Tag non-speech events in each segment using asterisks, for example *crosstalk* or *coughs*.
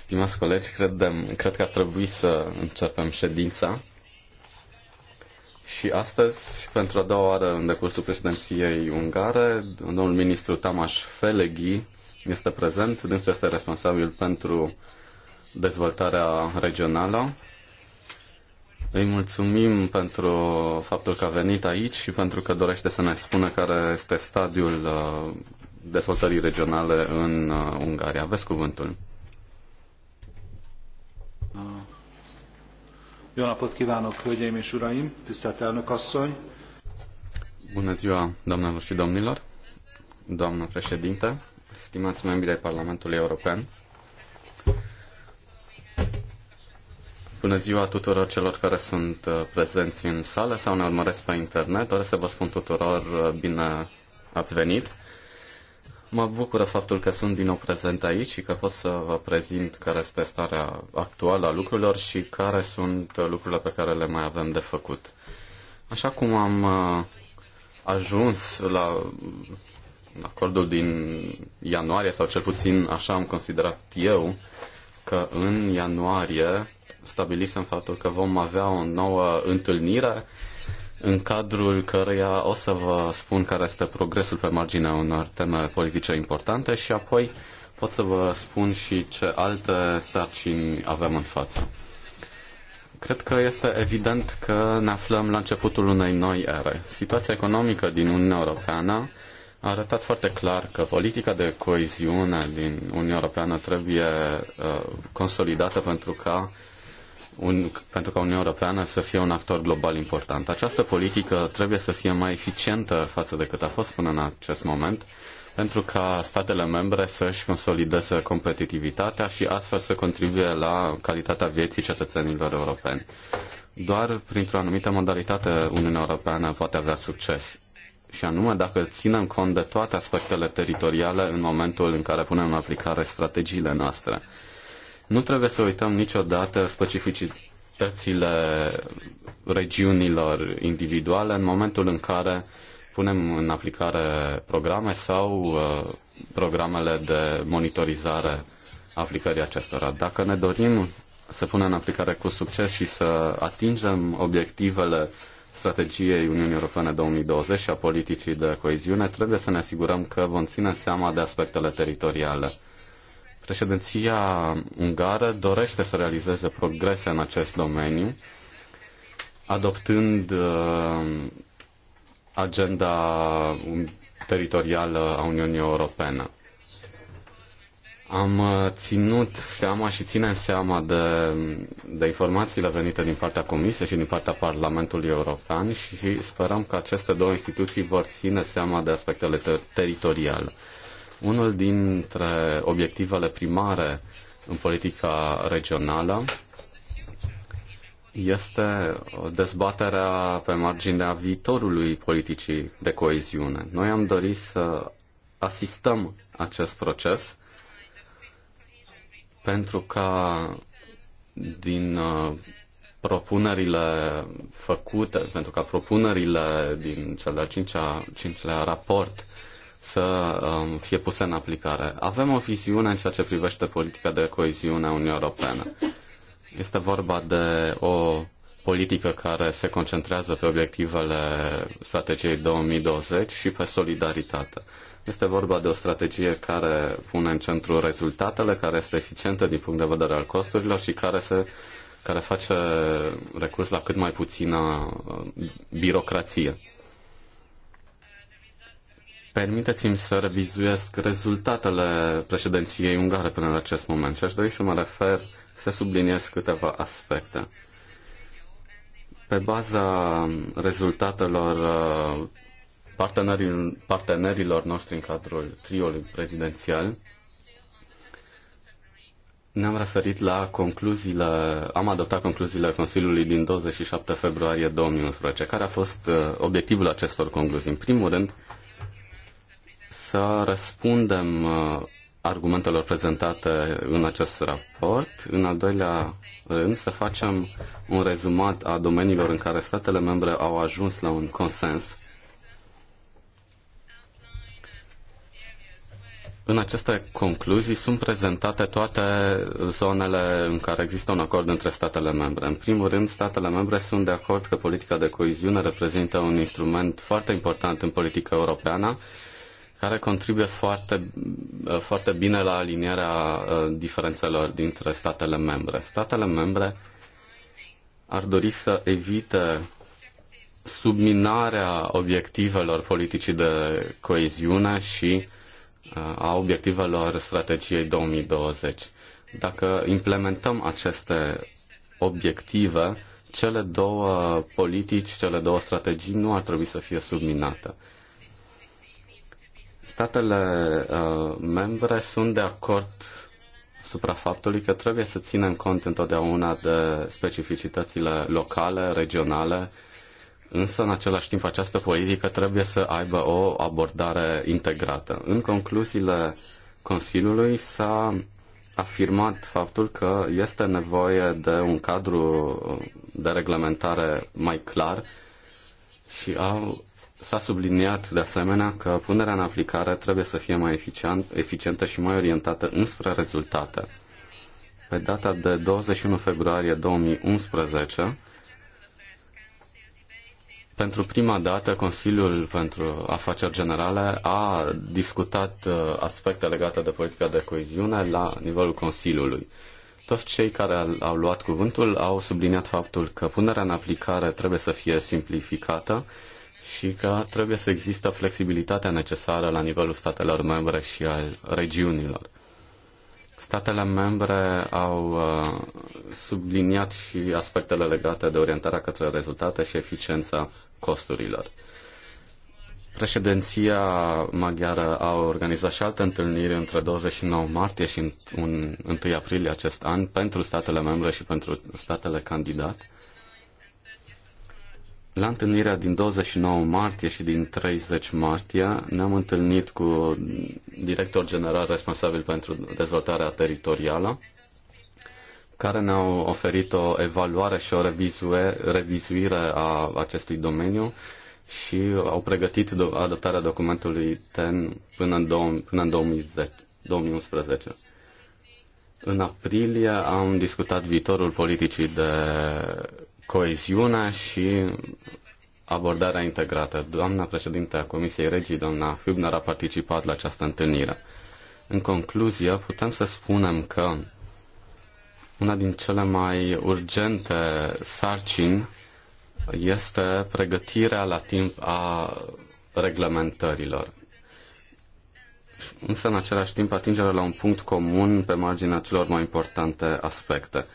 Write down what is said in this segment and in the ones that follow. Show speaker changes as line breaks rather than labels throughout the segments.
Stimați colegi, credem, cred că ar trebui să începem ședința. Și astăzi, pentru a doua oară în decursul președinției ungare, domnul ministru Tamas Feleghi este prezent. Dânsul este responsabil pentru dezvoltarea regională. Îi mulțumim pentru faptul că a venit aici și pentru că dorește să ne spună care este stadiul uh, dezvoltării regionale în uh, Ungaria. Aveți cuvântul.
Uh, jó napot kívánok, hölgyeim és uraim, tisztelt elnök asszony!
Bună ziua, doamnelor și domnilor, doamnă președinte, stimați membri ai Parlamentului European. Bună ziua tuturor celor care sunt uh, prezenți în sală sau ne urmăresc pe internet. Doresc să vă spun tuturor bine ați venit. Mă bucură faptul că sunt din nou prezent aici și că pot să vă prezint care este starea actuală a lucrurilor și care sunt lucrurile pe care le mai avem de făcut. Așa cum am uh, ajuns la acordul din ianuarie, sau cel puțin așa am considerat eu, că în ianuarie stabilisem faptul că vom avea o nouă întâlnire în cadrul căreia o să vă spun care este progresul pe marginea unor teme politice importante și apoi pot să vă spun și ce alte sarcini avem în față. Cred că este evident că ne aflăm la începutul unei noi ere. Situația economică din Uniunea Europeană a arătat foarte clar că politica de coeziune din Uniunea Europeană trebuie uh, consolidată pentru ca un, pentru ca Uniunea Europeană să fie un actor global important. Această politică trebuie să fie mai eficientă față de cât a fost până în acest moment, pentru ca statele membre să-și consolideze competitivitatea și astfel să contribuie la calitatea vieții cetățenilor europeni. Doar printr-o anumită modalitate Uniunea Europeană poate avea succes și anume dacă ținem cont de toate aspectele teritoriale în momentul în care punem în aplicare strategiile noastre. Nu trebuie să uităm niciodată specificitățile regiunilor individuale în momentul în care punem în aplicare programe sau uh, programele de monitorizare aplicării acestora. Dacă ne dorim să punem în aplicare cu succes și să atingem obiectivele strategiei Uniunii Europene 2020 și a politicii de coeziune, trebuie să ne asigurăm că vom ține seama de aspectele teritoriale. Președinția ungară dorește să realizeze progrese în acest domeniu, adoptând uh, agenda teritorială a Uniunii Europene. Am uh, ținut seama și ținem seama de, de informațiile venite din partea Comisiei și din partea Parlamentului European și sperăm că aceste două instituții vor ține seama de aspectele ter- teritoriale. Unul dintre obiectivele primare în politica regională este dezbaterea pe marginea viitorului politicii de coeziune. Noi am dorit să asistăm acest proces pentru ca din uh, propunerile făcute, pentru ca propunerile din cel de-al cincilea, cincilea raport să um, fie puse în aplicare. Avem o viziune în ceea ce privește politica de coeziune a Uniunii Europene. Este vorba de o politică care se concentrează pe obiectivele strategiei 2020 și pe solidaritate. Este vorba de o strategie care pune în centru rezultatele, care este eficientă din punct de vedere al costurilor și care, se, care face recurs la cât mai puțină uh, birocrație. Permiteți-mi să revizuiesc rezultatele președinției ungare până la acest moment și aș dori să mă refer să subliniez câteva aspecte. Pe baza rezultatelor uh, partenerilor noștri în cadrul triului prezidențial, ne-am referit la concluziile, am adoptat concluziile Consiliului din 27 februarie 2011. Care a fost uh, obiectivul acestor concluzii? În primul rând, să răspundem uh, argumentelor prezentate în acest raport. În al doilea rând, să facem un rezumat a domeniilor în care statele membre au ajuns la un consens. În aceste concluzii sunt prezentate toate zonele în care există un acord între statele membre. În primul rând, statele membre sunt de acord că politica de coeziune reprezintă un instrument foarte important în politica europeană care contribuie foarte, uh, foarte bine la alinierea uh, diferențelor dintre statele membre. Statele membre ar dori să evite subminarea obiectivelor politicii de coeziune și uh, a obiectivelor strategiei 2020. Dacă implementăm aceste obiective, cele două politici, cele două strategii nu ar trebui să fie subminate statele uh, membre sunt de acord asupra faptului că trebuie să ținem cont întotdeauna de specificitățile locale, regionale, însă în același timp această politică trebuie să aibă o abordare integrată. În concluziile Consiliului s-a afirmat faptul că este nevoie de un cadru de reglementare mai clar și au S-a subliniat de asemenea că punerea în aplicare trebuie să fie mai eficient, eficientă și mai orientată înspre rezultate. Pe data de 21 februarie 2011, pentru prima dată, Consiliul pentru Afaceri Generale a discutat uh, aspecte legate de politica de coeziune la nivelul Consiliului. Toți cei care au luat cuvântul au subliniat faptul că punerea în aplicare trebuie să fie simplificată, și că trebuie să există flexibilitatea necesară la nivelul statelor membre și al regiunilor. Statele membre au uh, subliniat și aspectele legate de orientarea către rezultate și eficiența costurilor. Președinția maghiară a organizat și alte întâlniri între 29 martie și 1 aprilie acest an pentru statele membre și pentru statele candidate la întâlnirea din 29 martie și din 30 martie ne-am întâlnit cu director general responsabil pentru dezvoltarea teritorială, care ne-au oferit o evaluare și o revizuie, revizuire a acestui domeniu și au pregătit adoptarea documentului TEN până în, dou- până în 2010, 2011. În aprilie am discutat viitorul politicii de coeziunea și abordarea integrată. Doamna președinte a Comisiei Regii, doamna Hübner, a participat la această întâlnire. În concluzie, putem să spunem că una din cele mai urgente sarcini este pregătirea la timp a reglementărilor. Însă, în același timp, atingerea la un punct comun pe marginea celor mai importante aspecte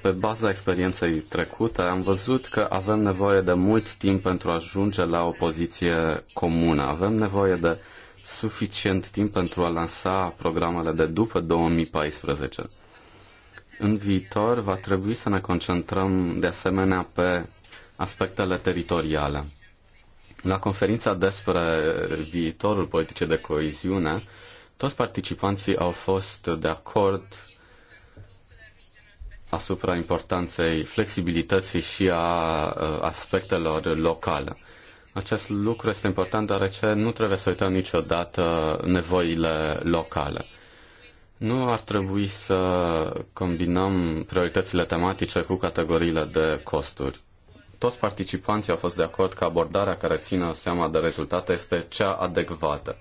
pe baza experienței trecute, am văzut că avem nevoie de mult timp pentru a ajunge la o poziție comună. Avem nevoie de suficient timp pentru a lansa programele de după 2014. În viitor va trebui să ne concentrăm de asemenea pe aspectele teritoriale. La conferința despre viitorul politicii de coeziune, toți participanții au fost de acord asupra importanței flexibilității și a aspectelor locale. Acest lucru este important deoarece nu trebuie să uităm niciodată nevoile locale. Nu ar trebui să combinăm prioritățile tematice cu categoriile de costuri. Toți participanții au fost de acord că abordarea care țină seama de rezultate este cea adecvată.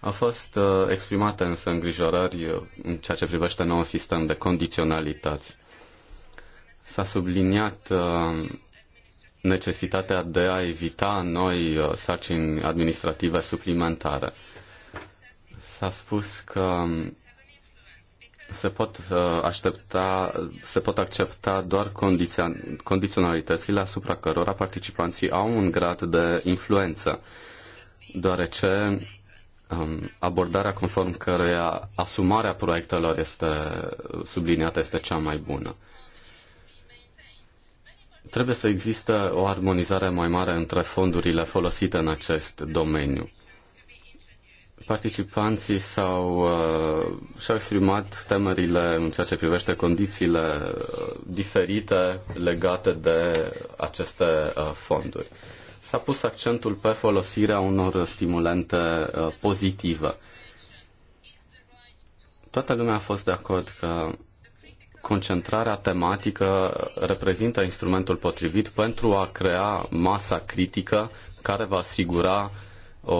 Au fost uh, exprimate însă îngrijorări uh, în ceea ce privește nou sistem de condiționalități. S-a subliniat uh, necesitatea de a evita noi uh, sarcini administrative suplimentare. S-a spus că um, se pot uh, aștepta, se pot accepta doar condiționalitățile asupra cărora participanții au un grad de influență, deoarece um, abordarea conform căreia asumarea proiectelor este subliniată este cea mai bună. Trebuie să existe o armonizare mai mare între fondurile folosite în acest domeniu. Participanții s-au, uh, și-au exprimat temerile în ceea ce privește condițiile uh, diferite legate de aceste uh, fonduri. S-a pus accentul pe folosirea unor stimulente uh, pozitive. Toată lumea a fost de acord că concentrarea tematică reprezintă instrumentul potrivit pentru a crea masa critică care va asigura o,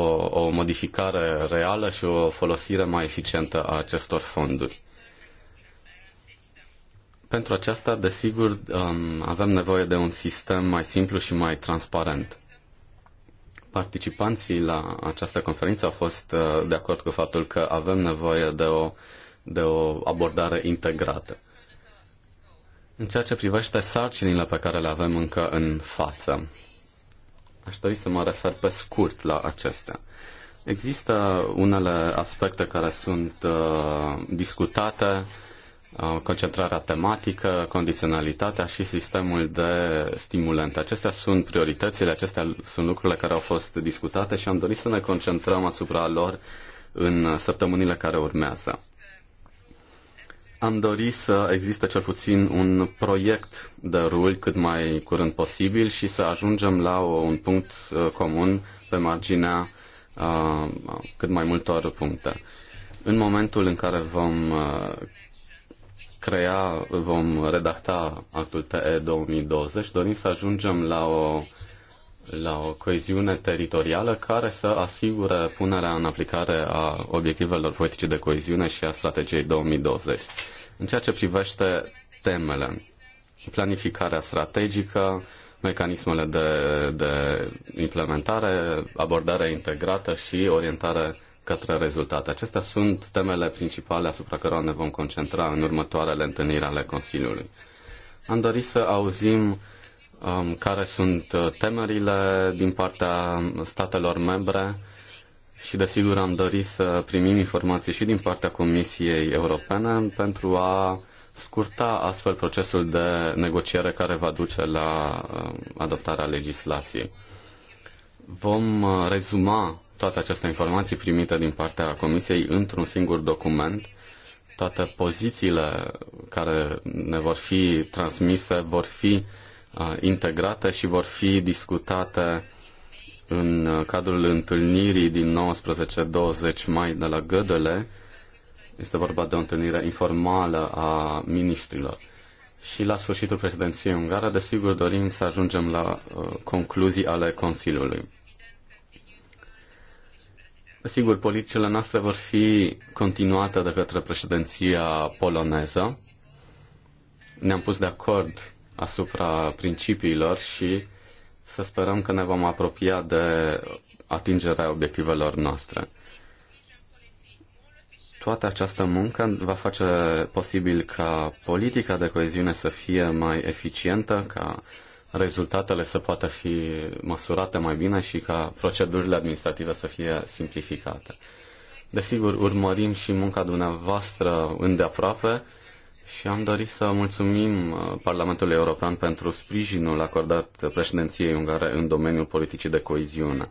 o modificare reală și o folosire mai eficientă a acestor fonduri. Pentru aceasta, desigur, um, avem nevoie de un sistem mai simplu și mai transparent. Participanții la această conferință au fost uh, de acord cu faptul că avem nevoie de o, de o abordare integrată. În ceea ce privește sarcinile pe care le avem încă în față, aș dori să mă refer pe scurt la acestea. Există unele aspecte care sunt uh, discutate, uh, concentrarea tematică, condiționalitatea și sistemul de stimulente. Acestea sunt prioritățile, acestea sunt lucrurile care au fost discutate și am dorit să ne concentrăm asupra lor în săptămânile care urmează. Am dorit să existe cel puțin un proiect de ruli cât mai curând posibil și să ajungem la un punct uh, comun pe marginea uh, cât mai multor puncte. În momentul în care vom uh, crea, vom redacta actul TE 2020, dorim să ajungem la o la o coeziune teritorială care să asigure punerea în aplicare a obiectivelor politice de coeziune și a strategiei 2020. În ceea ce privește temele, planificarea strategică, mecanismele de, de implementare, abordare integrată și orientare către rezultate. Acestea sunt temele principale asupra cărora ne vom concentra în următoarele întâlniri ale Consiliului. Am dorit să auzim Um, care sunt uh, temerile din partea statelor membre și desigur am dorit să primim informații și din partea Comisiei Europene pentru a scurta astfel procesul de negociere care va duce la uh, adoptarea legislației. Vom uh, rezuma toate aceste informații primite din partea Comisiei într-un singur document. Toate pozițiile care ne vor fi transmise vor fi uh, Uh, integrată și vor fi discutate în cadrul întâlnirii din 19-20 mai de la Gădele. Este vorba de o întâlnire informală a ministrilor. Și la sfârșitul președinției ungare, desigur, dorim să ajungem la uh, concluzii ale Consiliului. Sigur, politicile noastre vor fi continuate de către președinția poloneză. Ne-am pus de acord asupra principiilor și să sperăm că ne vom apropia de atingerea obiectivelor noastre. Toată această muncă va face posibil ca politica de coeziune să fie mai eficientă, ca rezultatele să poată fi măsurate mai bine și ca procedurile administrative să fie simplificate. Desigur, urmărim și munca dumneavoastră îndeaproape și am dorit să mulțumim uh, Parlamentului European pentru sprijinul acordat președinției ungare în domeniul politicii de coeziune.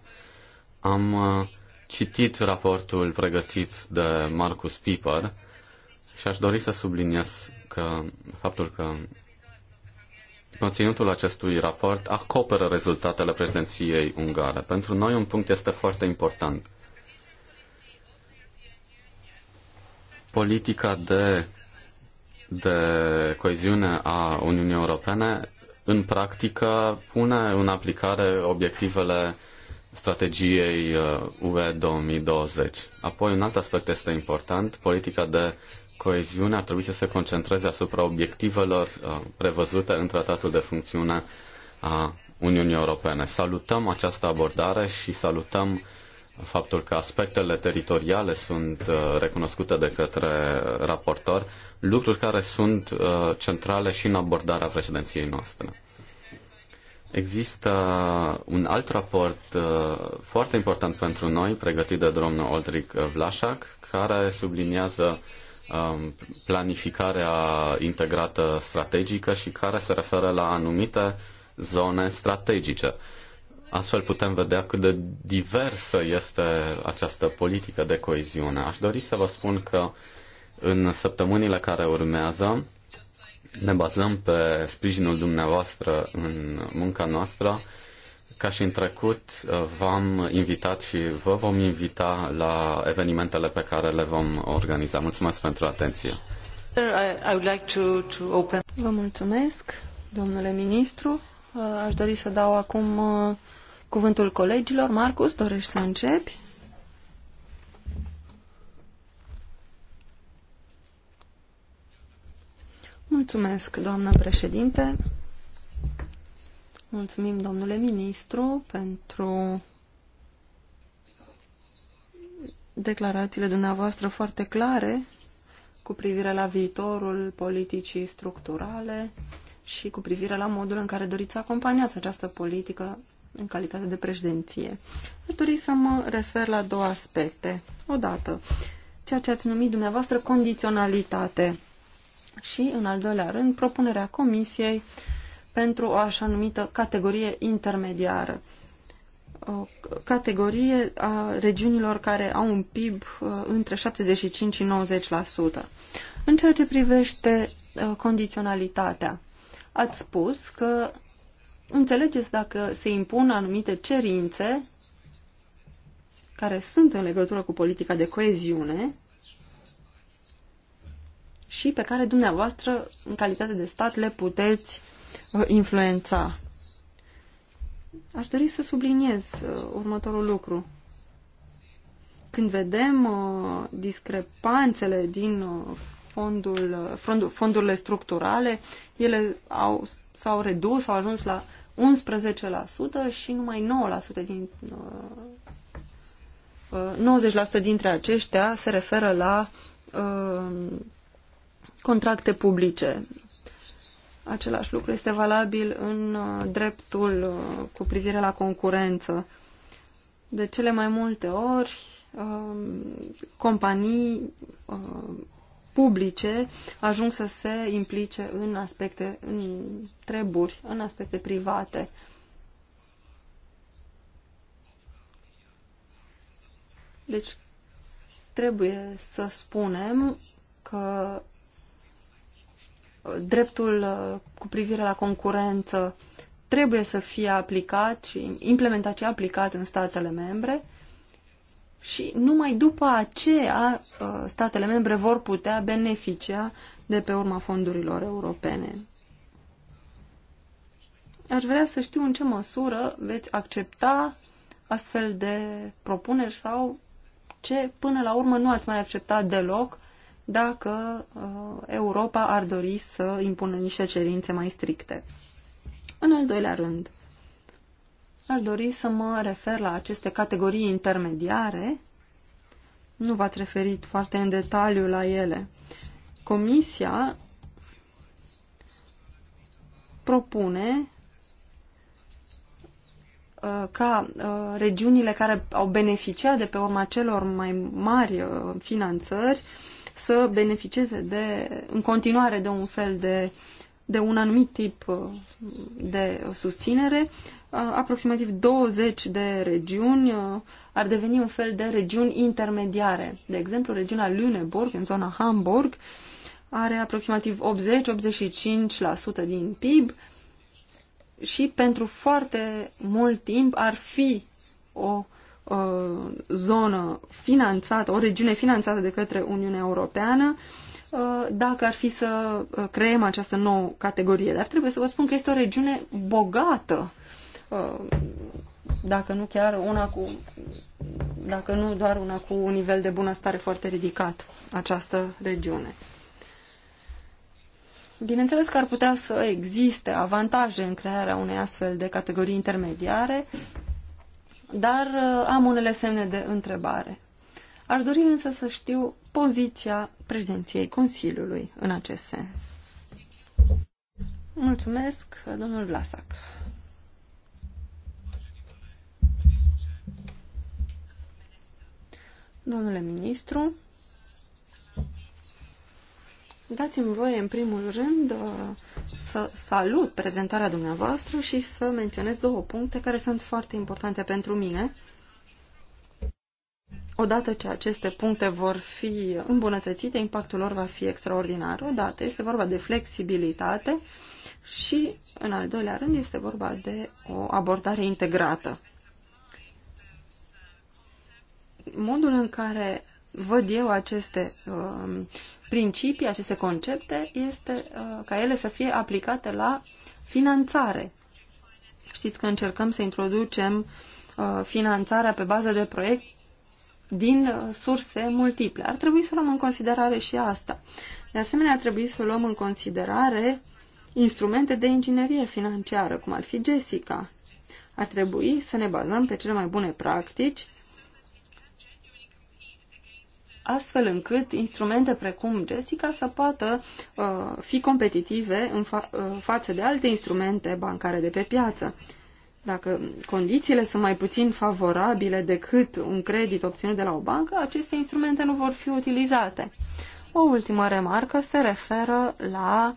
Am uh, citit raportul pregătit de Marcus Piper și aș dori să subliniez că faptul că Conținutul acestui raport acoperă rezultatele președinției ungare. Pentru noi un punct este foarte important. Politica de de coeziune a Uniunii Europene în practică pune în aplicare obiectivele strategiei uh, UE 2020. Apoi, un alt aspect este important, politica de coeziune ar trebui să se concentreze asupra obiectivelor uh, prevăzute în tratatul de funcțiune a Uniunii Europene. Salutăm această abordare și salutăm faptul că aspectele teritoriale sunt uh, recunoscute de către raportor, lucruri care sunt uh, centrale și în abordarea președinției noastre. Există un alt raport uh, foarte important pentru noi, pregătit de domnul Oldric Vlașac, care subliniază um, planificarea integrată strategică și care se referă la anumite zone strategice. Astfel putem vedea cât de diversă este această politică de coeziune. Aș dori să vă spun că în săptămânile care urmează ne bazăm pe sprijinul dumneavoastră în munca noastră. Ca și în trecut, v-am invitat și vă vom invita la evenimentele pe care le vom organiza. Mulțumesc pentru atenție.
Vă mulțumesc, domnule ministru. Aș dori să dau acum uh, cuvântul colegilor. Marcus, dorești să începi? Mulțumesc, doamnă președinte. Mulțumim, domnule ministru, pentru declarațiile dumneavoastră foarte clare cu privire la viitorul politicii structurale și cu privire la modul în care doriți să acompaniați această politică în calitate de președinție. Aș dori să mă refer la două aspecte. Odată, ceea ce ați numit dumneavoastră condiționalitate și, în al doilea rând, propunerea Comisiei pentru o așa numită categorie intermediară. O categorie a regiunilor care au un PIB uh, între 75 și 90%. În ceea ce privește uh, condiționalitatea, ați spus că înțelegeți dacă se impun anumite cerințe care sunt în legătură cu politica de coeziune și pe care dumneavoastră, în calitate de stat, le puteți uh, influența. Aș dori să subliniez uh, următorul lucru. Când vedem uh, discrepanțele din fondul, fondul, fondurile structurale, ele au, s-au redus, au ajuns la 11% și numai 9% din 90% uh, uh, dintre aceștia se referă la uh, contracte publice. Același lucru este valabil în uh, dreptul uh, cu privire la concurență. De cele mai multe ori, uh, companii publice ajung să se implice în aspecte, în treburi, în aspecte private. Deci, trebuie să spunem că dreptul uh, cu privire la concurență trebuie să fie aplicat și implementat și aplicat în statele membre și numai după aceea uh, statele membre vor putea beneficia de pe urma fondurilor europene. Aș vrea să știu în ce măsură veți accepta astfel de propuneri sau ce până la urmă nu ați mai acceptat deloc dacă uh, Europa ar dori să impună niște cerințe mai stricte. În al doilea rând, Aș dori să mă refer la aceste categorii intermediare. Nu v-ați referit foarte în detaliu la ele. Comisia propune uh, ca uh, regiunile care au beneficiat de pe urma celor mai mari uh, finanțări să beneficieze de, în continuare de un fel de, de un anumit tip de susținere, aproximativ 20 de regiuni ar deveni un fel de regiuni intermediare. De exemplu, regiunea Lüneburg, în zona Hamburg, are aproximativ 80-85% din PIB și pentru foarte mult timp ar fi o zonă finanțată, o regiune finanțată de către Uniunea Europeană dacă ar fi să creăm această nouă categorie. Dar trebuie să vă spun că este o regiune bogată uh, Uh, dacă nu chiar una cu, dacă nu doar una cu un nivel de bunăstare foarte ridicat, această regiune. Bineînțeles că ar putea să existe avantaje în crearea unei astfel de categorii intermediare, dar uh, am unele semne de întrebare. Aș dori însă să știu poziția președinției Consiliului în acest sens. Mulțumesc, domnul Vlasac. Domnule ministru, dați-mi voie în primul rând uh, să salut prezentarea dumneavoastră și să menționez două puncte care sunt foarte importante pentru mine. Odată ce aceste puncte vor fi îmbunătățite, impactul lor va fi extraordinar. Odată este vorba de flexibilitate și, în al doilea rând, este vorba de o abordare integrată modul în care văd eu aceste uh, principii, aceste concepte, este uh, ca ele să fie aplicate la finanțare. Știți că încercăm să introducem uh, finanțarea pe bază de proiect din uh, surse multiple. Ar trebui să luăm în considerare și asta. De asemenea, ar trebui să luăm în considerare instrumente de inginerie financiară, cum ar fi Jessica. Ar trebui să ne bazăm pe cele mai bune practici astfel încât instrumente precum Jessica să poată uh, fi competitive în fa uh, față de alte instrumente bancare de pe piață. Dacă condițiile sunt mai puțin favorabile decât un credit obținut de la o bancă, aceste instrumente nu vor fi utilizate. O ultimă remarcă se referă la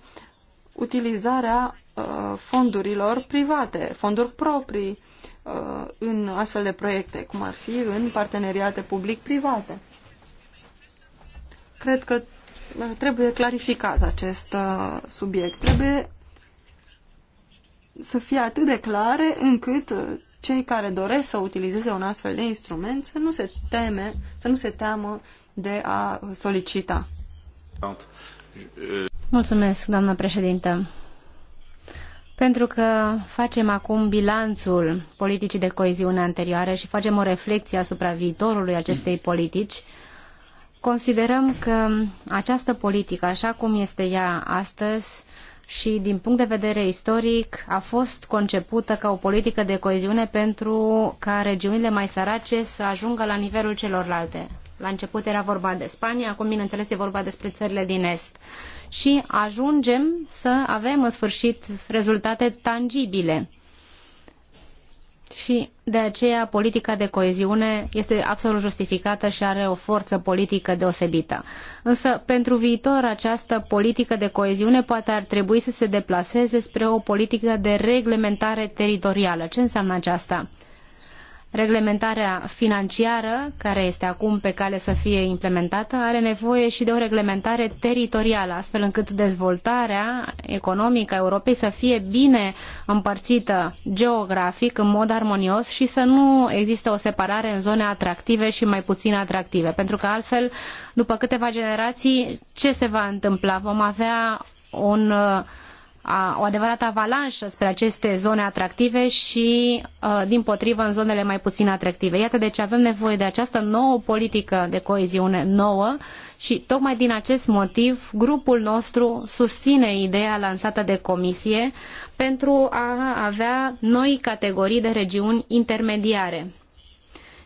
utilizarea uh, fondurilor private, fonduri proprii uh, în astfel de proiecte, cum ar fi în parteneriate public-private Cred că uh, trebuie clarificat acest uh, subiect. Trebuie să fie atât de clare încât uh, cei care doresc să utilizeze un astfel de instrument să nu se teme, să nu se teamă de a solicita.
Mulțumesc, doamnă președintă. Pentru că facem acum bilanțul politicii de coeziune anterioare și facem o reflexie asupra viitorului acestei politici, Considerăm că această politică, așa cum este ea astăzi, și din punct de vedere istoric a fost concepută ca o politică de coeziune pentru ca regiunile mai sărace să ajungă la nivelul celorlalte. La început era vorba de Spania, acum bineînțeles e vorba despre țările din Est. Și ajungem să avem în sfârșit rezultate tangibile și de aceea politica de coeziune este absolut justificată și are o forță politică deosebită. Însă, pentru viitor, această politică de coeziune poate ar trebui să se deplaseze spre o politică de reglementare teritorială. Ce înseamnă aceasta? Reglementarea financiară, care este acum pe cale să fie implementată, are nevoie și de o reglementare teritorială, astfel încât dezvoltarea economică a Europei să fie bine împărțită geografic, în mod armonios și să nu existe o separare în zone atractive și mai puțin atractive. Pentru că altfel, după câteva generații, ce se va întâmpla? Vom avea un o adevărată avalanșă spre aceste zone atractive și, din potrivă, în zonele mai puțin atractive. Iată de ce avem nevoie de această nouă politică de coeziune nouă și, tocmai din acest motiv, grupul nostru susține ideea lansată de comisie pentru a avea noi categorii de regiuni intermediare.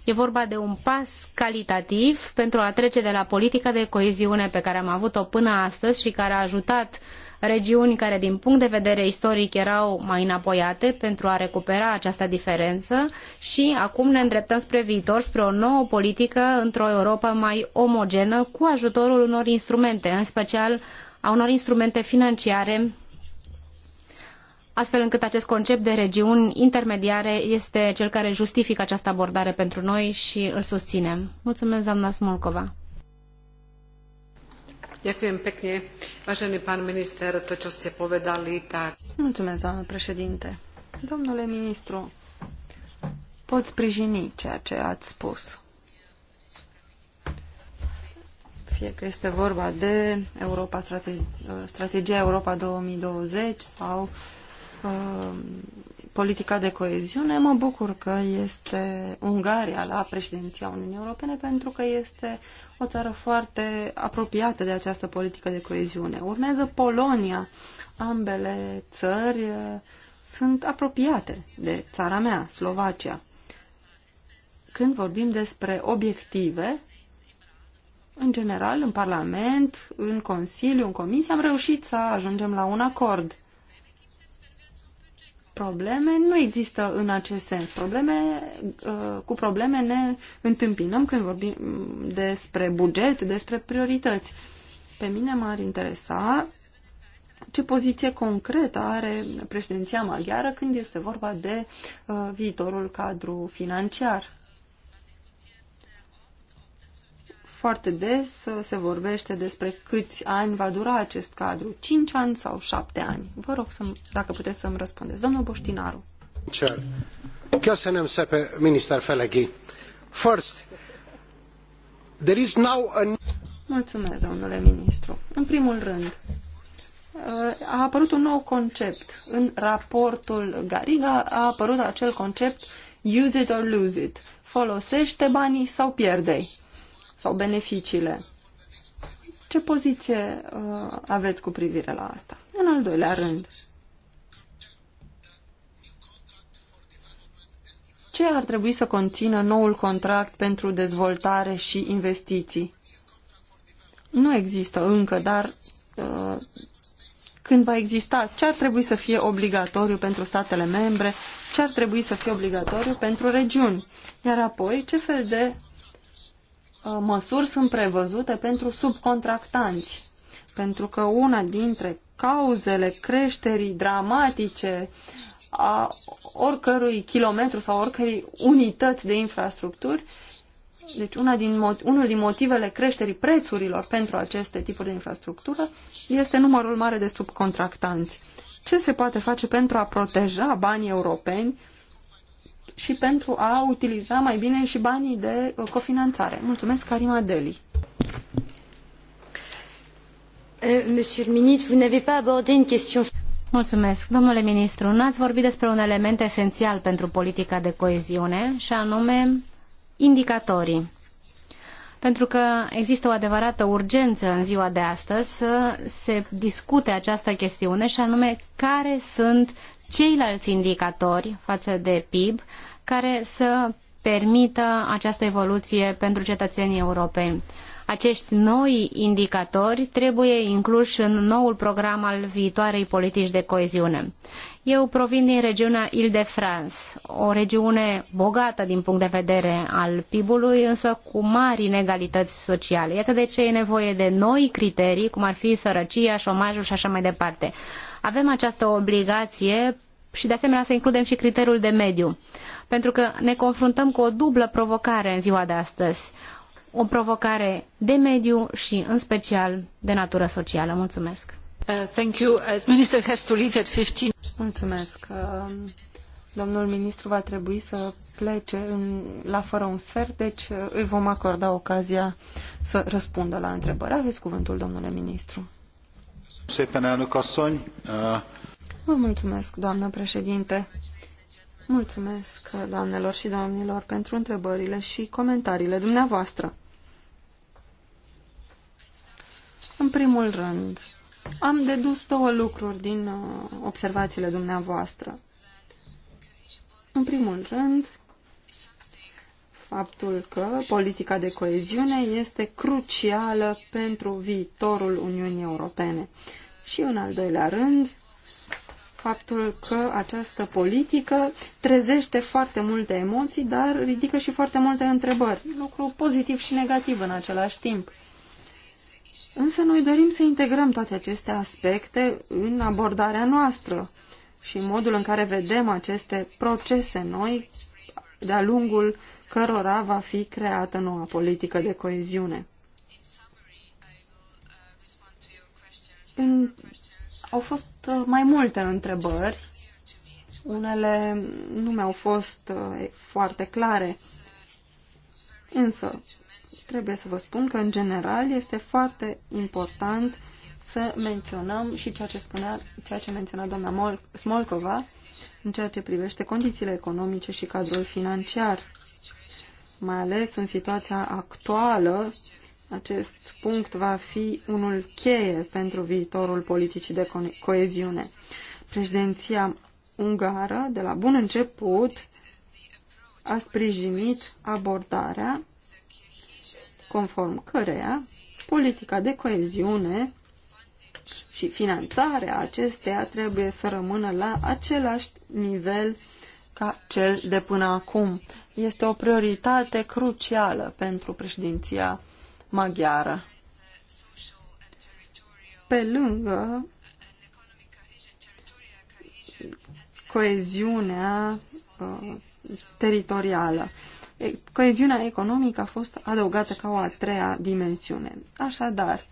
E vorba de un pas calitativ pentru a trece de la politica de coeziune pe care am avut-o până astăzi și care a ajutat regiuni care din punct de vedere istoric erau mai înapoiate pentru a recupera această diferență și acum ne îndreptăm spre viitor, spre o nouă politică într-o Europa mai omogenă cu ajutorul unor instrumente, în special a unor instrumente financiare astfel încât acest concept de regiuni intermediare este cel care justifică această abordare pentru noi și îl susținem. Mulțumesc, doamna Smolcova.
Ďakujem pekne. Vážený pán minister, to, čo ste povedali, tak... Mulțumesc, doamnă președinte. Domnule ministru, pot sprijini ceea ce ați spus. Fie că este vorba de Europa strategi strategia Europa 2020 sau uh, politica de coeziune, mă bucur că este Ungaria la președinția Uniunii Europene pentru că este o țară foarte apropiată de această politică de coeziune. Urmează Polonia. Ambele țări uh, sunt apropiate de țara mea, Slovacia. Când vorbim despre obiective, în general, în Parlament, în Consiliu, în Comisie, am reușit să ajungem la un acord probleme nu există în acest sens. Probleme, uh, cu probleme ne întâmpinăm când vorbim despre buget, despre priorități. Pe mine m-ar interesa ce poziție concretă are președinția maghiară când este vorba de uh, viitorul cadru financiar. Foarte des se vorbește despre câți ani va dura acest cadru, 5 ani sau 7 ani. Vă rog să dacă puteți să-mi răspundeți. Domnul Boștinaru.
Cer. ne pe minister Felegi. First, there is now a...
Mulțumesc, domnule ministru. În primul rând, a apărut un nou concept. În raportul Gariga a apărut acel concept use it or lose it. Folosește banii sau pierde sau beneficiile. Ce poziție uh, aveți cu privire la asta? În al doilea rând, ce ar trebui să conțină noul contract pentru dezvoltare și investiții? Nu există încă, dar uh, când va exista, ce ar trebui să fie obligatoriu pentru statele membre, ce ar trebui să fie obligatoriu pentru regiuni. Iar apoi, ce fel de Uh, măsuri sunt prevăzute pentru subcontractanți, pentru că una dintre cauzele creșterii dramatice a oricărui kilometru sau oricărei unități de infrastructuri, deci una din, unul din motivele creșterii prețurilor pentru aceste tipuri de infrastructură este numărul mare de subcontractanți. Ce se poate face pentru a proteja banii europeni și pentru a utiliza mai bine și banii de uh, cofinanțare. Mulțumesc, Karima Deli.
Euh, monsieur le ministre, vous n'avez pas abordé une question... Mulțumesc. Domnule ministru, n-ați vorbit despre un element esențial pentru politica de coeziune, și anume indicatorii. Pentru că există o adevărată urgență în ziua de astăzi să se discute această chestiune și anume care sunt ceilalți indicatori față de PIB care să permită această evoluție pentru cetățenii europeni. Acești noi indicatori trebuie incluși în noul program al viitoarei politici de coeziune. Eu provin din regiunea Île-de-France, o regiune bogată din punct de vedere al PIB-ului, însă cu mari inegalități sociale. Iată de ce e nevoie de noi criterii, cum ar fi sărăcia, șomajul și așa mai departe. Avem această obligație și de asemenea să includem și criteriul de mediu, pentru că ne confruntăm cu o dublă provocare în ziua de astăzi, o provocare de mediu și în special de natură socială. Mulțumesc.
Uh, thank you. As minister has to leave at 15. Mulțumesc. Uh, domnul ministru va trebui să plece în, la fără un sfert, deci uh, îi vom acorda ocazia să răspundă la întrebări. Aveți cuvântul, domnule ministru mulțumesc, președinte. Mulțumesc, doamnelor și domnilor, pentru întrebările și comentariile dumneavoastră. În primul rând, am dedus două lucruri din uh, observațiile dumneavoastră. În primul rând, faptul că politica de coeziune este crucială pentru viitorul Uniunii Europene. Și în al doilea rând, faptul că această politică trezește foarte multe emoții, dar ridică și foarte multe întrebări. Lucru pozitiv și negativ în același timp. Însă noi dorim să integrăm toate aceste aspecte în abordarea noastră și în modul în care vedem aceste procese noi de-a lungul cărora va fi creată noua politică de coeziune. În... Au fost uh, mai multe întrebări, unele nu mi-au fost uh, foarte clare, însă trebuie să vă spun că, în general, este foarte important să menționăm și ceea ce, spunea, ceea ce menționa doamna Mol Smolkova în ceea ce privește condițiile economice și cadrul financiar mai ales în situația actuală, acest punct va fi unul cheie pentru viitorul politicii de coeziune. Președinția ungară, de la bun început, a sprijinit abordarea conform căreia politica de coeziune și finanțarea acesteia trebuie să rămână la același nivel ca cel de până acum. Este o prioritate crucială pentru președinția maghiară. Pe lângă coeziunea uh, teritorială. Coeziunea economică a fost adăugată ca o a treia dimensiune. Așadar,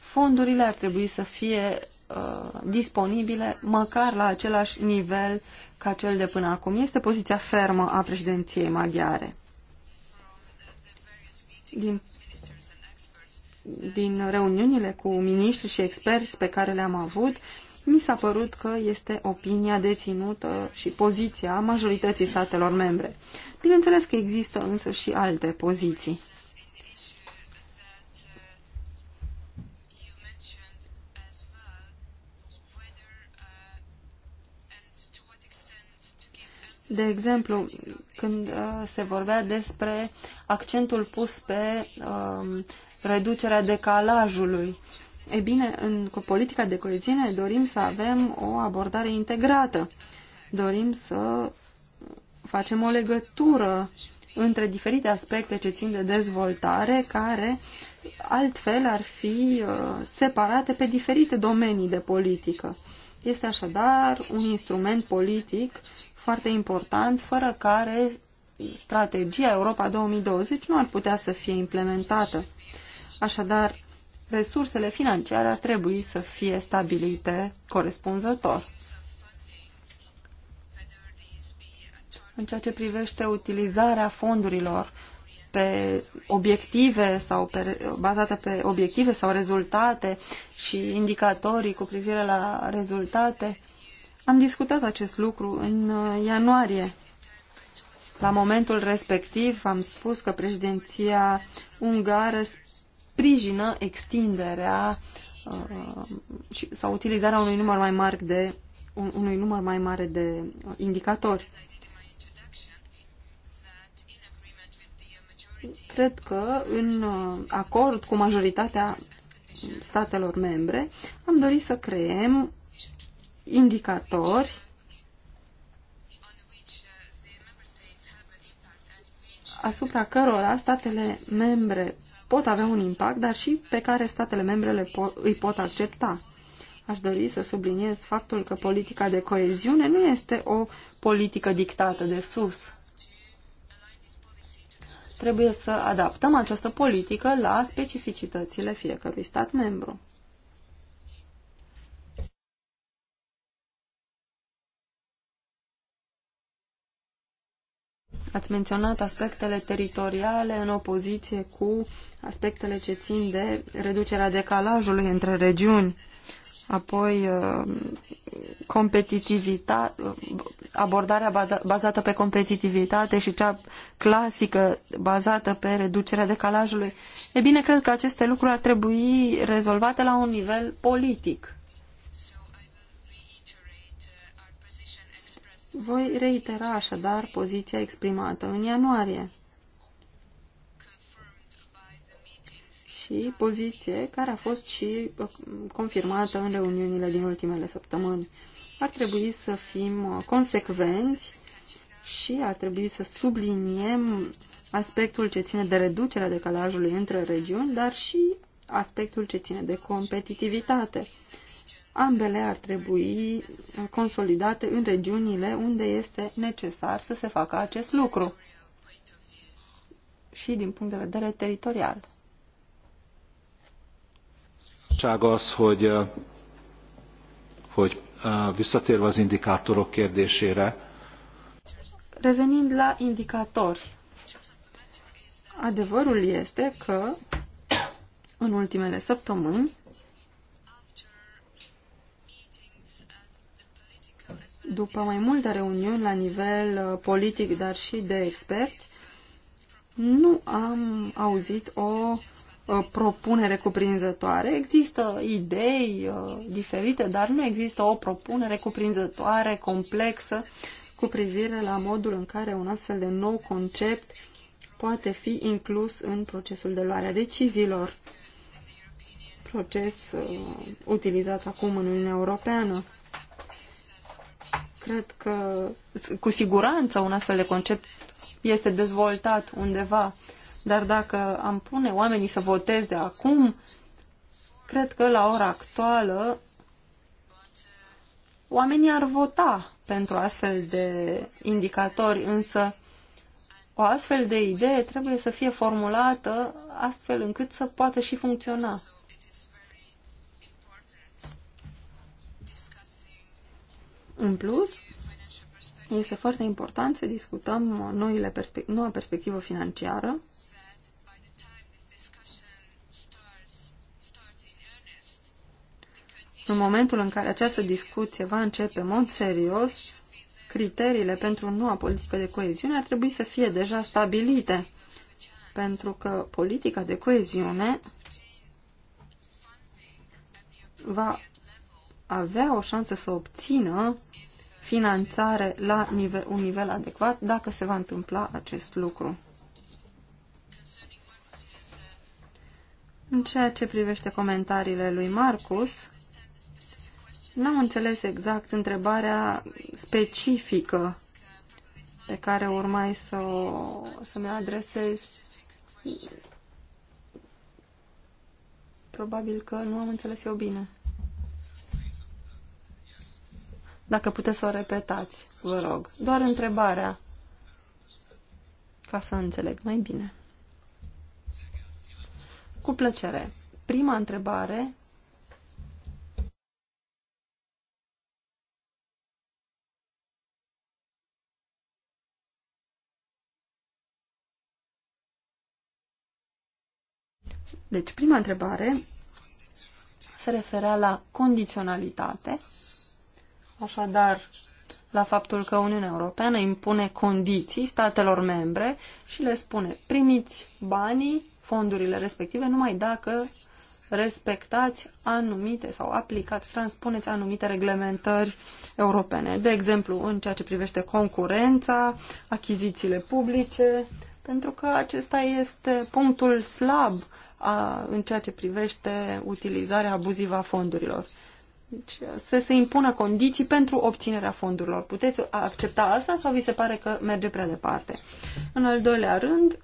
fondurile ar trebui să fie uh, disponibile măcar la același nivel ca cel de până acum. Este poziția fermă a președinției maghiare. Din, din reuniunile cu miniștri și experți pe care le-am avut, mi s-a părut că este opinia deținută și poziția majorității statelor membre. Bineînțeles că există însă și alte poziții. De exemplu, când uh, se vorbea despre accentul pus pe uh, reducerea decalajului. E bine, în politica de coeziune dorim să avem o abordare integrată. Dorim să facem o legătură între diferite aspecte ce țin de dezvoltare, care altfel ar fi uh, separate pe diferite domenii de politică. Este așadar un instrument politic foarte important, fără care strategia Europa 2020 nu ar putea să fie implementată. Așadar, resursele financiare ar trebui să fie stabilite corespunzător. În ceea ce privește utilizarea fondurilor pe obiective sau pe, bazate pe obiective sau rezultate și indicatorii cu privire la rezultate, am discutat acest lucru în uh, ianuarie. La momentul respectiv am spus că președinția ungară sprijină extinderea uh, sau utilizarea unui număr mai mare de unui număr mai mare de uh, indicatori. Cred că în acord cu majoritatea statelor membre am dorit să creem indicatori asupra cărora statele membre pot avea un impact, dar și pe care statele membre le po îi pot accepta. Aș dori să subliniez faptul că politica de coeziune nu este o politică dictată de sus. Trebuie să adaptăm această politică la specificitățile fiecărui stat membru. Ați menționat aspectele teritoriale în opoziție cu aspectele ce țin de reducerea decalajului între regiuni, apoi uh, competitivitate, abordarea bazată pe competitivitate și cea clasică bazată pe reducerea decalajului. E bine, cred că aceste lucruri ar trebui rezolvate la un nivel politic. Voi reitera așadar poziția exprimată în ianuarie. Și poziție care a fost și uh, confirmată în reuniunile din ultimele săptămâni. Ar trebui să fim uh, consecvenți și ar trebui să subliniem aspectul ce ține de reducerea decalajului între regiuni, dar și aspectul ce ține de competitivitate. Ambele ar trebui consolidate în regiunile unde este necesar să se facă acest lucru și din punct de vedere teritorial. Az, hogy, eh, hogy eh, visszatérve az indikátorok kérdésére, Revenind la indicatori, adevărul este că în ultimele săptămâni după mai multe reuniuni la nivel uh, politic, dar și de experți, nu am auzit o uh, propunere cuprinzătoare. Există idei uh, diferite, dar nu există o propunere cuprinzătoare, complexă, cu privire la modul în care un astfel de nou concept poate fi inclus în procesul de luare a deciziilor proces uh, utilizat acum în Uniunea Europeană. Cred că cu siguranță un astfel de concept este dezvoltat undeva, dar dacă am pune oamenii să voteze acum, cred că la ora actuală oamenii ar vota pentru astfel de indicatori, însă o astfel de idee trebuie să fie formulată astfel încât să poată și funcționa. În plus, este foarte important să discutăm noile perspe noua perspectivă financiară În momentul în care această discuție va începe în mod serios, criteriile pentru noua politică de coeziune ar trebui să fie deja stabilite, pentru că politica de coeziune va avea o șansă să obțină finanțare la nivel, un nivel adecvat dacă se va întâmpla acest lucru. În ceea ce privește comentariile lui Marcus, n-am înțeles exact întrebarea specifică pe care urmai să, să mi-o adresez. Probabil că nu am înțeles eu bine. Dacă puteți să o repetați, vă rog. Doar întrebarea, ca să înțeleg mai bine. Cu plăcere. Prima întrebare Deci, prima întrebare se referea la condiționalitate Așadar, la faptul că Uniunea Europeană impune condiții statelor membre și le spune primiți banii, fondurile respective, numai dacă respectați anumite sau aplicați, transpuneți anumite reglementări europene. De exemplu, în ceea ce privește concurența, achizițiile publice, pentru că acesta este punctul slab a, în ceea ce privește utilizarea abuzivă a fondurilor. Deci, uh, să se impună condiții pentru obținerea fondurilor. Puteți accepta asta sau vi se pare că merge prea departe? În al doilea rând,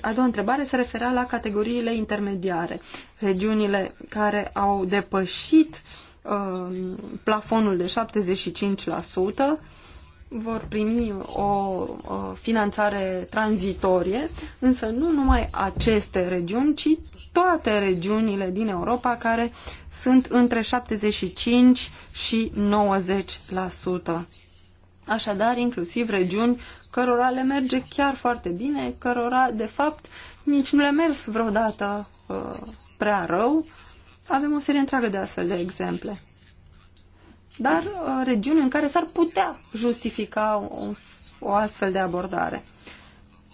a doua întrebare se referea la categoriile intermediare. Regiunile care au depășit uh, plafonul de 75% vor primi o finanțare tranzitorie, însă nu numai aceste regiuni, ci toate regiunile din Europa care sunt între 75 și 90%. Așadar, inclusiv regiuni cărora le merge chiar foarte bine, cărora, de fapt, nici nu le mers vreodată uh, prea rău. Avem o serie întreagă de astfel de exemple dar uh, regiuni în care s-ar putea justifica o, o astfel de abordare.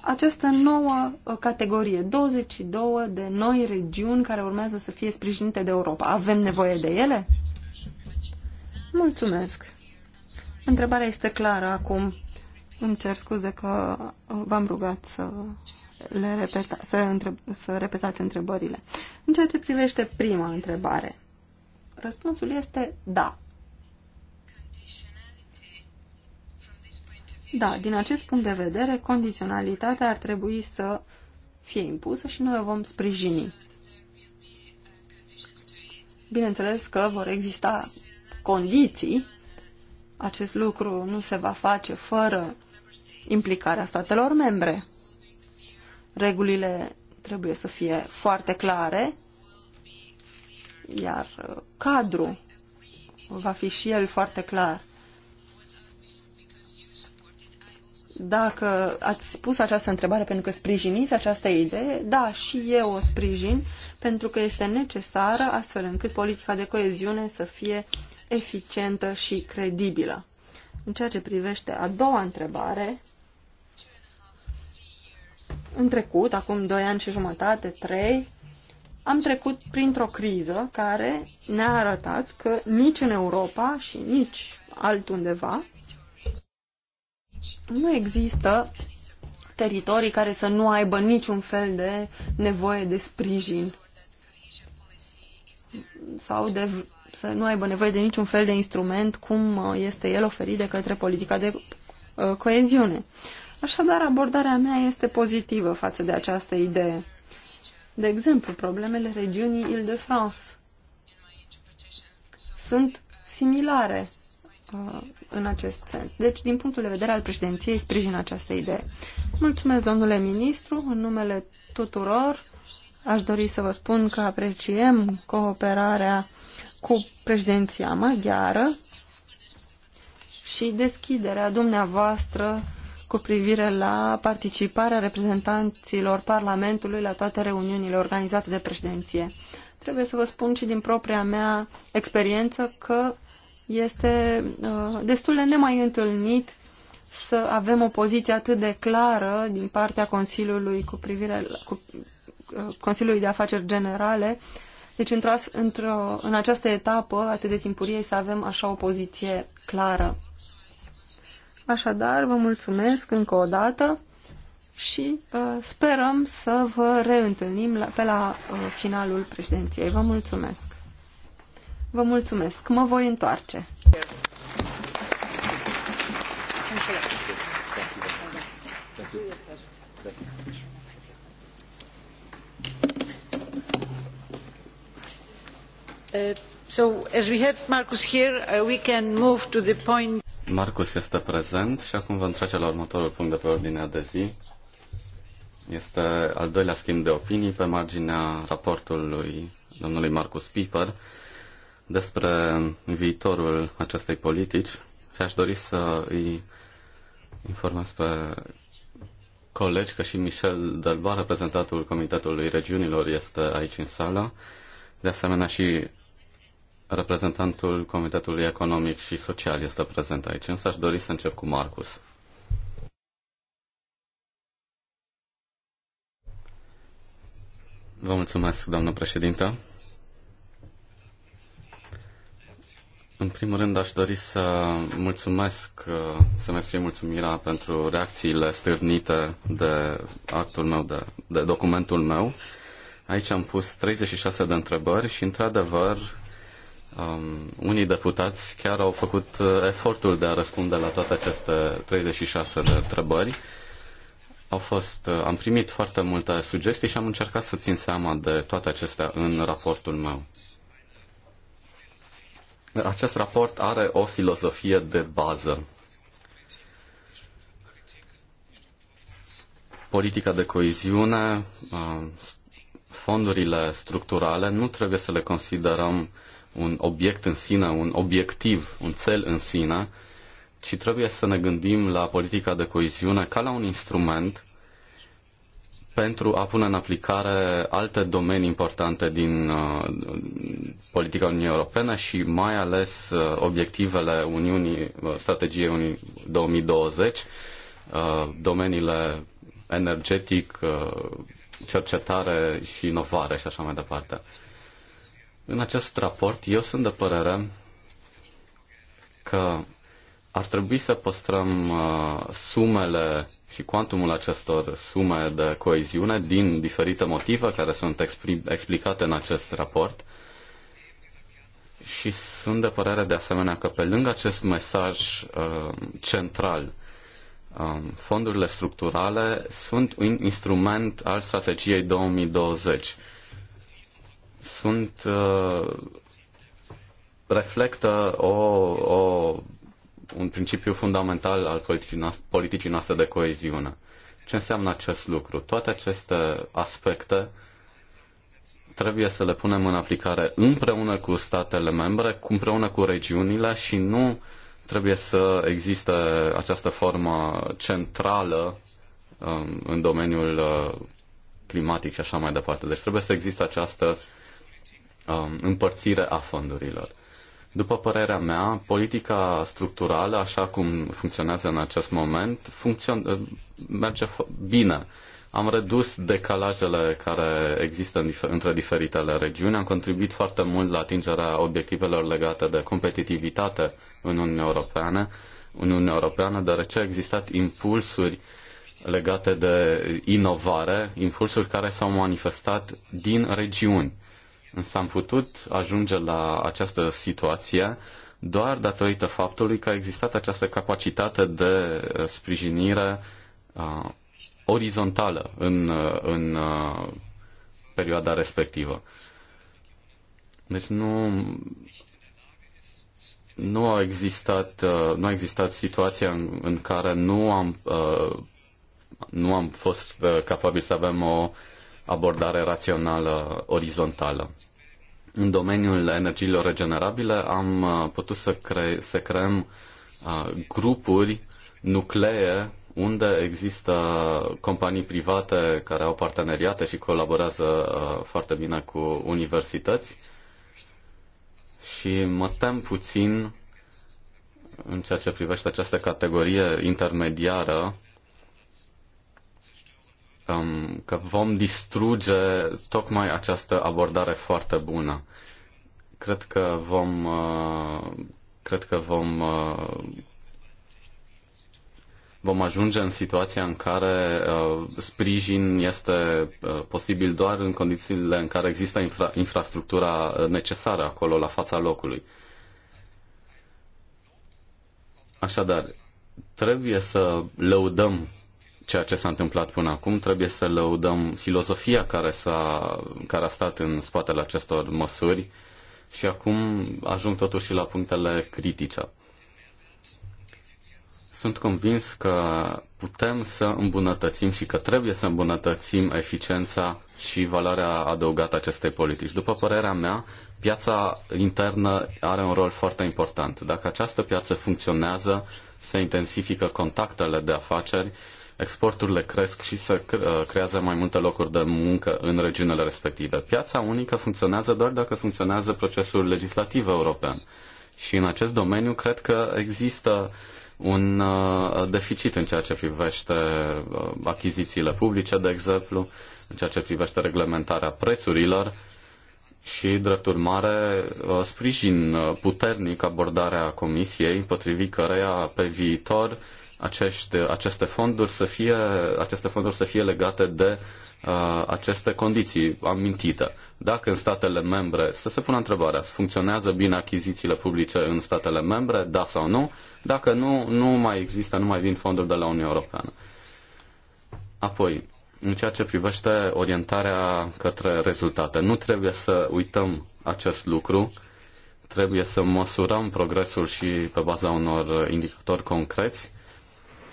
Această nouă uh, categorie, 22 de noi regiuni care urmează să fie sprijinite de Europa, avem nevoie de ele? Mulțumesc. Întrebarea este clară acum. Îmi cer scuze că uh, v-am rugat să, le repeta, să, întreb, să repetați întrebările. În ceea ce privește prima întrebare, răspunsul este da. Da, din acest punct de vedere, condiționalitatea ar trebui să fie impusă și noi o vom sprijini. Bineînțeles că vor exista condiții. Acest lucru nu se va face fără implicarea statelor membre. Regulile trebuie să fie foarte clare, iar uh, cadrul va fi și el foarte clar. dacă ați pus această întrebare pentru că sprijiniți această idee, da, și eu o sprijin pentru că este necesară astfel încât politica de coeziune să fie eficientă și credibilă. În ceea ce privește a doua întrebare, în trecut, acum doi ani și jumătate, trei, am trecut printr-o criză care ne-a arătat că nici în Europa și nici altundeva nu există teritorii care să nu aibă niciun fel de nevoie de sprijin sau de, să nu aibă nevoie de niciun fel de instrument cum uh, este el oferit de către politica de uh, coeziune. Așadar, abordarea mea este pozitivă față de această idee. De exemplu, problemele regiunii Île-de-France sunt similare Uh, în acest sens. Deci, din punctul de vedere al președinției, sprijin această idee. Mulțumesc, domnule ministru, în numele tuturor. Aș dori să vă spun că apreciem cooperarea cu președinția maghiară și deschiderea dumneavoastră cu privire la participarea reprezentanților Parlamentului la toate reuniunile organizate de președinție. Trebuie să vă spun și din propria mea experiență că este uh, destul de nemai întâlnit să avem o poziție atât de clară din partea Consiliului cu privire la, cu, uh, Consiliului de Afaceri Generale. Deci, într-o, într în această etapă atât de timpurie, să avem așa o poziție clară. Așadar, vă mulțumesc încă o dată și uh, sperăm să vă reîntâlnim la, pe la uh, finalul președinției. Vă mulțumesc! Vă mulțumesc. Mă voi întoarce. Uh, so, as we have Marcus here, uh, we can move to the point.
Marcus este prezent și acum vom trece la următorul punct de pe ordinea de zi. Este al doilea schimb de opinii pe marginea raportului domnului Marcus Piper despre viitorul acestei politici și aș dori să îi informez pe colegi că și Michel Dalba, reprezentantul Comitetului Regiunilor, este aici în sală. De asemenea și reprezentantul Comitetului Economic și Social este prezent aici. Însă aș dori să încep cu Marcus. Vă mulțumesc, doamnă președintă. În primul rând aș dori să mulțumesc, uh, să-mi exprim mulțumirea pentru reacțiile stârnite de actul meu, de, de documentul meu. Aici am pus 36 de întrebări și, într-adevăr, um, unii deputați chiar au făcut uh, efortul de a răspunde la toate aceste 36 de întrebări. Au fost, uh, am primit foarte multe sugestii și am încercat să țin seama de toate acestea în raportul meu acest raport are o filozofie de bază. Politica de coeziune, uh, fondurile structurale, nu trebuie să le considerăm un obiect în sine, un obiectiv, un cel în sine, ci trebuie să ne gândim la politica de coeziune ca la un instrument pentru a pune în aplicare alte domenii importante din uh, politica Uniunii Europene și mai ales uh, obiectivele Uniunii, uh, strategiei Uniunii 2020, domeniile energetic, cercetare și inovare și așa mai departe. În acest raport, eu sunt de părere că ar trebui să păstrăm uh, sumele și cuantumul acestor sume de coeziune din diferite motive care sunt explicate în acest raport. Și sunt de părere de asemenea că pe lângă acest mesaj uh, central, um, fondurile structurale sunt un instrument al strategiei 2020. Sunt uh, reflectă o, o un principiu fundamental al politicii noastre, politicii noastre de coeziune. Ce înseamnă acest lucru? Toate aceste aspecte trebuie să le punem în aplicare împreună cu statele membre, împreună cu regiunile și nu trebuie să existe această formă centrală um, în domeniul uh, climatic și așa mai departe. Deci trebuie să existe această um, împărțire a fondurilor. După părerea mea, politica structurală, așa cum funcționează în acest moment, funcțion- eh, merge bine. Am redus decalajele care există în dif- între diferitele regiuni, am contribuit foarte mult la atingerea obiectivelor legate de competitivitate în Uniunea Europeană, în Uniunea Europeană deoarece au existat impulsuri legate de inovare, impulsuri care s-au manifestat din regiuni. Însă am putut ajunge la această situație doar datorită faptului că a existat această capacitate de uh, sprijinire uh, orizontală în, uh, în uh, perioada respectivă. Deci nu, nu a existat, uh, nu a existat situația în, în care nu am, uh, nu am fost uh, capabili să avem o uh, abordare rațională orizontală. În domeniul energiilor regenerabile am uh, putut să, cre- să creăm uh, grupuri nuclee unde există companii private care au parteneriate și colaborează uh, foarte bine cu universități și mă tem puțin în ceea ce privește această categorie intermediară um, că vom distruge tocmai această abordare foarte bună. Cred că vom, uh, cred că vom, uh, vom ajunge în situația în care uh, sprijin este uh, posibil doar în condițiile în care există infra- infrastructura necesară acolo la fața locului. Așadar, trebuie să lăudăm ceea ce s-a întâmplat până acum, trebuie să lăudăm filozofia care, s-a, care a stat în spatele acestor măsuri și acum ajung totuși la punctele critice. Sunt convins că putem să îmbunătățim și că trebuie să îmbunătățim eficiența și valoarea adăugată acestei politici. După părerea mea, piața internă are un rol foarte important. Dacă această piață funcționează, se intensifică contactele de afaceri exporturile cresc și se uh, creează mai multe locuri de muncă în regiunile respective. Piața unică funcționează doar dacă funcționează procesul legislativ european. Și în acest domeniu cred că există un uh, deficit în ceea ce privește uh, achizițiile publice, de exemplu, în ceea ce privește reglementarea prețurilor și, drept urmare, sprijin puternic abordarea Comisiei, potrivit căreia pe viitor acești, aceste fonduri să fie, aceste fonduri să fie legate de uh, aceste condiții amintite. Dacă în statele membre, să se pună întrebarea, funcționează bine achizițiile publice în statele membre, da sau nu? Dacă nu, nu mai există, nu mai vin fonduri de la Uniunea Europeană. Apoi, în ceea ce privește orientarea către rezultate, nu trebuie să uităm acest lucru trebuie să măsurăm progresul și pe baza unor indicatori concreți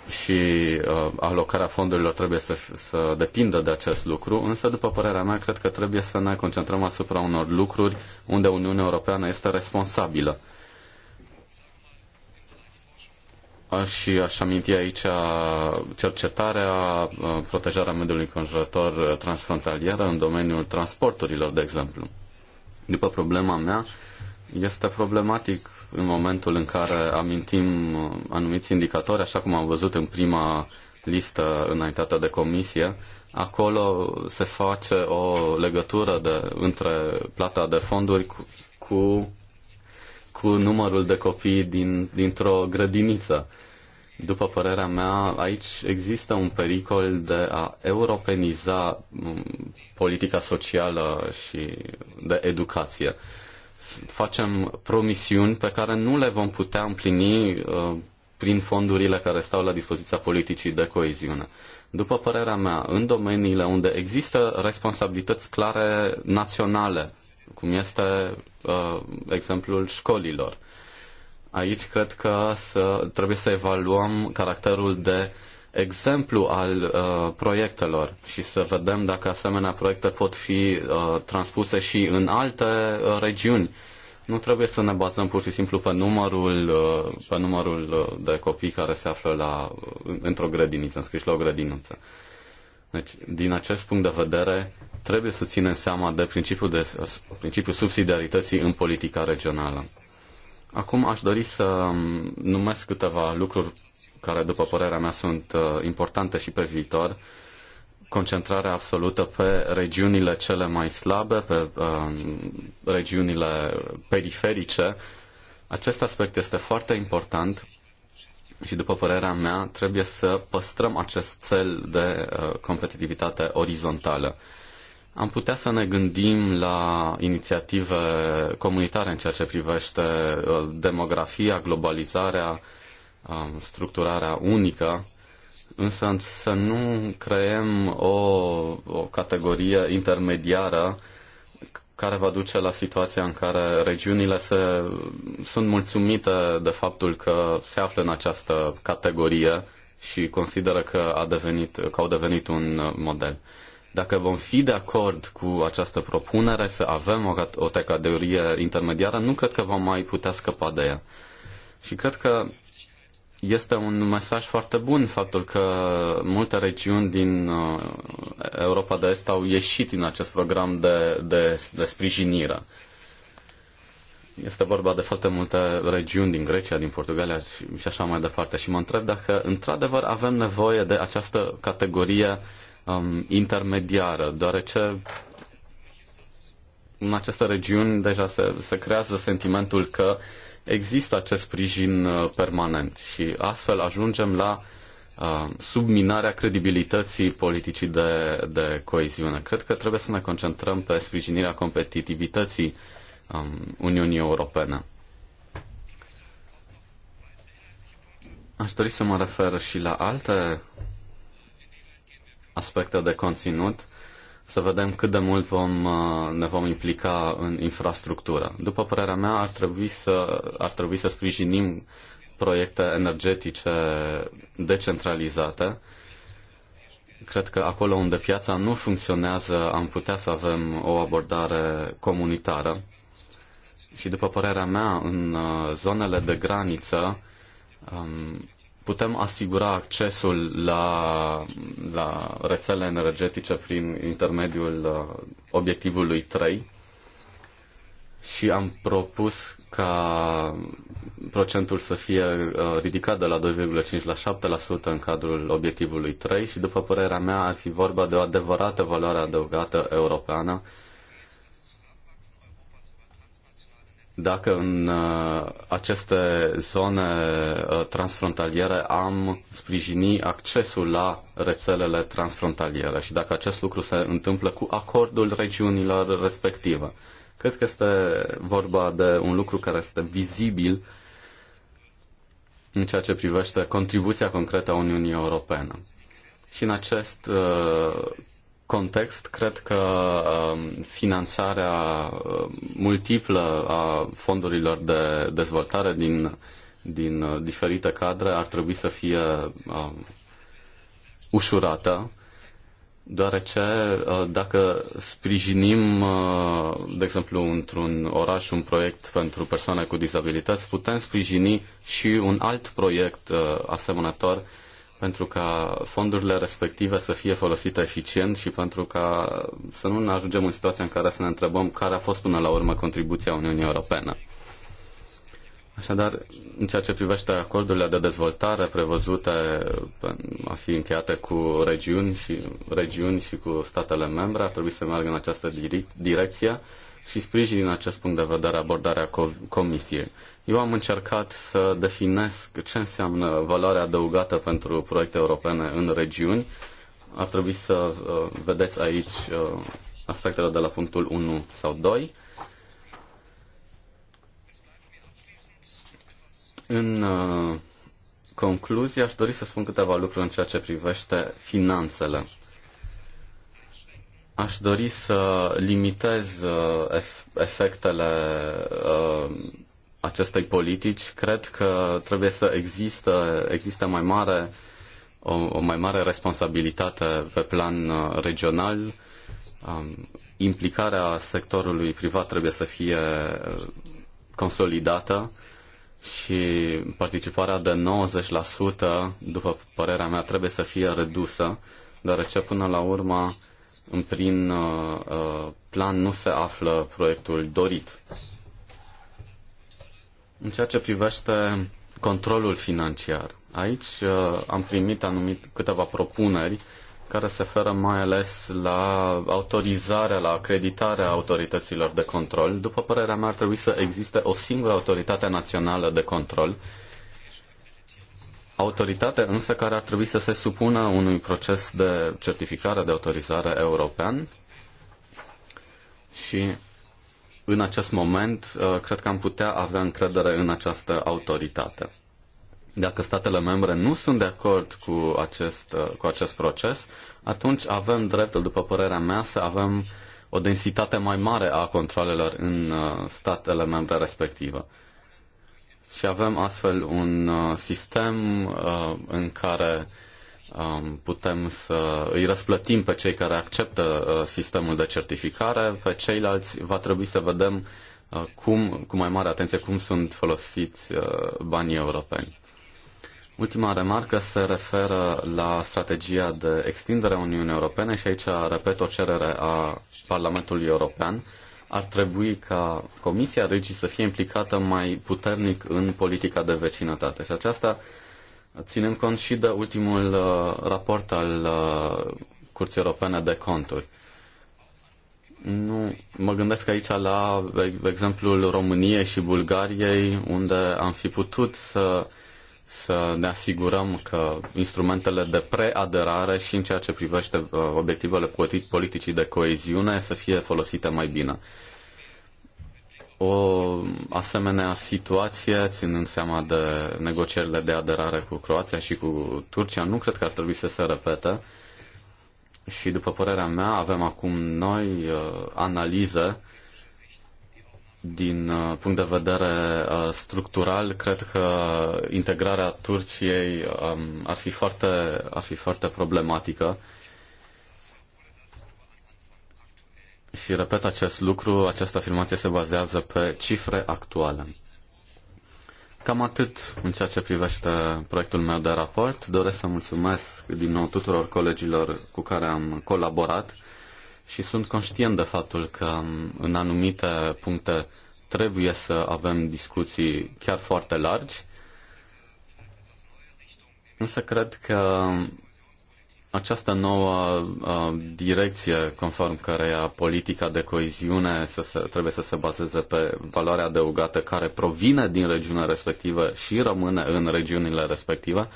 și uh, alocarea fondurilor trebuie să, să depindă de acest lucru, însă, după părerea mea, cred că trebuie să ne concentrăm asupra unor lucruri unde Uniunea Europeană este responsabilă. Și aș aminti aici cercetarea, uh, protejarea mediului conjurător uh, transfrontalieră în domeniul transporturilor, de exemplu. După problema mea, este problematic în momentul în care amintim anumiți indicatori, așa cum am văzut în prima listă înaintată de comisie, acolo se face o legătură de, între plata de fonduri cu, cu, cu numărul de copii din, dintr-o grădiniță. După părerea mea, aici există un pericol de a europeniza politica socială și de educație. Uh, facem promisiuni pe care nu le vom putea împlini uh, prin fondurile care stau la dispoziția politicii de coeziune. După părerea mea, în domeniile unde există responsabilități clare naționale, cum este uh, exemplul școlilor, aici cred că să, trebuie să evaluăm caracterul de uh, exemplu al uh, proiectelor și să vedem dacă asemenea proiecte pot fi uh, transpuse și în alte uh, regiuni. Nu trebuie să ne bazăm pur și simplu pe numărul, uh, pe numărul uh, de copii care se află la, uh, într-o grădiniță, înscriși la o grădiniță. Deci, din acest punct de vedere, trebuie să ținem seama de principiul, de, principiul subsidiarității în politica regională. Acum aș dori să um, numesc câteva lucruri care, după părerea mea, sunt uh, importante și pe viitor, concentrarea absolută pe regiunile cele mai slabe, pe uh, regiunile periferice. Acest aspect este foarte important și, după părerea mea, trebuie să păstrăm acest cel de uh, competitivitate orizontală. Am putea să ne gândim la inițiative comunitare în ceea ce privește uh, demografia, globalizarea, structurarea unică, însă să nu creăm o, o categorie intermediară care va duce la situația în care regiunile se, sunt mulțumite de faptul că se află în această categorie și consideră că, a devenit, că au devenit un model. Dacă vom fi de acord cu această propunere să avem o, o categorie intermediară, nu cred că vom mai putea scăpa de ea. Și cred că este un mesaj foarte bun faptul că multe regiuni din uh, Europa de Est au ieșit din acest program de, de, de sprijinire. Este vorba de foarte multe regiuni din Grecia, din Portugalia și, și așa mai departe. Și mă întreb dacă într-adevăr avem nevoie de această categorie um, intermediară, deoarece în aceste regiuni deja se, se creează sentimentul că uh, există acest sprijin uh, permanent și astfel ajungem la uh, subminarea credibilității politicii de, de coeziune. Cred că trebuie să ne concentrăm pe sprijinirea competitivității um, Uniunii Europene. Aș dori să mă refer și la alte aspecte de conținut să vedem cât de mult vom, uh, ne vom implica în infrastructură. După părerea mea, ar trebui să, ar trebui să sprijinim proiecte energetice decentralizate. Cred că acolo unde piața nu funcționează, am putea să avem o abordare comunitară. Și după părerea mea, în uh, zonele de graniță, um, putem asigura accesul la, la rețele energetice prin intermediul uh, obiectivului 3 și am propus ca procentul să fie uh, ridicat de la 2,5 la 7% în cadrul obiectivului 3 și, după părerea mea, ar fi vorba de o adevărată valoare adăugată europeană dacă în uh, aceste zone uh, transfrontaliere am sprijini accesul la rețelele transfrontaliere și dacă acest lucru se întâmplă cu acordul regiunilor respective. Cred că este vorba de un lucru care este vizibil în ceea ce privește contribuția concretă a Uniunii Europene. Și în acest uh, context, cred că um, finanțarea um, multiplă a fondurilor de dezvoltare din, din uh, diferite cadre ar trebui să fie um, ușurată, deoarece uh, dacă sprijinim, uh, de exemplu, într-un oraș un proiect pentru persoane cu dizabilități, putem sprijini și un alt proiect asemănător pentru ca fondurile respective să fie folosite eficient și pentru ca să nu ne ajungem în situația în care să ne întrebăm care a fost până la urmă contribuția Uniunii Europene. Așadar, în ceea ce privește acordurile de dezvoltare prevăzute a fi încheiate cu regiuni și, regiuni și cu statele membre, ar trebui să meargă în această direcție și sprijin din acest punct de vedere abordarea Comisiei. Eu am încercat să definesc ce înseamnă valoarea adăugată pentru proiecte europene în regiuni. Ar trebui să uh, vedeți aici uh, aspectele de la punctul 1 sau 2. În uh, concluzie, aș dori să spun câteva lucruri în ceea ce privește finanțele. Aș dori să limitez efectele acestei politici, cred că trebuie să există, există mai mare, o, o mai mare responsabilitate pe plan uh, regional. Um, implicarea sectorului privat trebuie să fie uh, consolidată și participarea de 90%, după părerea mea, trebuie să fie redusă, deoarece până la urmă, în prim uh, plan, nu se află proiectul dorit. În ceea ce privește controlul financiar, aici uh, am primit anumit câteva propuneri care se referă mai ales la autorizarea, la acreditarea autorităților de control. După părerea mea, ar trebui să existe o singură autoritate națională de control, autoritate însă care ar trebui să se supună unui proces de certificare, de autorizare european și în acest moment uh, cred că am putea avea încredere în această autoritate. Dacă statele membre nu sunt de acord cu acest, uh, cu acest proces, atunci avem dreptul, după părerea mea, să avem o densitate mai mare a controlelor în uh, statele membre respective. Și avem astfel un sistem în care putem să îi răsplătim pe cei care acceptă uh, sistemul de certificare, pe ceilalți va trebui să vedem uh, cum, cu mai mare atenție cum sunt folosiți uh, banii europeni. Ultima remarcă se referă la strategia de extindere a Uniunii Europene și aici repet o cerere a Parlamentului European. Ar trebui ca Comisia Regii să fie implicată mai puternic în politica de vecinătate și aceasta ținând cont și de ultimul uh, raport al uh, Curții Europene de Conturi. Nu, mă gândesc aici la exemplul României și Bulgariei, unde am fi putut să, să ne asigurăm că instrumentele de preaderare și în ceea ce privește uh, obiectivele politicii de coeziune să fie folosite mai bine o asemenea situație, ținând seama de negocierile de aderare cu Croația și cu Turcia, nu cred că ar trebui să se repete. Și după părerea mea, avem acum noi uh, analize din uh, punct de vedere uh, structural. Cred că integrarea Turciei um, ar, fi foarte, ar fi foarte problematică și repet acest lucru, această afirmație se bazează pe cifre actuale. Cam atât în ceea ce privește proiectul meu de raport. Doresc să mulțumesc din nou tuturor colegilor cu care am colaborat și sunt conștient de faptul că în anumite puncte trebuie să avem discuții chiar foarte largi, însă cred că această nouă uh, direcție conform căreia politica de coeziune să se, trebuie să se bazeze pe valoarea adăugată care provine din regiunea respectivă și rămâne în regiunile respective.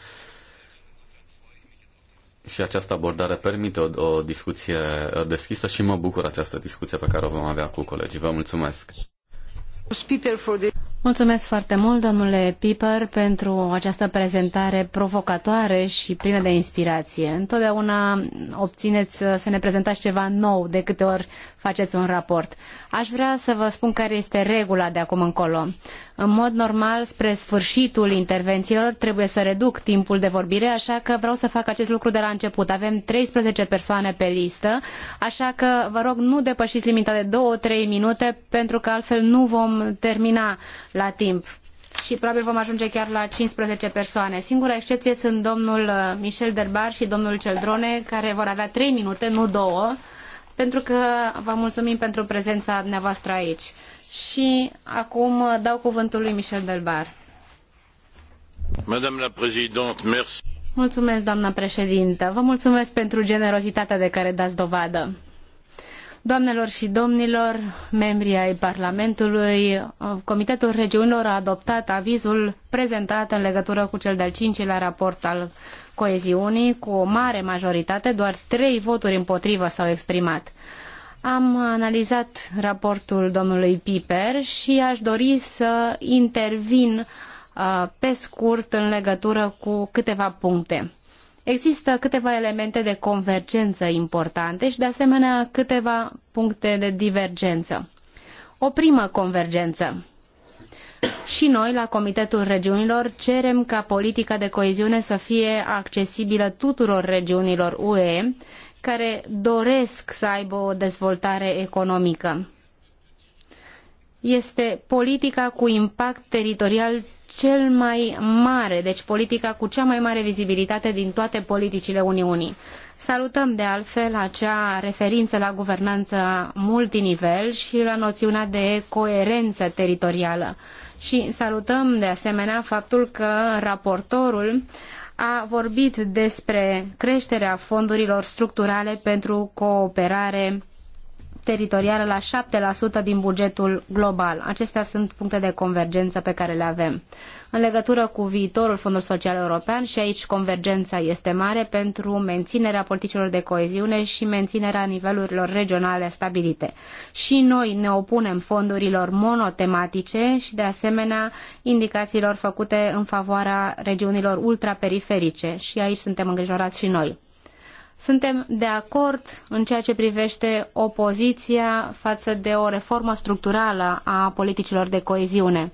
Și această abordare permite o, o discuție deschisă și mă bucur această discuție pe care o vom avea cu colegii. Vă mulțumesc!
Mulțumesc foarte mult, domnule Piper, pentru această prezentare provocatoare și plină de inspirație. Întotdeauna obțineți să ne prezentați ceva nou de câte ori faceți un raport. Aș vrea să vă spun care este regula de acum încolo. În mod normal, spre sfârșitul intervențiilor, trebuie să reduc timpul de vorbire, așa că vreau să fac acest lucru de la început. Avem 13 persoane pe listă, așa că vă rog nu depășiți limita de 2-3 minute, pentru că altfel nu vom termina la timp și probabil vom ajunge chiar la 15 persoane. Singura excepție sunt domnul uh, Michel Derbar și domnul Celdrone, care vor avea 3 minute, nu 2 pentru că vă mulțumim pentru prezența dumneavoastră aici. Și acum dau cuvântul lui Michel Delbar.
Madame la Présidente, merci.
Mulțumesc, doamna președintă. Vă mulțumesc pentru generozitatea de care dați dovadă. Doamnelor și domnilor, membrii ai Parlamentului, Comitetul Regiunilor a adoptat avizul prezentat în legătură cu cel de-al cincilea raport al coeziunii cu o mare majoritate, doar trei voturi împotrivă s-au exprimat. Am analizat raportul domnului Piper și aș dori să intervin uh, pe scurt în legătură cu câteva puncte. Există câteva elemente de convergență importante și de asemenea câteva puncte de divergență. O primă convergență. Și noi, la Comitetul Regiunilor, cerem ca politica de coeziune să fie accesibilă tuturor regiunilor UE care doresc să aibă o dezvoltare economică. Este politica cu impact teritorial cel mai mare, deci politica cu cea mai mare vizibilitate din toate politicile Uniunii. Salutăm de altfel acea referință la guvernanța multinivel și la noțiunea de coerență teritorială și salutăm de asemenea faptul că raportorul a vorbit despre creșterea fondurilor structurale pentru cooperare teritorială la 7% din bugetul global. Acestea sunt puncte de convergență pe care le avem în legătură cu viitorul Fondului Social European și aici convergența este mare pentru menținerea politicilor de coeziune și menținerea nivelurilor regionale stabilite. Și noi ne opunem fondurilor monotematice și de asemenea indicațiilor făcute în favoarea regiunilor ultraperiferice și aici suntem îngrijorați și noi suntem de acord în ceea ce privește opoziția față de o reformă structurală a politicilor de coeziune.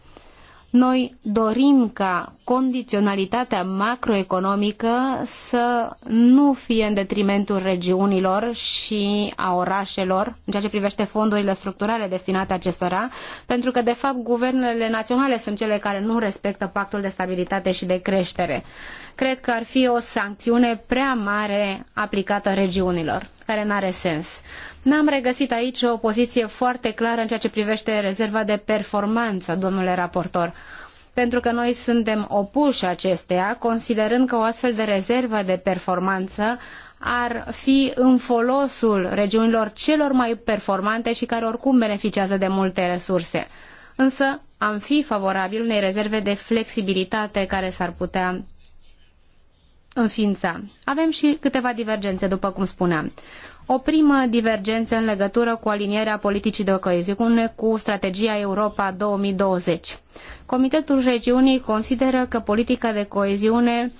Noi dorim ca condiționalitatea macroeconomică să nu fie în detrimentul regiunilor și a orașelor, în ceea ce privește fondurile structurale destinate acestora, pentru că, de fapt, guvernele naționale sunt cele care nu respectă pactul de stabilitate și de creștere. Cred că ar fi o sancțiune prea mare aplicată regiunilor, care nu are sens. N-am regăsit aici o poziție foarte clară în ceea ce privește rezerva de performanță, domnule raportor pentru că noi suntem opuși acesteia, considerând că o astfel de rezervă de performanță ar fi în folosul regiunilor celor mai performante și care oricum beneficiază de multe resurse. Însă am fi favorabil unei rezerve de flexibilitate care s-ar putea înființa. Avem și câteva divergențe, după cum spuneam. O primă divergență în legătură cu alinierea politicii de coeziune cu strategia Europa 2020. Comitetul Regiunii consideră că politica de coeziune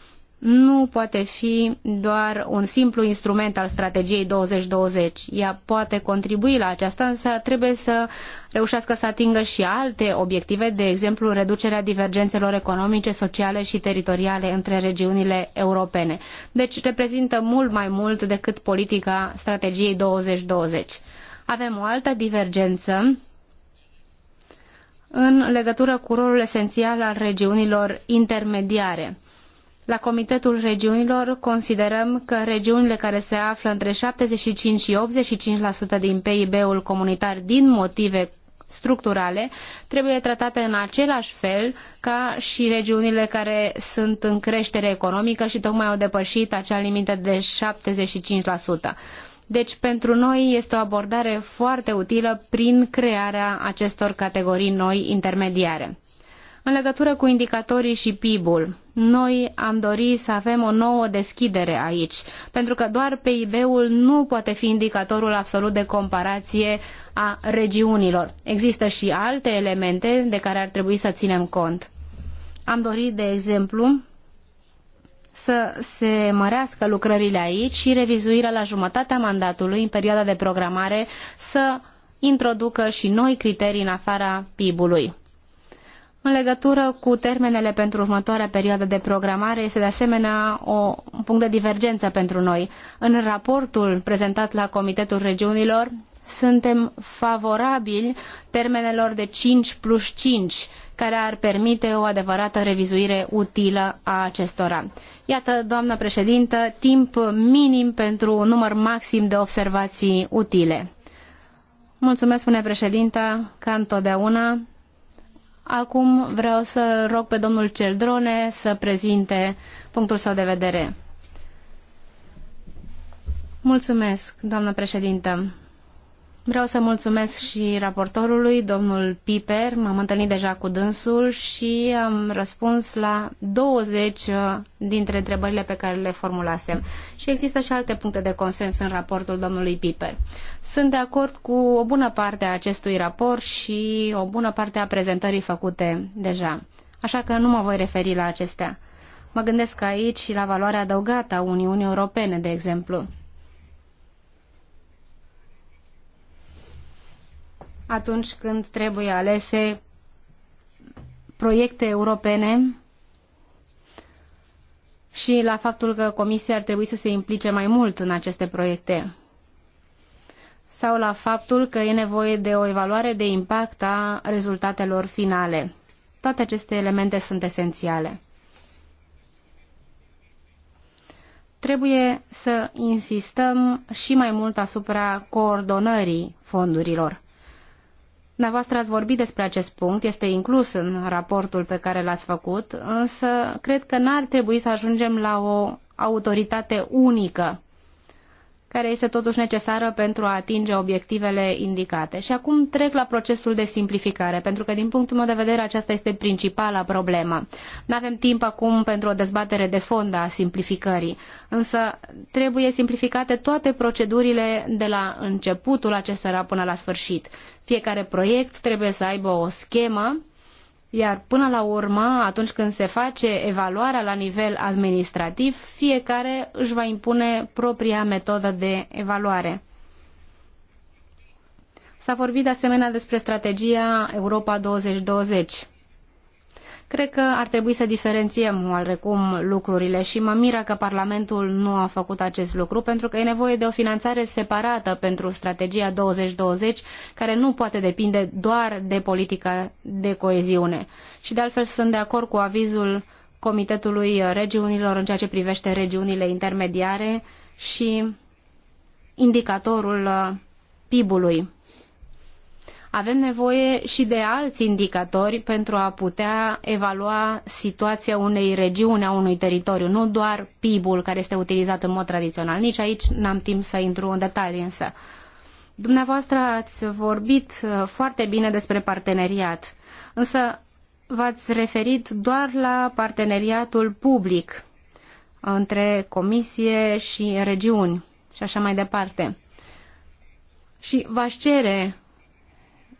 nu poate fi doar un simplu instrument al strategiei 2020. Ea poate contribui la aceasta, însă trebuie să reușească să atingă și alte obiective, de exemplu reducerea divergențelor economice, sociale și teritoriale între regiunile europene. Deci reprezintă mult mai mult decât politica strategiei 2020. Avem o altă divergență în legătură cu rolul esențial al regiunilor intermediare la Comitetul Regiunilor considerăm că regiunile care se află între 75 și 85% din PIB-ul comunitar din motive structurale trebuie tratate în același fel ca și regiunile care sunt în creștere economică și tocmai au depășit acea limită de 75%. Deci, pentru noi este o abordare foarte utilă prin crearea acestor categorii noi intermediare. În legătură cu indicatorii și PIB-ul, noi am dorit să avem o nouă deschidere aici, pentru că doar PIB-ul nu poate fi indicatorul absolut de comparație a regiunilor. Există și alte elemente de care ar trebui să ținem cont. Am dorit, de exemplu, să se mărească lucrările aici și revizuirea la jumătatea mandatului în perioada de programare să introducă și noi criterii în afara PIB-ului. În legătură cu termenele pentru următoarea perioadă de programare, este de asemenea o, un punct de divergență pentru noi. În raportul prezentat la Comitetul Regiunilor, suntem favorabili termenelor de 5 plus 5, care ar permite o adevărată revizuire utilă a acestora. Iată, doamnă președintă, timp minim pentru un număr maxim de observații utile. Mulțumesc, spune președinta, ca întotdeauna Acum vreau să rog pe domnul Celdrone să prezinte punctul său de vedere. Mulțumesc, doamnă președintă. Vreau să mulțumesc și raportorului, domnul Piper. M-am întâlnit deja cu dânsul și am răspuns la 20 uh, dintre întrebările pe care le formulasem. Și există și alte puncte de consens în raportul domnului Piper. Sunt de acord cu o bună parte a acestui raport și o bună parte a prezentării făcute deja. Așa că nu mă voi referi la acestea. Mă gândesc aici și la valoarea adăugată a Uniunii Europene, de exemplu. atunci când trebuie alese proiecte europene și la faptul că Comisia ar trebui să se implice mai mult în aceste proiecte sau la faptul că e nevoie de o evaluare de impact a rezultatelor finale. Toate aceste elemente sunt esențiale. Trebuie să insistăm și mai mult asupra coordonării fondurilor. Dumneavoastră ați vorbit despre acest punct, este inclus în raportul pe care l-ați făcut, însă cred că n-ar trebui să ajungem la o autoritate unică care este totuși necesară pentru a atinge obiectivele indicate. Și acum trec la procesul de simplificare, pentru că din punctul meu de vedere aceasta este principala problemă. Nu avem timp acum pentru o dezbatere de fond a simplificării, însă trebuie simplificate toate procedurile de la începutul acestora până la sfârșit. Fiecare proiect trebuie să aibă o schemă iar până la urmă, atunci când se face evaluarea la nivel administrativ, fiecare își va impune propria metodă de evaluare. S-a vorbit de asemenea despre strategia Europa 2020. Cred că ar trebui să diferențiem oarecum lucrurile și mă miră că Parlamentul nu a făcut acest lucru pentru că e nevoie de o finanțare separată pentru strategia 2020 care nu poate depinde doar de politica de coeziune. Și de altfel sunt de acord cu avizul Comitetului Regiunilor în ceea ce privește regiunile intermediare și indicatorul uh, PIB-ului. Avem nevoie și de alți indicatori pentru a putea evalua situația unei regiuni, a unui teritoriu, nu doar PIB-ul care este utilizat în mod tradițional. Nici aici n-am timp să intru în detalii însă. Dumneavoastră ați vorbit uh, foarte bine despre parteneriat, însă v-ați referit doar la parteneriatul public între comisie și regiuni și așa mai departe. Și v-aș cere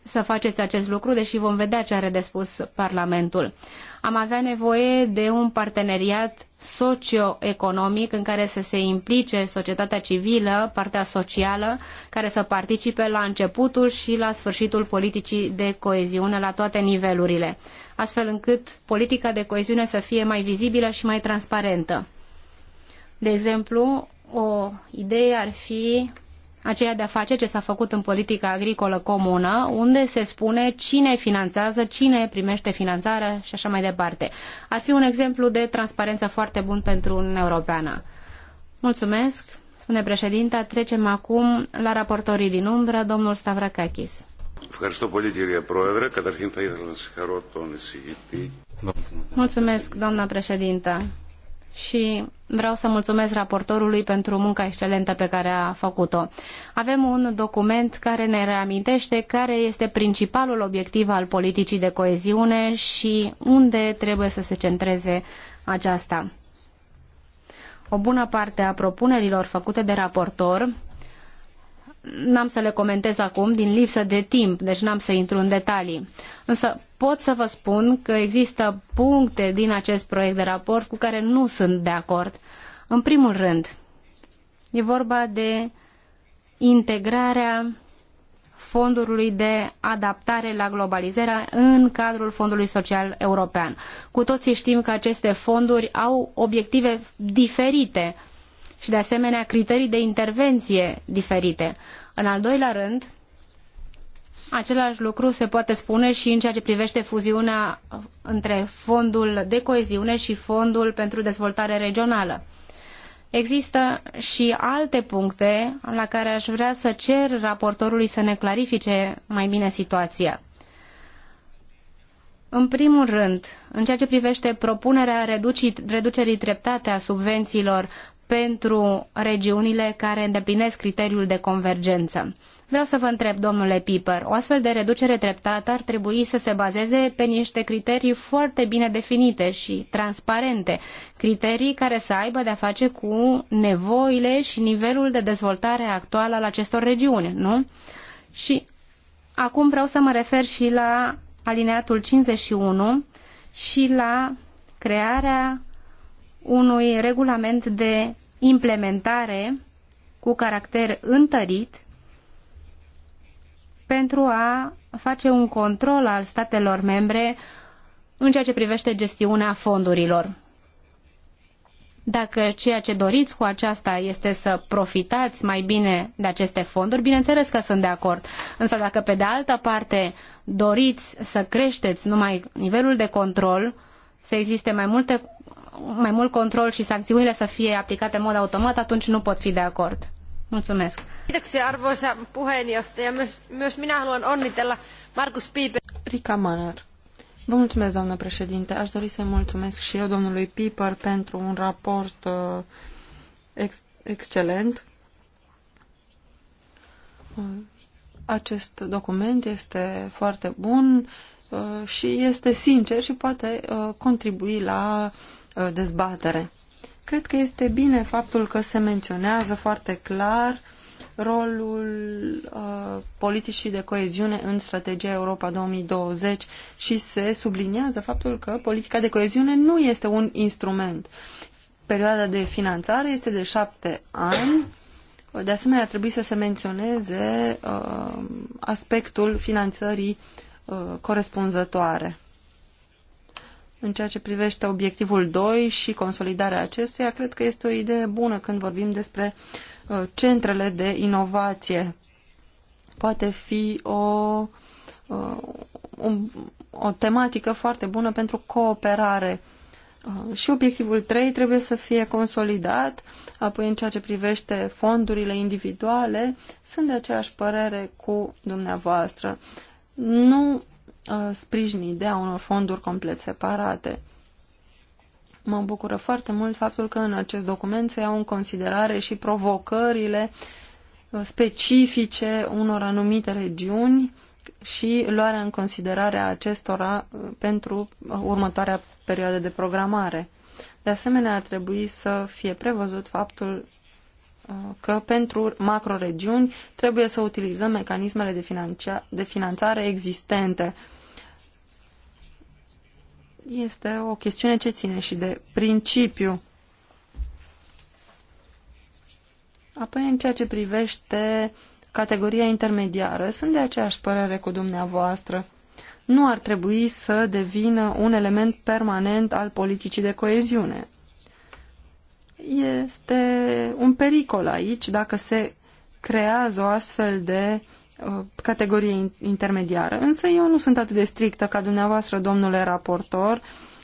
să faceți acest lucru, deși vom vedea ce are de spus Parlamentul. Am avea nevoie de un parteneriat socio-economic în care să se implice societatea civilă, partea socială, care să participe la începutul și la sfârșitul politicii de coeziune la toate nivelurile, astfel încât politica de coeziune să fie mai vizibilă și mai transparentă. De exemplu, o idee ar fi aceea de a face ce s-a făcut în politica agricolă comună, unde se spune cine finanțează, cine primește finanțarea și așa mai departe. Ar fi un exemplu de transparență foarte bun pentru Uniunea Europeană. Mulțumesc, spune președinta. Trecem acum la raportorii din umbră, domnul Stavrakakis. Mulțumesc, doamna președintă și vreau să mulțumesc raportorului pentru munca excelentă pe care a făcut-o. Avem un document care ne reamintește care este principalul obiectiv al politicii de coeziune și unde trebuie să se centreze aceasta. O bună parte a propunerilor făcute de raportor n-am să le comentez acum din lipsă de timp, deci n-am să intru în detalii. Însă pot să vă spun că există puncte din acest proiect de raport cu care nu sunt de acord. În primul rând, e vorba de integrarea fondului de adaptare la globalizare în cadrul Fondului Social European. Cu toții știm că aceste fonduri au obiective diferite și de asemenea criterii de intervenție diferite. În al doilea rând, Același lucru se poate spune și în ceea ce privește fuziunea între fondul de coeziune și fondul pentru dezvoltare regională. Există și alte puncte la care aș vrea să cer raportorului să ne clarifice mai bine situația. În primul rând, în ceea ce privește propunerea reducerii treptate a subvențiilor pentru regiunile care îndeplinesc criteriul de convergență. Vreau să vă întreb, domnule Piper, o astfel de reducere treptată ar trebui să se bazeze pe niște criterii foarte bine definite și transparente, criterii care să aibă de-a face cu nevoile și nivelul de dezvoltare actual al acestor regiuni, nu? Și acum vreau să mă refer și la alineatul 51 și la crearea unui regulament de implementare cu caracter întărit pentru a face un control al statelor membre în ceea ce privește gestiunea fondurilor. Dacă ceea ce doriți cu aceasta este să profitați mai bine de aceste fonduri, bineînțeles că sunt de acord. Însă dacă pe de altă parte doriți să creșteți numai nivelul de control, să existe mai multe mai mult control și sancțiunile să fie aplicate în mod automat, atunci nu pot fi de acord. Mulțumesc.
Kiitoksia arvoisa puheenjohtaja. Myös, myös minä haluan onnitella Markus Piipe. rika Manar. Vă mulțumesc, doamnă președinte. Aș dori să-i mulțumesc și eu domnului Piper pentru un raport uh, ex excelent. Uh, acest document este foarte bun uh, și este sincer și poate contribui la Uh, dezbatere. Cred că este bine faptul că se menționează foarte clar rolul uh, politicii de coeziune în strategia Europa 2020 și se subliniază faptul că politica de coeziune nu este un instrument. Perioada de finanțare este de șapte ani. De asemenea, ar trebui să se menționeze uh, aspectul finanțării uh, corespunzătoare. În ceea ce privește obiectivul 2 și consolidarea acestuia, cred că este o idee bună când vorbim despre uh, centrele de inovație. Poate fi o, o, uh, o tematică foarte bună pentru cooperare. Uh, și obiectivul 3 trebuie să fie consolidat, apoi în ceea ce privește fondurile individuale, sunt de aceeași părere cu dumneavoastră. Nu Uh, sprijini ideea unor fonduri complet separate. Mă bucură foarte mult faptul că în acest document se iau în considerare și provocările uh, specifice unor anumite regiuni și luarea în considerare a acestora uh, pentru următoarea perioadă de programare. De asemenea, ar trebui să fie prevăzut faptul că pentru macroregiuni trebuie să utilizăm mecanismele de, de finanțare existente este o chestiune ce ține și de principiu. Apoi, în ceea ce privește categoria intermediară, sunt de aceeași părere cu dumneavoastră. Nu ar trebui să devină un element permanent al politicii de coeziune. Este un pericol aici dacă se creează o astfel de Uh, categorie intermediară. Însă eu nu sunt atât de strictă ca dumneavoastră, domnule raportor.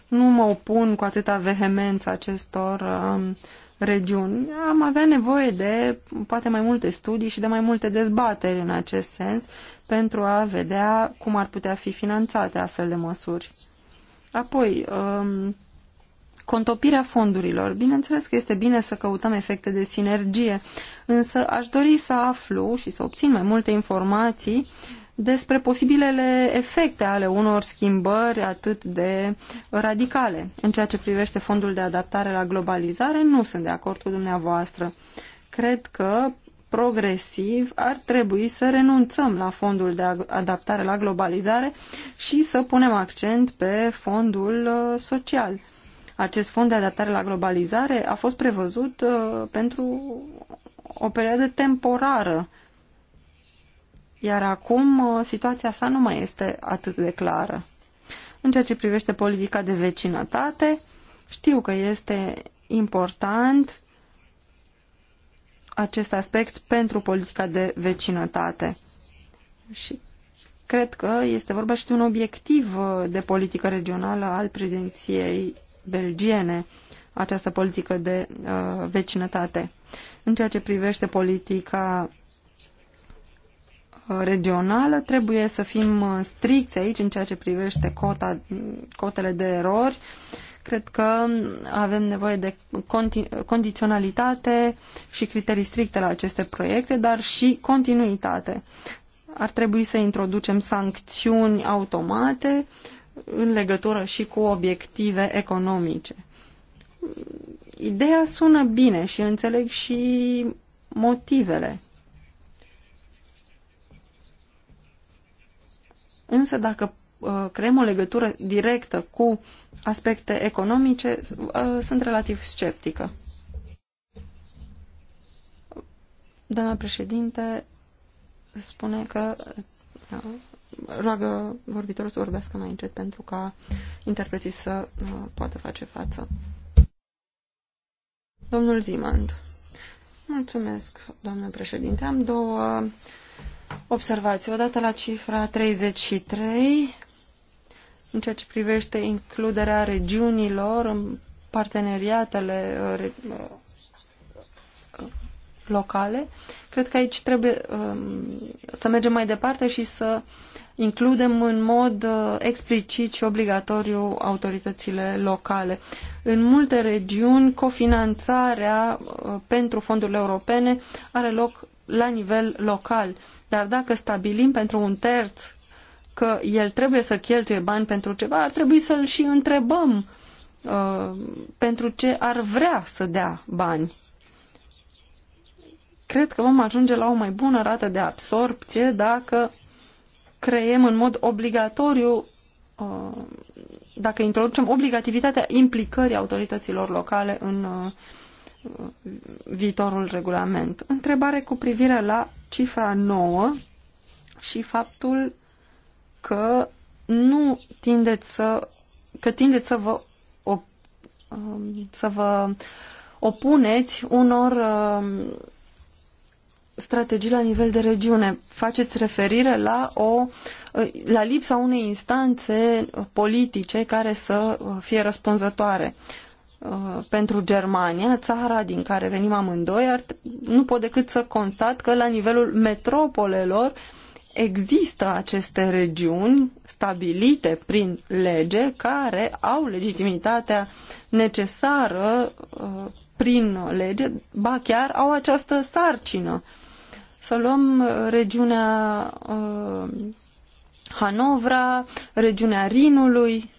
Nu mă opun cu atâta vehemență acestor um, regiuni. Am avea nevoie de poate mai multe studii și de mai multe dezbateri în acest sens pentru a vedea cum ar putea fi finanțate astfel de măsuri. Apoi, um, contopirea fondurilor. Bineînțeles că este bine să căutăm efecte de sinergie, însă aș dori să aflu și să obțin mai multe informații despre posibilele efecte ale unor schimbări atât de radicale. În ceea ce privește fondul de adaptare la globalizare, nu sunt de acord cu dumneavoastră. Cred că progresiv ar trebui să renunțăm la fondul de adaptare la globalizare și să punem accent pe fondul uh, social. Acest fond de adaptare la globalizare a fost prevăzut uh, pentru o perioadă temporară. Iar acum uh, situația sa nu mai este atât de clară. În ceea ce privește politica de vecinătate, știu că este important acest aspect pentru politica de vecinătate. Și cred că este vorba și de un obiectiv uh, de politică regională al prezenției belgiene. Uh, această politică de uh, vecinătate. În ceea ce privește politica uh, regională, trebuie să fim uh, stricți aici în ceea ce privește cota, cotele de erori. Cred că avem nevoie de condiționalitate și criterii stricte la aceste proiecte, dar și continuitate. Ar trebui să introducem sancțiuni automate în legătură și cu obiective economice. Ideea sună bine și înțeleg și motivele. Însă dacă uh, creăm o legătură directă cu aspecte economice, uh, sunt relativ sceptică. Doamna președinte spune că da, roagă vorbitorul să vorbească mai încet pentru ca interpreții să uh, poată face față. Domnul Zimand. Mulțumesc, domnule președinte. Am două observații. Odată la cifra 33, în ceea ce privește includerea regiunilor în parteneriatele uh, uh, locale, cred că aici trebuie um, să mergem mai departe și să includem în mod uh, explicit și obligatoriu autoritățile locale. În multe regiuni, cofinanțarea uh, pentru fondurile europene are loc la nivel local, dar dacă stabilim pentru un terț că el trebuie să cheltuie bani pentru ceva, ar trebui să-l și întrebăm uh, pentru ce ar vrea să dea bani. Cred că vom ajunge la o mai bună rată de absorpție dacă creem în mod obligatoriu, uh, dacă introducem obligativitatea implicării autorităților locale în uh, viitorul regulament. Întrebare cu privire la cifra 9 și faptul că nu tindeți să că tindeți să vă op, um, să vă opuneți unor um, strategii la nivel de regiune. Faceți referire la, o, la lipsa unei instanțe politice care să fie răspunzătoare. Uh, pentru Germania, țara din care venim amândoi, nu pot decât să constat că la nivelul metropolelor există aceste regiuni stabilite prin lege care au legitimitatea necesară uh, prin lege, ba chiar au această sarcină să luăm uh, regiunea uh, Hanovra, regiunea Rinului,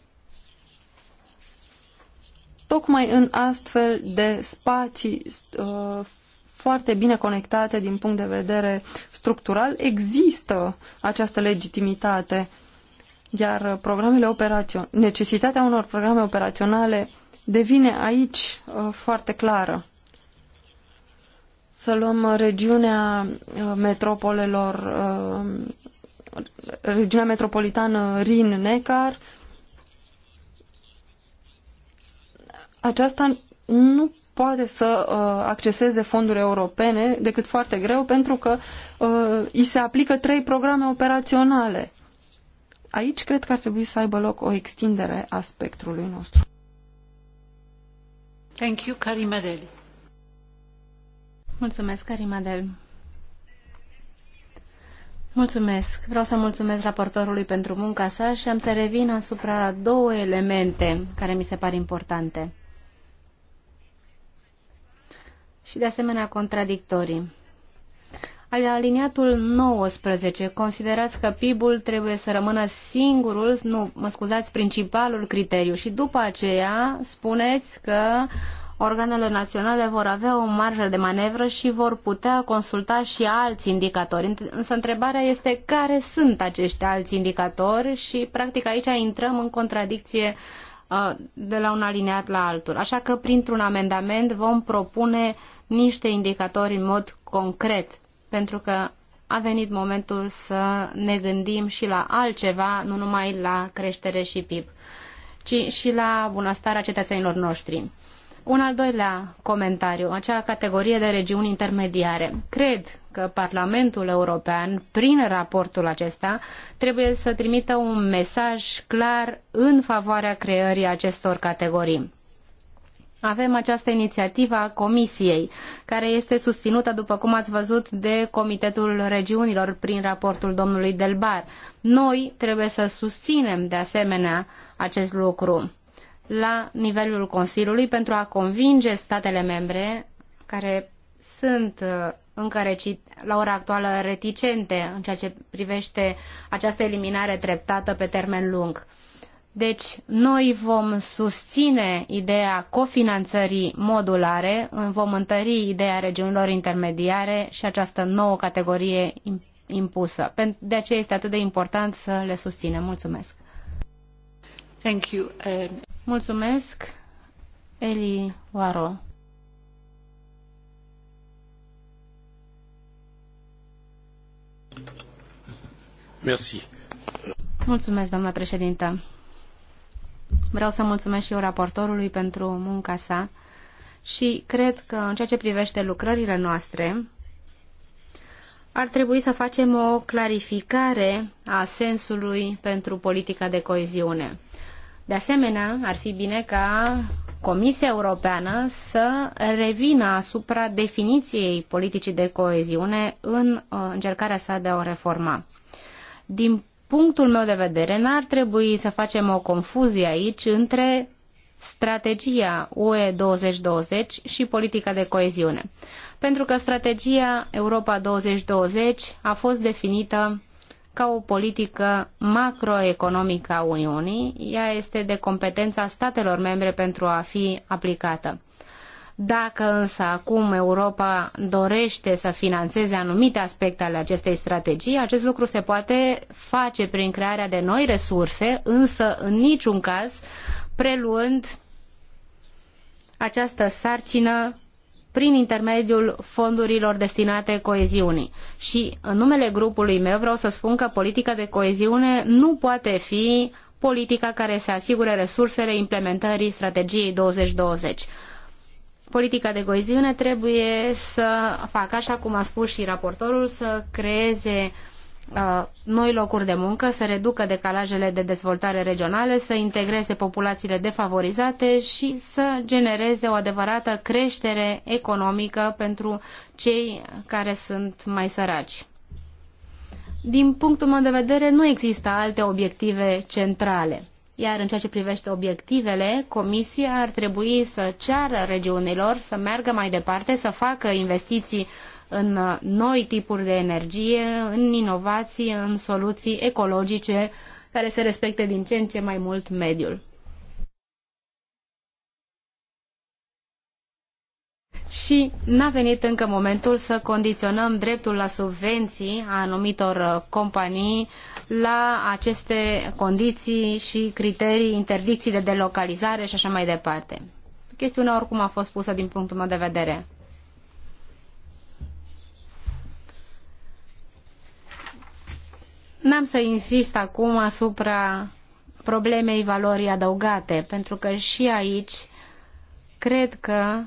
tocmai în astfel de spații uh, foarte bine conectate din punct de vedere structural, există această legitimitate. Iar programele operaționale, necesitatea unor programe operaționale devine aici uh, foarte clară să luăm regiunea uh, metropolelor, uh, regiunea metropolitană Rin-Neckar, aceasta nu poate să uh, acceseze fonduri europene decât foarte greu pentru că uh, îi se aplică trei programe operaționale. Aici cred că ar trebui să aibă loc o extindere a
spectrului nostru. Thank you, Karim Adeli. Mulțumesc, Karima Mulțumesc. Vreau să mulțumesc raportorului pentru munca sa și am să revin asupra două elemente care mi se par importante și de asemenea contradictorii. Aliniatul 19. Considerați că PIB-ul trebuie să rămână singurul, nu, mă scuzați, principalul criteriu și după aceea spuneți că organele naționale vor avea o marjă de manevră și vor putea consulta și alți indicatori. Însă întrebarea este care sunt acești alți indicatori și practic aici intrăm în contradicție uh, de la un aliniat la altul. Așa că printr-un amendament vom propune niște indicatori în mod concret, pentru că a venit momentul să ne gândim și la altceva, nu numai la creștere și PIB, ci și la bunăstarea cetățenilor noștri. Un al doilea comentariu, acea categorie de regiuni intermediare. Cred că Parlamentul European, prin raportul acesta, trebuie să trimită un mesaj clar în favoarea creării acestor categorii. Avem această inițiativă a Comisiei, care este susținută, după cum ați văzut, de Comitetul Regiunilor prin raportul domnului Delbar. Noi trebuie să susținem, de asemenea, acest lucru la nivelul Consiliului pentru a convinge statele membre care sunt uh, încă la ora actuală reticente în ceea ce privește această eliminare treptată pe termen lung. Deci, noi vom susține ideea cofinanțării modulare, vom întări ideea regiunilor intermediare și această nouă categorie impusă. De aceea este atât de important să le susținem. Mulțumesc! Thank you. Uh, Mulțumesc, Eli Waro. Merci. Mulțumesc, doamna președintă. Vreau să mulțumesc și eu raportorului pentru munca sa și cred că în ceea ce privește lucrările noastre, ar trebui să facem o clarificare a sensului pentru politica de coeziune. De asemenea, ar fi bine ca Comisia Europeană să revină asupra definiției politicii de coeziune în uh, încercarea sa de a o reforma. Din punctul meu de vedere, n-ar trebui să facem o confuzie aici între strategia UE 2020 și politica de coeziune. Pentru că strategia Europa 2020 a fost definită ca o politică macroeconomică a Uniunii. Ea este de competența statelor membre pentru a fi aplicată. Dacă însă acum Europa dorește să financeze anumite aspecte ale acestei strategii, acest lucru se poate face prin crearea de noi resurse, însă în niciun caz preluând această sarcină prin intermediul fondurilor destinate coeziunii. Și în numele grupului meu vreau să spun că politica de coeziune nu poate fi politica care să asigure resursele implementării strategiei 2020. Politica de coeziune trebuie să facă, așa cum a spus și raportorul, să creeze uh, Uh, noi locuri de muncă, să reducă decalajele de dezvoltare regionale, să integreze populațiile defavorizate și să genereze o adevărată creștere economică pentru cei care sunt mai săraci. Din punctul meu de vedere, nu există alte obiective centrale. Iar în ceea ce privește obiectivele, Comisia ar trebui să ceară regiunilor să meargă mai departe, să facă investiții în noi tipuri de energie, în inovații, în soluții ecologice care să respecte din ce în ce mai mult mediul. și n-a venit încă momentul să condiționăm dreptul la subvenții a anumitor companii la aceste condiții și criterii, interdicții de delocalizare și așa mai departe. Chestiunea oricum a fost pusă din punctul meu de vedere. N-am să insist acum asupra problemei valorii adăugate, pentru că și aici cred că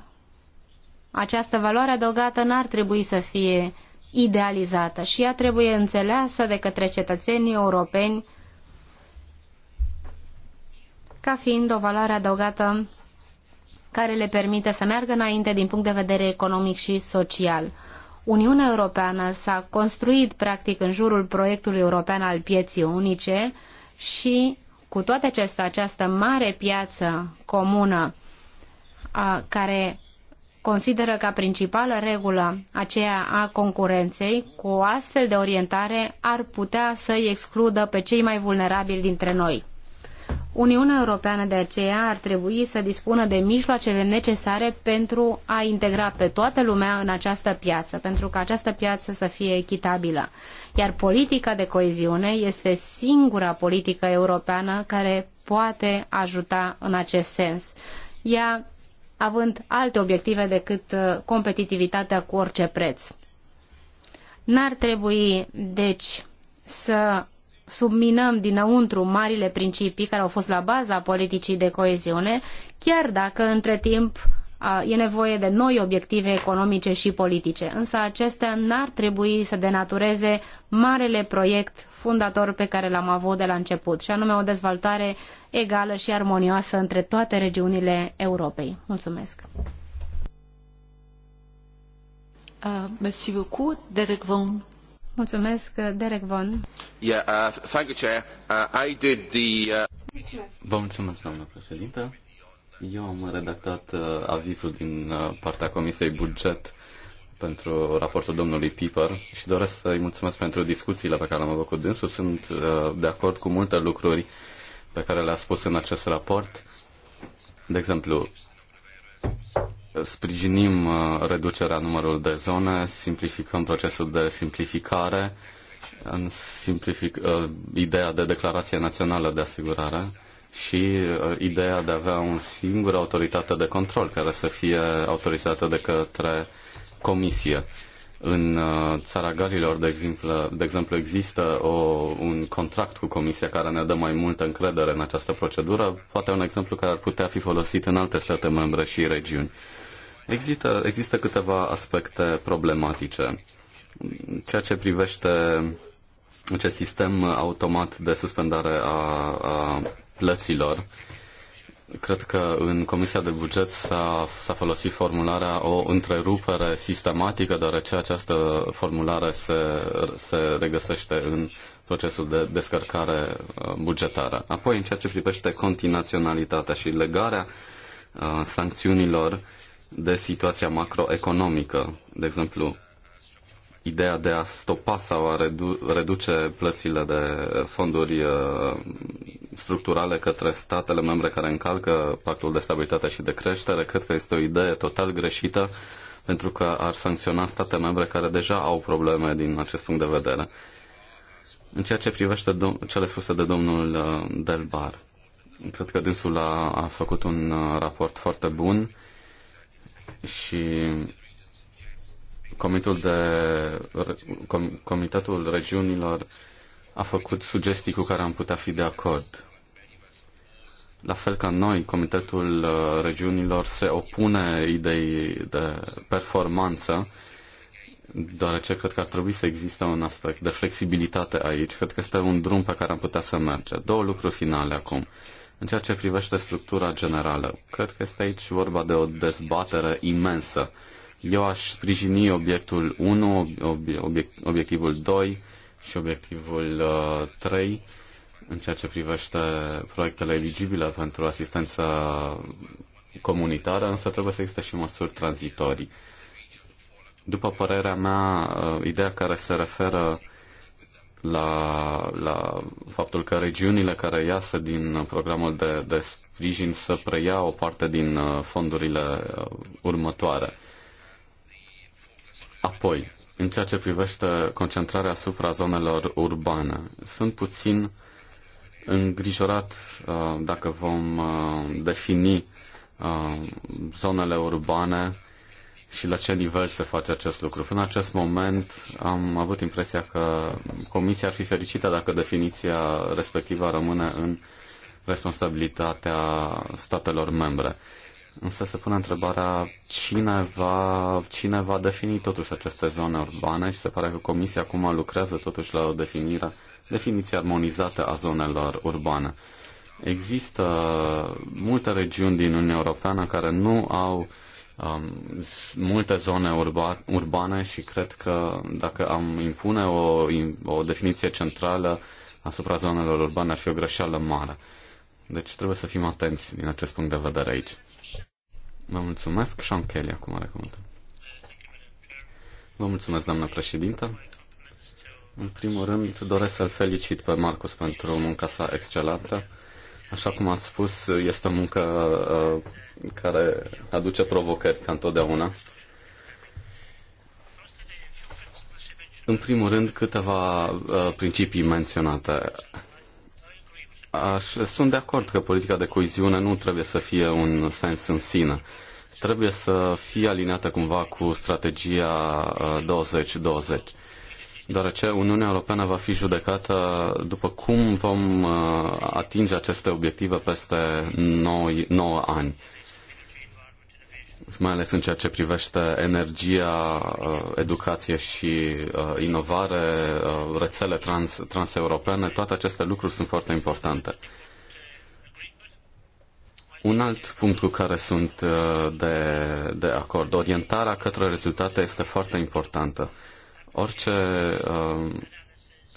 această valoare adăugată n-ar trebui să fie idealizată și ea trebuie înțeleasă de către cetățenii europeni ca fiind o valoare adăugată care le permite să meargă înainte din punct de vedere economic și social. Uniunea Europeană s-a construit practic în jurul proiectului european al pieții unice și cu toate acestea, această mare piață comună a, care consideră ca principală regulă aceea a concurenței, cu o astfel de orientare ar putea să-i excludă pe cei mai vulnerabili dintre noi. Uniunea Europeană de aceea ar trebui să dispună de mijloacele necesare pentru a integra pe toată lumea în această piață, pentru ca această piață să fie echitabilă. Iar politica de coeziune este singura politică europeană care poate ajuta în acest sens. Ea având alte obiective decât uh, competitivitatea cu orice preț. N-ar trebui, deci, să subminăm dinăuntru marile principii care au fost la baza politicii de coeziune, chiar dacă între timp e nevoie de noi obiective economice și politice. Însă acestea n-ar trebui să denatureze marele proiect fundator pe care l-am avut de la început, și anume o dezvoltare egală și armonioasă între toate regiunile Europei. Mulțumesc! Uh, merci beaucoup, Derek Vaughan. Derek Von.
Yeah, uh, thank you, Chair. Uh, I did the, uh, Vă mulțumesc, doamnă președintă. Eu am redactat uh, avizul din uh, partea Comisiei Buget pentru raportul domnului Piper și doresc să-i mulțumesc pentru discuțiile pe care le-am avut cu dânsul. Sunt uh, de acord cu multe lucruri pe care le-a spus în acest raport. De exemplu, sprijinim uh, reducerea numărului de zone, simplificăm procesul de simplificare, simplific, uh, ideea de declarație națională de asigurare și uh, ideea de a avea o singură autoritate de control care să fie autorizată de către comisie. În țara Galilor, de exemplu, de exemplu există o, un contract cu Comisia care ne dă mai multă încredere în această procedură, poate un exemplu care ar putea fi folosit în alte state membre și regiuni. Există, există câteva aspecte problematice. Ceea ce privește acest sistem automat de suspendare a, a plăților, cred că în Comisia de Buget s-a, s-a folosit formularea o întrerupere sistematică, deoarece această formulare se, se regăsește în procesul de descărcare uh, bugetară. Apoi, în ceea ce privește continaționalitatea și legarea uh, sancțiunilor de situația macroeconomică. De exemplu, ideea de a stopa sau a redu- reduce plățile de fonduri uh, structurale către statele membre care încalcă pactul de stabilitate și de creștere, cred că este o idee total greșită pentru că ar sancționa state membre care deja au probleme din acest punct de vedere. În ceea ce privește cele spuse de domnul uh, Delbar, cred că dânsul a, a făcut un uh, raport foarte bun și Comitetul, de, com, Comitetul Regiunilor a făcut sugestii cu care am putea fi de acord. La fel ca noi, Comitetul uh, Regiunilor se opune idei de performanță, deoarece cred că ar trebui să existe un aspect de flexibilitate aici. Cred că este un drum pe care am putea să merge. Două lucruri finale acum. Uh, în ceea ce privește structura generală, cred că este aici vorba de o dezbatere imensă. Eu aș sprijini obiectul 1, obiect, obiectivul 2 și obiectivul 3 uh, în ceea ce privește proiectele eligibile pentru asistență comunitară, însă trebuie să existe și măsuri tranzitorii. După părerea mea, uh, ideea care se referă la, la faptul că regiunile care iasă din programul de, de sprijin să preia o parte din uh, fondurile uh, următoare. Apoi, în ceea ce privește concentrarea asupra zonelor urbane, sunt puțin îngrijorat uh, dacă vom defini zonele urbane și la ce nivel se face acest lucru. Până în acest moment am avut impresia că Comisia ar fi fericită dacă definiția respectivă rămâne în responsabilitatea statelor membre. Însă se pune întrebarea cine va, cine va defini totuși aceste zone urbane și se pare că Comisia acum lucrează totuși la o definire, definiție armonizată a zonelor urbane. Există multe regiuni din Uniunea Europeană care nu au um, multe zone urba, urbane și cred că dacă am impune o, o definiție centrală asupra zonelor urbane ar fi o greșeală mare. Deci trebuie să fim atenți din acest punct de vedere aici. Vă mulțumesc. Sean Kelly acum are cuvântul. Vă mulțumesc, doamnă președintă. În primul rând, doresc să-l felicit pe Marcus pentru munca sa excelentă. Așa cum a spus, este o muncă uh, care aduce provocări ca întotdeauna. În primul rând, câteva uh, principii menționate. Aș, sunt de acord că politica de coiziune nu trebuie să fie un sens în sine. Trebuie să fie aliniată cumva cu strategia 2020, uh, deoarece Uniunea Europeană va fi judecată după cum vom uh, atinge aceste obiective peste 9, 9 ani mai ales în ceea ce privește energia, uh, educație și uh, inovare, uh, rețele trans, transeuropene, toate aceste lucruri sunt foarte importante. Un alt punct cu care sunt de, de acord, orientarea către rezultate este foarte importantă. Orice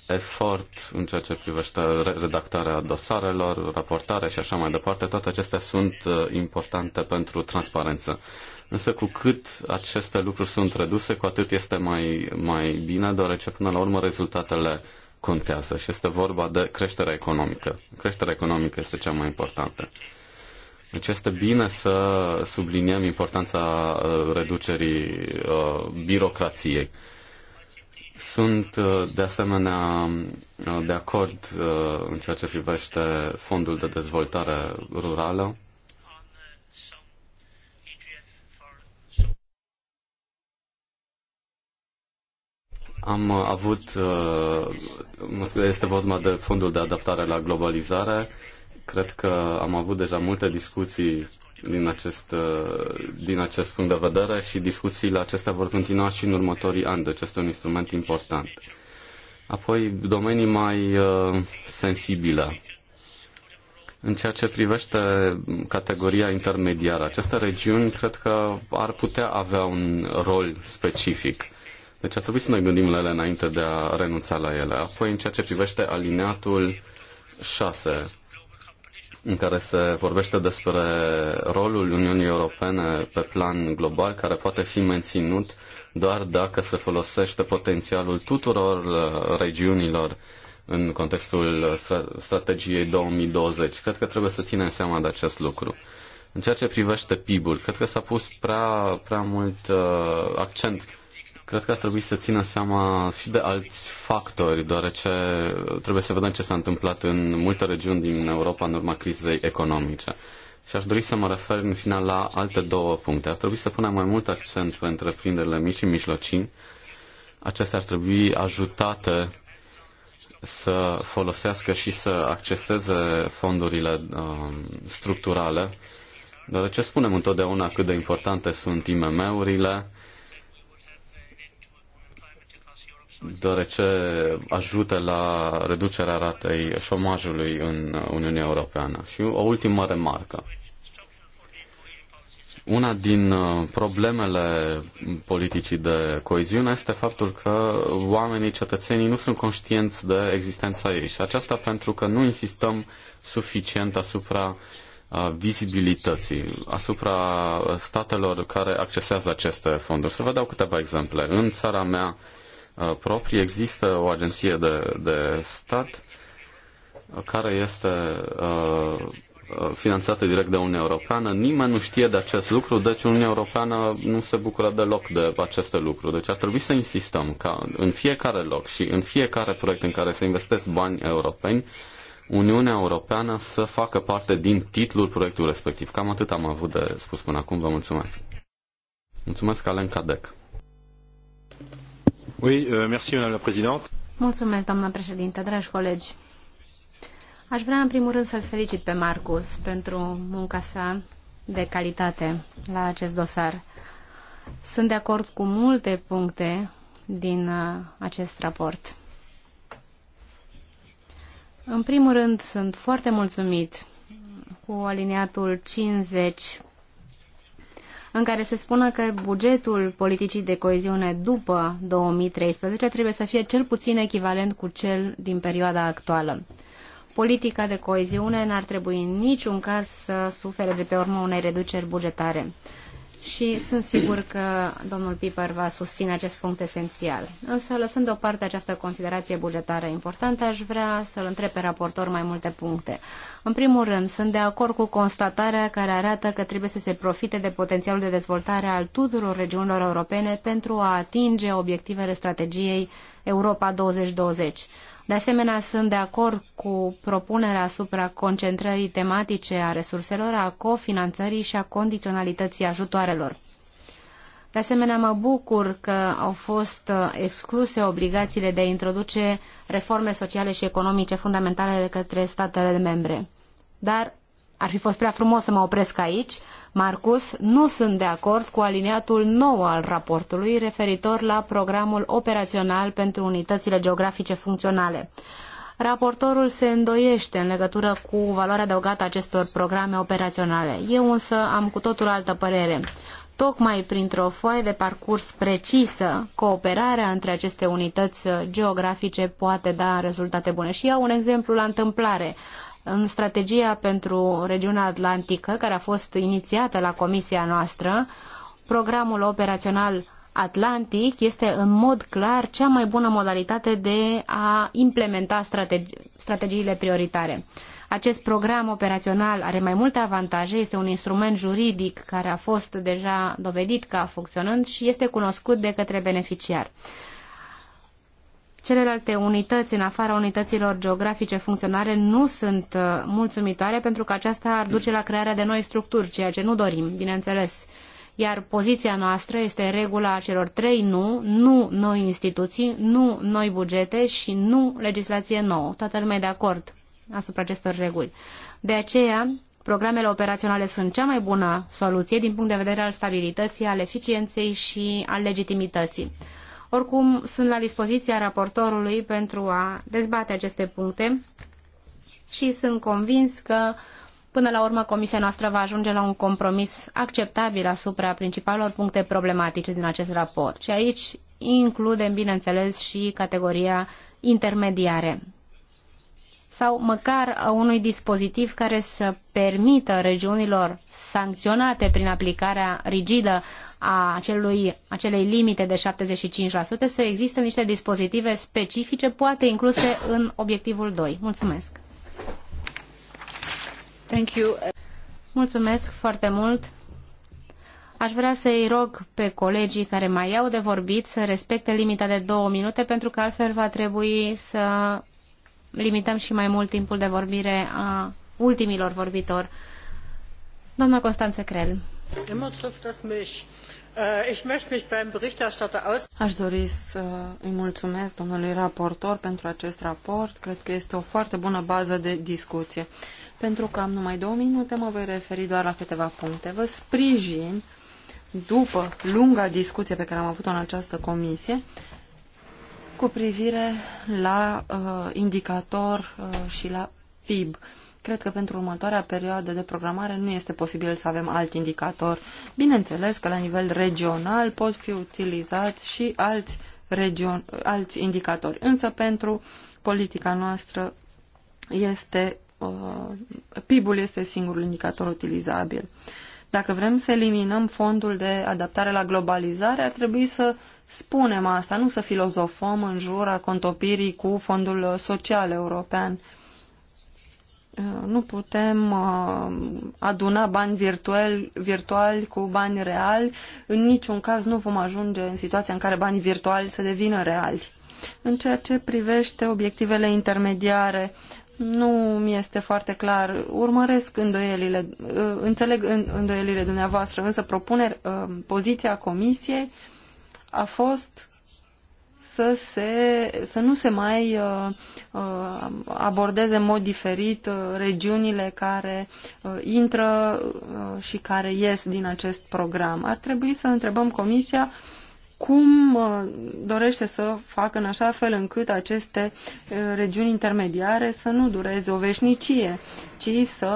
efort în ceea ce privește redactarea dosarelor, raportare și așa mai departe, toate acestea sunt uh, importante pentru transparență. Însă cu cât aceste lucruri sunt reduse, cu atât este mai, mai bine, deoarece până la urmă rezultatele contează și este vorba de creșterea economică. Creșterea economică este cea mai importantă. Deci este bine să subliniem importanța uh, reducerii uh, birocrației. Uh, sunt uh, de asemenea uh, de acord uh, în ceea ce privește fondul de dezvoltare rurală. Am avut, este vorba de fondul de adaptare la globalizare. Cred că am avut deja multe discuții din acest, uh, din acest punct de vedere și discuțiile acestea vor continua și în următorii ani, deci este un instrument important. Apoi, domenii mai uh, sensibile. În ceea ce privește categoria intermediară, aceste regiuni cred că ar putea avea un rol specific. Deci ar trebui să ne gândim la ele înainte de a renunța la ele. Apoi, în ceea ce privește alineatul 6, în care se vorbește despre rolul Uniunii Europene pe plan global, care poate fi menținut doar dacă se folosește potențialul tuturor uh, regiunilor în contextul strategiei 2020. Cred că trebuie să ținem seama de acest lucru. În ceea ce privește PIB-ul, cred că s-a pus prea, prea mult uh, accent Cred că ar trebui să țină seama și de alți factori, deoarece trebuie să vedem ce s-a întâmplat în multe regiuni din Europa în urma crizei economice. Și aș dori să mă refer în final la alte două puncte. Ar trebui să punem mai mult accent pe întreprinderile mici și mijlocii. Acestea ar trebui ajutate să folosească și să acceseze fondurile uh, structurale, deoarece spunem întotdeauna cât de importante sunt IMM-urile, deoarece ajută la reducerea ratei șomajului în Uniunea Europeană. Și o ultimă remarcă. Una din uh, problemele politicii de coeziune este faptul că oamenii, cetățenii, nu sunt conștienți de existența ei și aceasta pentru că nu insistăm suficient asupra uh, vizibilității, asupra statelor care accesează aceste fonduri. Să vă dau câteva exemple. În țara mea, Uh, proprii, există o agenție de, de stat care este uh, finanțată direct de Uniunea Europeană. Nimeni nu știe de acest lucru, deci Uniunea Europeană nu se bucură deloc de aceste lucruri. Deci ar trebui să insistăm ca în fiecare loc și în fiecare proiect în care se investesc bani europeni, Uniunea Europeană să facă parte din titlul proiectului respectiv. Cam atât am avut de spus până acum. Vă mulțumesc. Mulțumesc, Alen Cadec. Euh,
a președinte, dragi colegi. Aș vrea în primul rând să-l felicit pe Marcus pentru munca sa de calitate la acest dosar. Sunt de acord cu multe puncte din uh, acest raport. În primul rând, sunt foarte mulțumit cu aliniatul 50 în care se spună că bugetul politicii de coeziune după 2013 trebuie să fie cel puțin echivalent cu cel din perioada actuală. Politica de coeziune n-ar trebui în niciun caz să sufere de pe urmă unei reduceri bugetare. Și sunt sigur că domnul Piper va susține acest punct esențial. Însă, lăsând deoparte această considerație bugetară importantă, aș vrea să-l întreb pe raportor mai multe puncte. În primul rând, sunt de acord cu constatarea care arată că trebuie să se profite de potențialul de dezvoltare al tuturor regiunilor europene pentru a atinge obiectivele strategiei Europa 2020. De asemenea, sunt de acord cu propunerea asupra concentrării tematice a resurselor, a cofinanțării și a condiționalității ajutoarelor. De asemenea, mă bucur că au fost uh, excluse obligațiile de a introduce reforme sociale și economice fundamentale de către statele membre. Dar ar fi fost prea frumos să mă opresc aici. Marcus, nu sunt de acord cu aliniatul nou al raportului referitor la programul operațional pentru unitățile geografice funcționale. Raportorul se îndoiește în legătură cu valoarea adăugată a acestor programe operaționale. Eu însă am cu totul altă părere tocmai printr-o foaie de parcurs precisă, cooperarea între aceste unități geografice poate da rezultate bune. Și iau un exemplu la întâmplare. În strategia pentru regiunea atlantică, care a fost inițiată la comisia noastră, programul operațional Atlantic este în mod clar cea mai bună modalitate de a implementa strategi- strategiile prioritare. Acest program operațional are mai multe avantaje, este un instrument juridic care a fost deja dovedit ca funcționând și este cunoscut de către beneficiar. Celelalte unități, în afara unităților geografice funcționare, nu sunt uh, mulțumitoare pentru că aceasta ar duce la crearea de noi structuri, ceea ce nu dorim, bineînțeles iar poziția noastră este regula celor trei nu, nu noi instituții, nu noi bugete și nu legislație nouă. Toată lumea e de acord asupra acestor reguli. De aceea, programele operaționale sunt cea mai bună soluție din punct de vedere al stabilității, al eficienței și al legitimității. Oricum, sunt la dispoziția raportorului pentru a dezbate aceste puncte și sunt convins că Până la urmă, comisia noastră va ajunge la un compromis acceptabil asupra principalelor puncte problematice din acest raport. Și aici includem, bineînțeles, și categoria intermediare sau măcar a unui dispozitiv care să permită regiunilor sancționate prin aplicarea rigidă a acelui, acelei limite de 75% să existe niște dispozitive specifice, poate incluse în obiectivul 2. Mulțumesc! Thank you. Mulțumesc foarte mult! Aș vrea să-i rog pe colegii care mai au de vorbit să respecte limita de două minute, pentru că altfel va trebui să limităm și mai mult timpul de vorbire a ultimilor vorbitori. Doamna Constanță Crel.
Aș dori să îi mulțumesc domnului raportor pentru acest raport. Cred că este o foarte bună bază de discuție. Pentru că am numai două minute, mă voi referi doar la câteva puncte. Vă sprijin, după lunga discuție pe care am avut-o în această comisie, cu privire la uh, indicator uh, și la PIB. Cred că pentru următoarea perioadă de programare nu este posibil să avem alt indicator. Bineînțeles că la nivel regional pot fi utilizați și alți, region, alți indicatori, însă pentru politica noastră este, uh, PIB-ul este singurul indicator utilizabil. Dacă vrem să eliminăm fondul de adaptare la globalizare, ar trebui să spunem asta, nu să filozofăm în jura contopirii cu Fondul Social European. Uh, nu putem uh, aduna bani virtuali, virtuali cu bani reali. În niciun caz nu vom ajunge în situația în care banii virtuali să devină reali. În ceea ce privește obiectivele intermediare, nu mi este foarte clar. Urmăresc îndoielile, uh, înțeleg îndoielile dumneavoastră, însă propuneri, poziția Comisiei a fost să, se, să nu se mai uh, uh abordeze în mod diferit uh, regiunile care uh, intră uh, și care ies din acest program. Ar trebui să întrebăm Comisia cum dorește să facă în așa fel încât aceste regiuni intermediare să nu dureze o veșnicie, ci să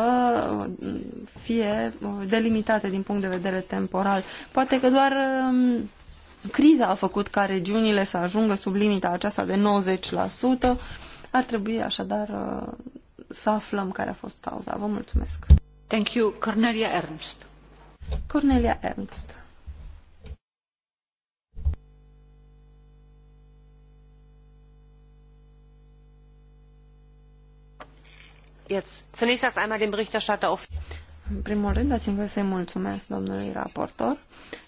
fie delimitate din punct de vedere temporal. Poate că doar um, Criza a făcut ca regiunile să ajungă sub limita aceasta de 90%. Ar trebui așadar uh, să aflăm care a fost cauza. Vă mulțumesc. Thank you, Cornelia Ernst. Cornelia Ernst.
Jetzt zunächst erst einmal den Berichterstatter auf.
În primul rând, dați-mi voie să-i mulțumesc domnului raportor.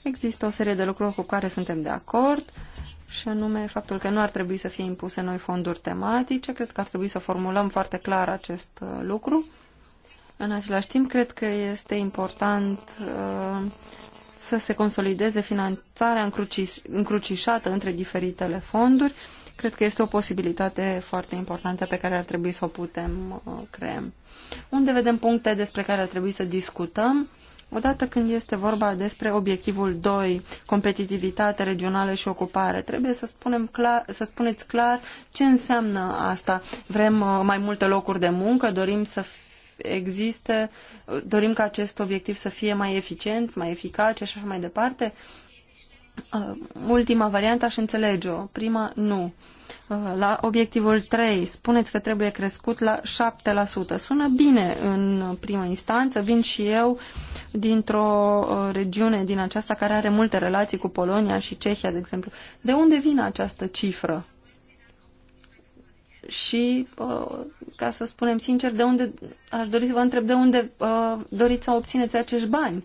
Există o serie de lucruri cu care suntem de acord, și anume faptul că nu ar trebui să fie impuse noi fonduri tematice. Cred că ar trebui să formulăm foarte clar acest uh, lucru. În același timp, cred că este important uh, să se consolideze finanțarea încruci încrucișată între diferitele fonduri Cred că este o posibilitate foarte importantă pe care ar trebui să o putem uh, creăm. Unde vedem puncte despre care ar trebui să discutăm? Odată când este vorba despre obiectivul 2, competitivitate regională și ocupare, trebuie să, spunem clar, să spuneți clar ce înseamnă asta. Vrem uh, mai multe locuri de muncă, dorim să existe, uh, dorim ca acest obiectiv să fie mai eficient, mai eficace și așa mai departe. Uh, ultima variantă aș înțelege-o, prima nu. Uh, la obiectivul 3 spuneți că trebuie crescut la 7%. Sună bine în prima instanță, vin și eu dintr-o uh, regiune din aceasta care are multe relații cu Polonia și Cehia, de exemplu. De unde vine această cifră? Și, ca să spunem sincer, de unde aș dori să vă întreb de unde doriți să obțineți acești bani?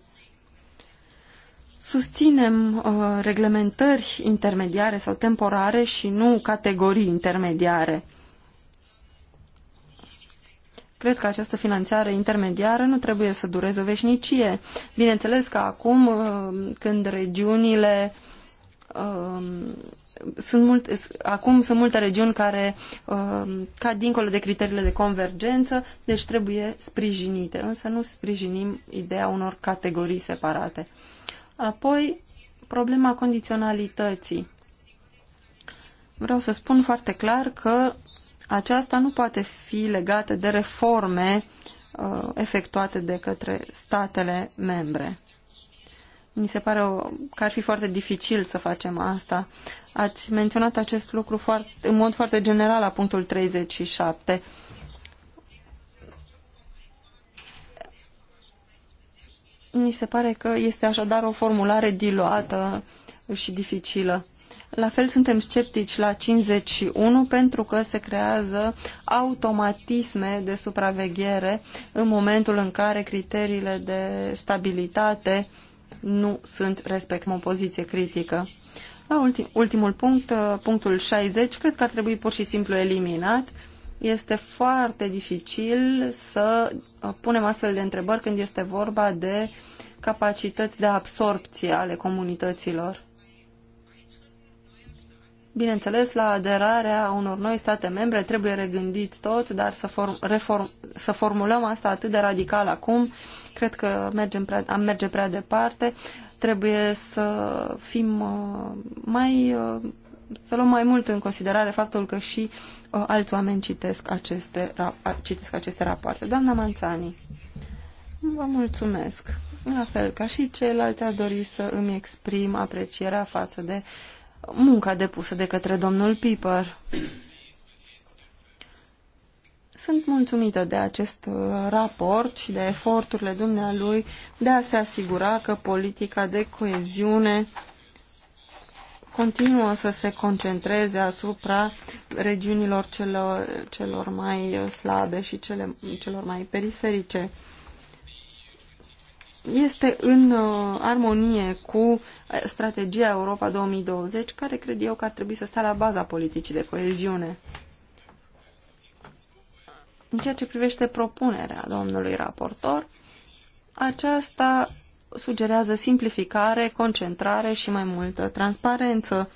susținem uh, reglementări intermediare sau temporare și nu categorii intermediare. Cred că această finanțare intermediară nu trebuie să dureze o veșnicie. Bineînțeles că acum, uh, când regiunile uh, sunt mult, acum sunt multe regiuni care uh, cad dincolo de criteriile de convergență, deci trebuie sprijinite, însă nu sprijinim ideea unor categorii separate. Apoi, problema condiționalității. Vreau să spun foarte clar că aceasta nu poate fi legată de reforme uh, efectuate de către statele membre. Mi se pare o, că ar fi foarte dificil să facem asta. Ați menționat acest lucru foarte, în mod foarte general la punctul 37. Mi se pare că este așadar o formulare diluată și dificilă. La fel suntem sceptici la 51 pentru că se creează automatisme de supraveghere în momentul în care criteriile de stabilitate nu sunt respectate. O poziție critică. La ultim, ultimul punct, uh, punctul 60, cred că ar trebui pur și simplu eliminat este foarte dificil să uh, punem astfel de întrebări când este vorba de capacități de absorpție ale comunităților. Bineînțeles, la aderarea unor noi state membre trebuie regândit tot, dar să, form, reform, să formulăm asta atât de radical acum, cred că mergem prea, am merge prea departe. Trebuie să fim uh, mai uh, să luăm mai mult în considerare faptul că și uh, alți oameni citesc aceste, citesc aceste rapoarte. Doamna Manțani, vă mulțumesc. La fel ca și ceilalți, aș dori să îmi exprim aprecierea față de munca depusă de către domnul Piper. Sunt mulțumită de acest uh, raport și de eforturile dumnealui de a se asigura că politica de coeziune continuă să se concentreze asupra regiunilor celor, celor mai slabe și cele, celor mai periferice. Este în uh, armonie cu strategia Europa 2020, care cred eu că ar trebui să stea la baza politicii de coeziune. În ceea ce privește propunerea domnului raportor, aceasta sugerează simplificare, concentrare și mai multă transparență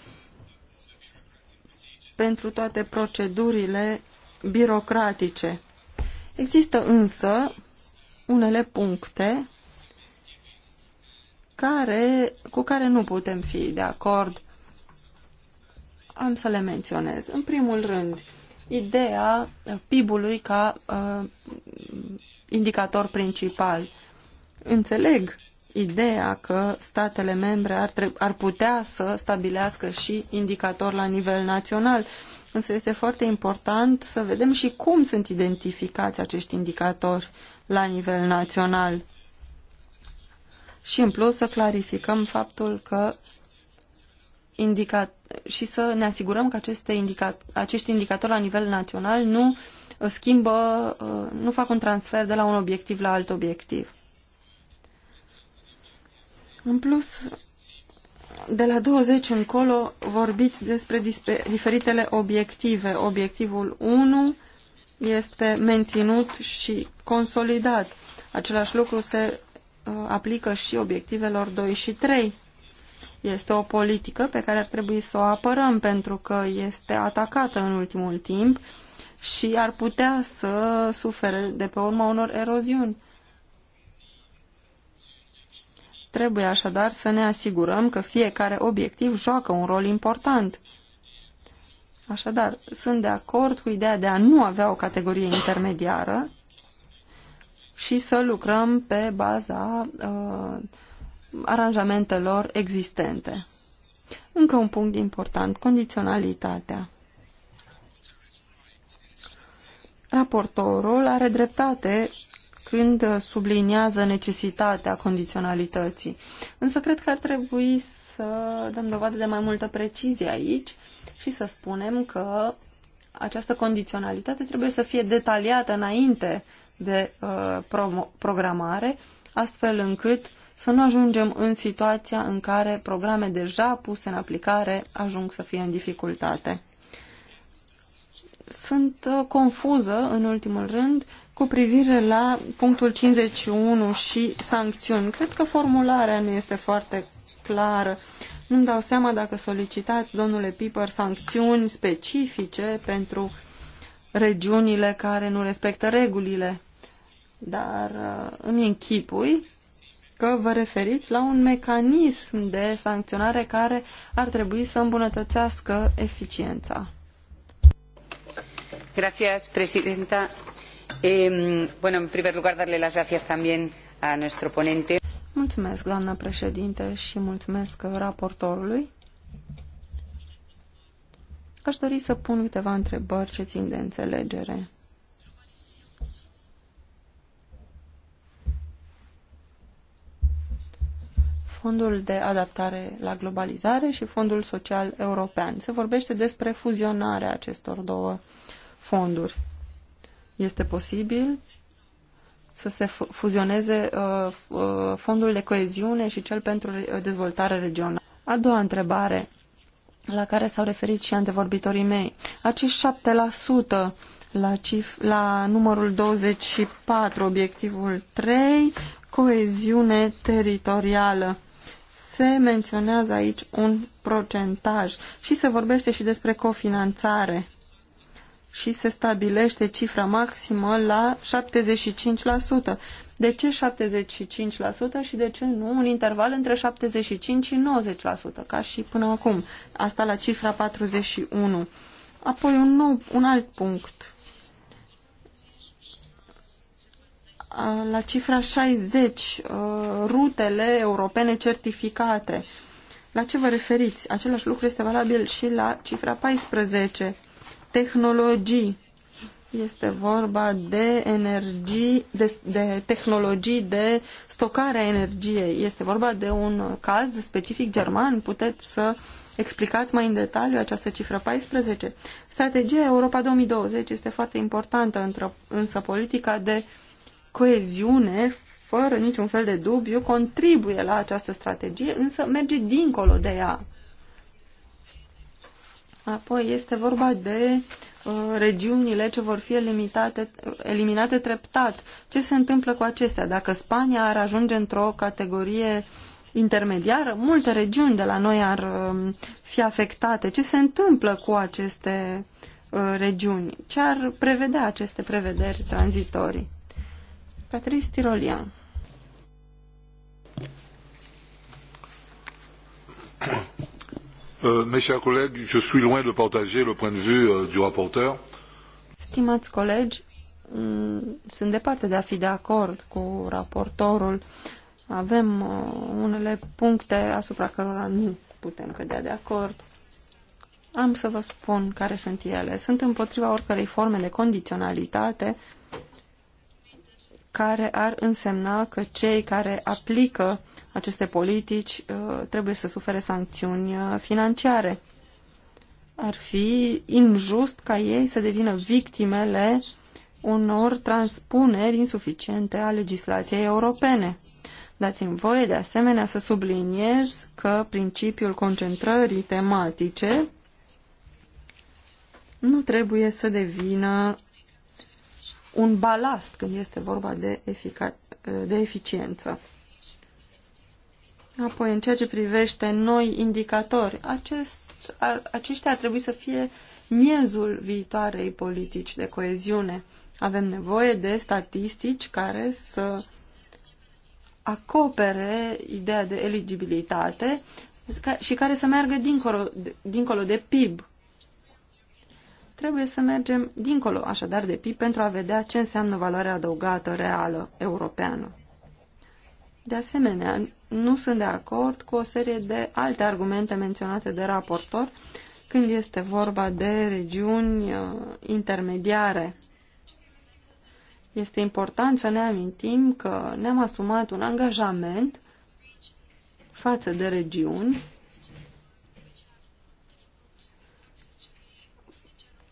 pentru toate procedurile birocratice. Există însă unele puncte care, cu care nu putem fi de acord. Am să le menționez. În primul rând, ideea PIB-ului ca uh, indicator principal. Înțeleg ideea că statele membre ar, ar putea să stabilească și indicatori la nivel național, însă este foarte important să vedem și cum sunt identificați acești indicatori la nivel național. Și în plus să clarificăm faptul că și să ne asigurăm că aceste indica acești indicatori la nivel național nu schimbă, uh, nu fac un transfer de la un obiectiv la alt obiectiv. În plus, de la 20 încolo vorbiți despre diferitele obiective. Obiectivul 1 este menținut și consolidat. Același lucru se uh, aplică și obiectivelor 2 și 3. Este o politică pe care ar trebui să o apărăm pentru că este atacată în ultimul timp și ar putea să sufere de pe urma unor eroziuni. Trebuie așadar să ne asigurăm că fiecare obiectiv joacă un rol important. Așadar, sunt de acord cu ideea de a nu avea o categorie intermediară și să lucrăm pe baza uh, aranjamentelor existente. Încă un punct important, condiționalitatea. Raportorul are dreptate când subliniază necesitatea condiționalității. Însă cred că ar trebui să dăm dovadă de mai multă precizie aici și să spunem că această condiționalitate trebuie să fie detaliată înainte de uh, pro programare, astfel încât să nu ajungem în situația în care programe deja puse în aplicare ajung să fie în dificultate. Sunt uh, confuză, în ultimul rând, cu privire la punctul 51 și sancțiuni. Cred că formularea nu este foarte clară. Nu-mi dau seama dacă solicitați, domnule Piper, sancțiuni specifice pentru regiunile care nu respectă regulile. Dar uh, îmi închipui că vă referiți la un mecanism de sancționare care ar trebui să îmbunătățească eficiența.
Gracias, presidenta. Eh, bueno, en primer lugar, darle las gracias también a nuestro ponente.
Mulțumesc, doamnă președinte, și mulțumesc raportorului. Aș dori să pun câteva întrebări ce țin de înțelegere. Fondul de adaptare la globalizare și Fondul Social European. Se vorbește despre fuzionarea acestor două fonduri. Este posibil să se fuzioneze uh, uh, fondul de coeziune și cel pentru dezvoltare regională. A doua întrebare la care s-au referit și antevorbitorii mei. Acești 7% la, cif, la numărul 24, obiectivul 3, coeziune teritorială. Se menționează aici un procentaj și se vorbește și despre cofinanțare și se stabilește cifra maximă la 75%. De ce 75% și de ce nu un interval între 75 și 90%, ca și până acum? Asta la cifra 41. Apoi un, nou, un alt punct. La cifra 60, uh, rutele europene certificate. La ce vă referiți? Același lucru este valabil și la cifra 14 tehnologii. Este vorba de energii, de, de tehnologii de stocare a energiei. Este vorba de un caz specific german. Puteți să explicați mai în detaliu această cifră 14. Strategia Europa 2020 este foarte importantă, însă politica de coeziune, fără niciun fel de dubiu, contribuie la această strategie, însă merge dincolo de ea. Apoi este vorba de uh, regiunile ce vor fi limitate, eliminate treptat. Ce se întâmplă cu acestea? Dacă Spania ar ajunge într-o categorie intermediară, multe regiuni de la noi ar uh, fi afectate. Ce se întâmplă cu aceste uh, regiuni? Ce ar prevedea aceste prevederi tranzitorii? Patrice Tirolian. *coughs* Euh, mes chers collègues, je suis loin de partager le point de vue uh, du rapporteur. Stimați colegi, mm, sunt departe de a fi de acord cu raportorul. Avem uh, unele puncte asupra cărora nu putem cădea de acord. Am să vă spun care sunt ele. Sunt împotriva oricărei forme de condiționalitate uh, care ar însemna că cei care aplică aceste politici uh, trebuie să sufere sancțiuni uh, financiare. Ar fi injust ca ei să devină victimele unor transpuneri insuficiente a legislației europene. Dați-mi voie de asemenea să subliniez că principiul concentrării tematice nu trebuie să devină un balast când este vorba de, efica de eficiență. Apoi, în ceea ce privește noi indicatori, acest, ar, aceștia ar trebui să fie miezul viitoarei politici de coeziune. Avem nevoie de statistici care să acopere ideea de eligibilitate și care să meargă dincolo, dincolo de PIB. Trebuie să mergem dincolo, așadar, de PIB pentru a vedea ce înseamnă valoarea adăugată reală europeană. De asemenea, nu sunt de acord cu o serie de alte argumente menționate de raportor când este vorba de regiuni uh, intermediare. Este important să ne amintim că ne-am asumat un angajament față de regiuni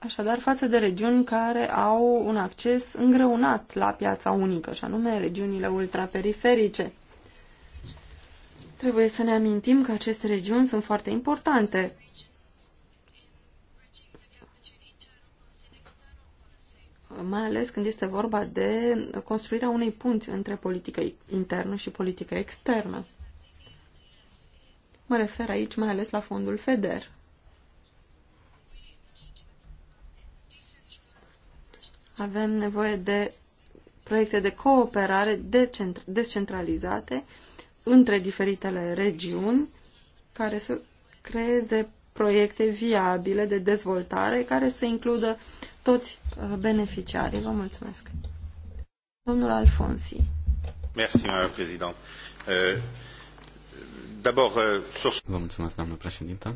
Așadar, față de regiuni care au un acces îngreunat la piața unică, și anume regiunile ultraperiferice. Trebuie să ne amintim că aceste regiuni sunt foarte importante. mai ales când este vorba de construirea unei punți între politică internă și politică externă. Mă refer aici mai ales la fondul FEDER. Avem nevoie de proiecte de cooperare descentralizate între diferitele regiuni care să creeze proiecte viabile de dezvoltare care să includă toți uh, beneficiarii. Vă mulțumesc. Domnul Alfonsi.
Merci, madame président. Euh, d'abord, euh, sur... Vă mulțumesc, doamnă președintă.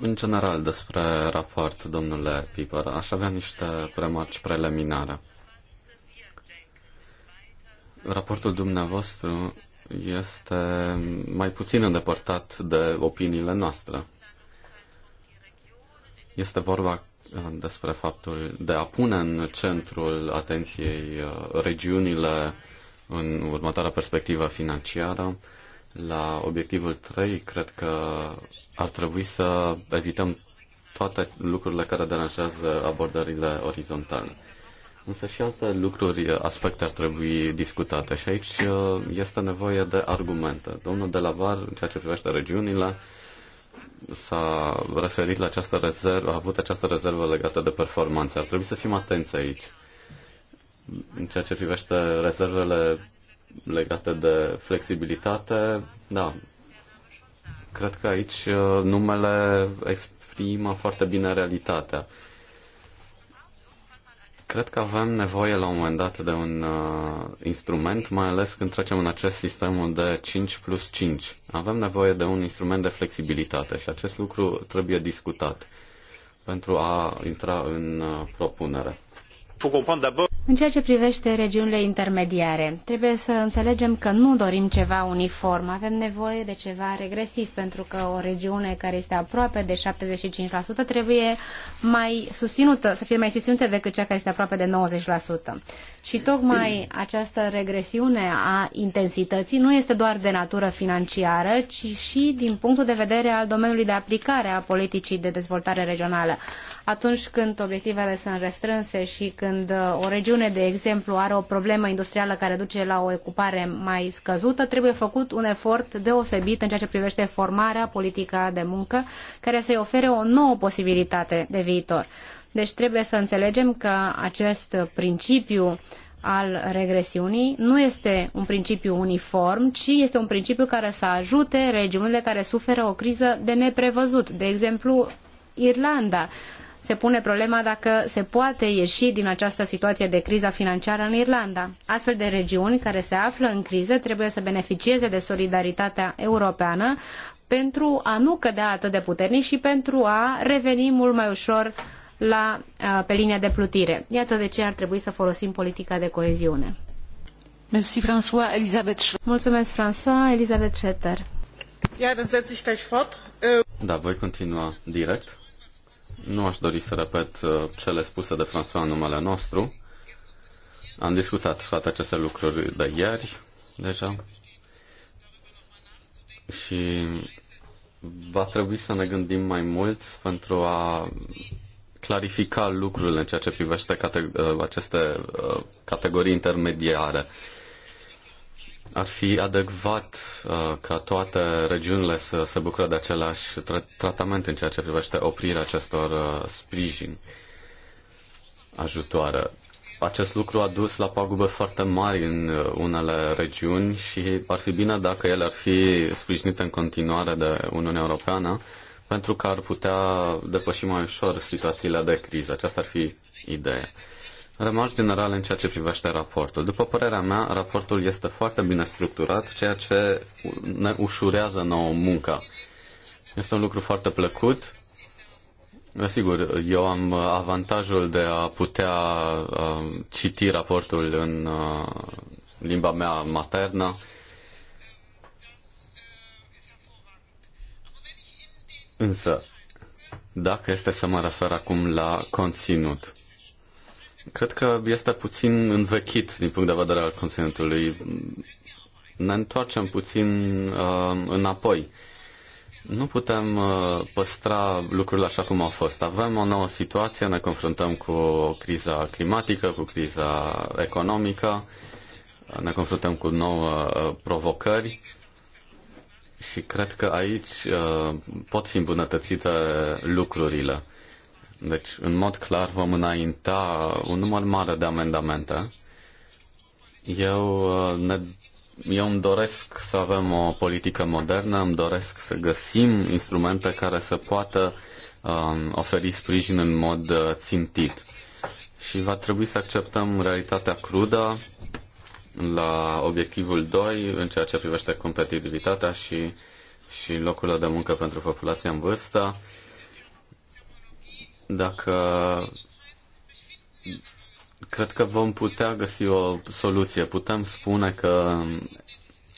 în general despre raport, domnule Piper. Aș avea niște premarci preliminare. Raportul dumneavoastră este mai puțin îndepărtat de opiniile noastre. Este vorba uh, despre faptul de a pune în centrul atenției uh, regiunile în următoarea perspectivă financiară, la obiectivul 3, cred că ar trebui să evităm toate lucrurile care deranjează abordările orizontale. Însă și alte lucruri, aspecte ar trebui discutate și aici uh, este nevoie de argumente. Domnul de la Var, în ceea ce privește regiunile, s-a referit la această rezervă, a avut această rezervă legată de performanță. Ar trebui să fim atenți aici. În ceea ce privește rezervele legate de flexibilitate, da, cred că aici uh, numele exprimă foarte bine realitatea. Cred că avem nevoie la un moment dat de un uh, instrument, mai ales când trecem în acest sistem de 5 plus 5. Avem nevoie de un instrument de flexibilitate și acest lucru trebuie discutat pentru a intra în uh, propunere.
În ceea ce privește regiunile intermediare, trebuie să înțelegem că nu dorim ceva uniform, avem nevoie de ceva regresiv, pentru că o regiune care este aproape de 75% trebuie mai susținută, să fie mai susținută decât cea care este aproape de 90%. Și tocmai această regresiune a intensității nu este doar de natură financiară, ci și din punctul de vedere al domeniului de aplicare a politicii de dezvoltare regională. Atunci când obiectivele sunt restrânse și când uh, o regiune, de exemplu, are o problemă industrială care duce la o ocupare mai scăzută, trebuie făcut un efort deosebit în ceea ce privește formarea, politică de muncă, care să-i ofere o nouă posibilitate de viitor. Deci trebuie să înțelegem că acest principiu al regresiunii nu este un principiu uniform, ci este un principiu care să ajute regiunile care suferă o criză de neprevăzut. De exemplu, Irlanda. Se pune problema dacă se poate ieși din această situație de criză financiară în Irlanda. Astfel de regiuni care se află în criză trebuie să beneficieze de solidaritatea europeană pentru a nu cădea atât de puternic și pentru a reveni mult mai ușor la, pe linia de plutire. Iată de ce ar trebui să folosim politica de coeziune. Merci François, Elisabeth Mulțumesc François, Elisabeth Schetter.
Ja, dann setze ich gleich fort. Äh, da, voi continua direct. Nu aș dori să repet uh, cele spuse de François în numele nostru. Am discutat toate aceste lucruri de ieri deja și va trebui să ne gândim mai mult pentru a clarifica lucrurile în ceea ce privește cate- uh, aceste uh, categorii intermediare. Ar fi adecvat uh, ca toate regiunile să se bucure de același tra- tratament în ceea ce privește oprirea acestor uh, sprijin ajutoare. Acest lucru a dus la pagube foarte mari în uh, unele regiuni și ar fi bine dacă ele ar fi sprijinite în continuare de Uniunea Europeană pentru că ar putea depăși mai ușor situațiile de criză. Aceasta ar fi ideea. Rămași general în ceea ce privește raportul. După părerea mea, raportul este foarte bine structurat, ceea ce ne ușurează nouă munca. Este un lucru foarte plăcut. Sigur, eu am avantajul de a putea uh, citi raportul în uh, limba mea maternă, Însă, dacă este să mă refer acum la conținut, cred că este puțin învechit din punct de vedere al conținutului. Ne întoarcem puțin uh, înapoi. Nu putem uh, păstra lucrurile așa cum au fost. Avem o nouă situație, ne confruntăm cu criza climatică, cu criza economică, ne confruntăm cu nouă uh, provocări și cred că aici uh, pot fi îmbunătățite lucrurile. Deci, în mod clar, vom înainta un număr mare de amendamente. Eu, uh, ne, eu îmi doresc să avem o politică modernă, îmi doresc să găsim instrumente care să poată uh, oferi sprijin în mod uh, țintit. Și va trebui să acceptăm realitatea crudă, la obiectivul 2 în ceea ce privește competitivitatea și, și locurile de muncă pentru populația în vârstă. Dacă cred că vom putea găsi o soluție, putem spune că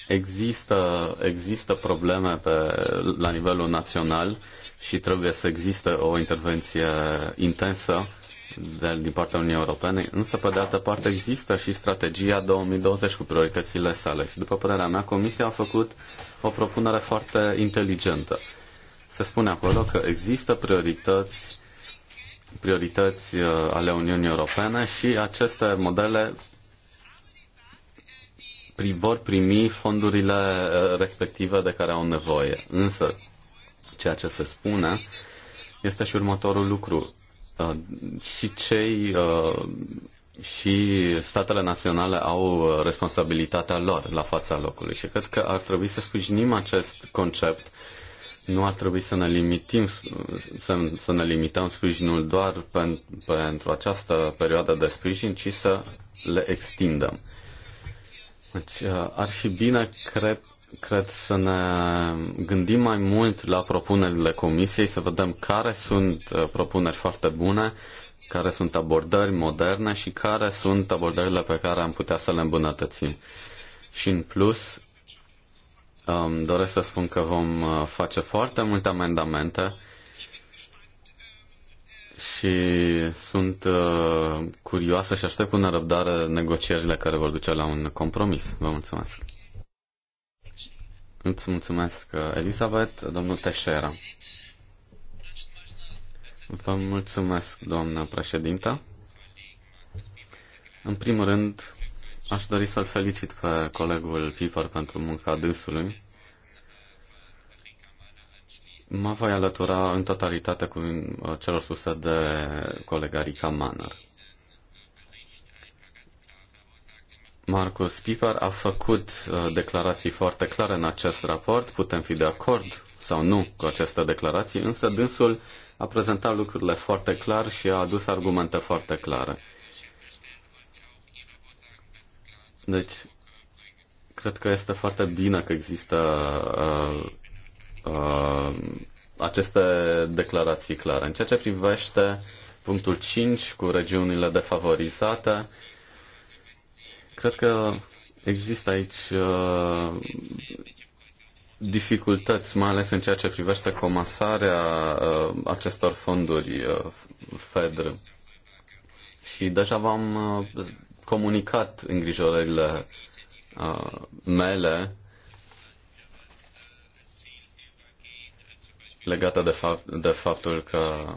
există, există probleme pe, la nivelul național și trebuie să existe o intervenție intensă de, din partea Uniunii Europene, însă pe de altă parte există și strategia 2020 cu prioritățile sale și după părerea mea Comisia a făcut o propunere foarte inteligentă. Se spune acolo că există priorități, priorități uh, ale Uniunii Europene și aceste modele vor primi fondurile uh, respective de care au nevoie. Însă, ceea ce se spune este și următorul lucru. Uh, și cei uh, și statele naționale au uh, responsabilitatea lor la fața locului și cred că ar trebui să sprijinim acest concept. Nu ar trebui să ne limitim, să, să ne limităm sprijinul doar pen, pentru această perioadă de sprijin, ci să le extindem. Deci ar fi bine, cred, cred să ne gândim mai mult la propunerile comisiei, să vedem care sunt uh, propuneri foarte bune, care sunt abordări moderne și care sunt abordările pe care am putea să le îmbunătățim. Și în plus, um, doresc să spun că vom uh, face foarte multe amendamente și sunt uh, curioasă și aștept cu nerăbdare negocierile care vor duce la un compromis. Vă mulțumesc! Îți mulțumesc, uh, Elizabeth. Domnul Teșera. Vă mulțumesc, doamnă președintă. În primul rând, aș dori să-l felicit pe colegul Piper pentru munca dânsului. Mă voi alătura în totalitate cu uh, celor spuse de colega Rica Manner. Marcus Piper a făcut uh, declarații foarte clare în acest raport. Putem fi de acord sau nu cu aceste declarații, însă dânsul a prezentat lucrurile foarte clar și a adus argumente foarte clare. Deci, cred că este foarte bine că există uh, uh, aceste declarații clare. În ceea ce privește punctul 5 cu regiunile defavorizate, uh, Cred că există aici uh, dificultăți, mai ales în ceea ce privește comasarea uh, acestor fonduri uh, FEDR. Și deja v-am uh, comunicat îngrijorările uh, mele legate de, fapt, de faptul că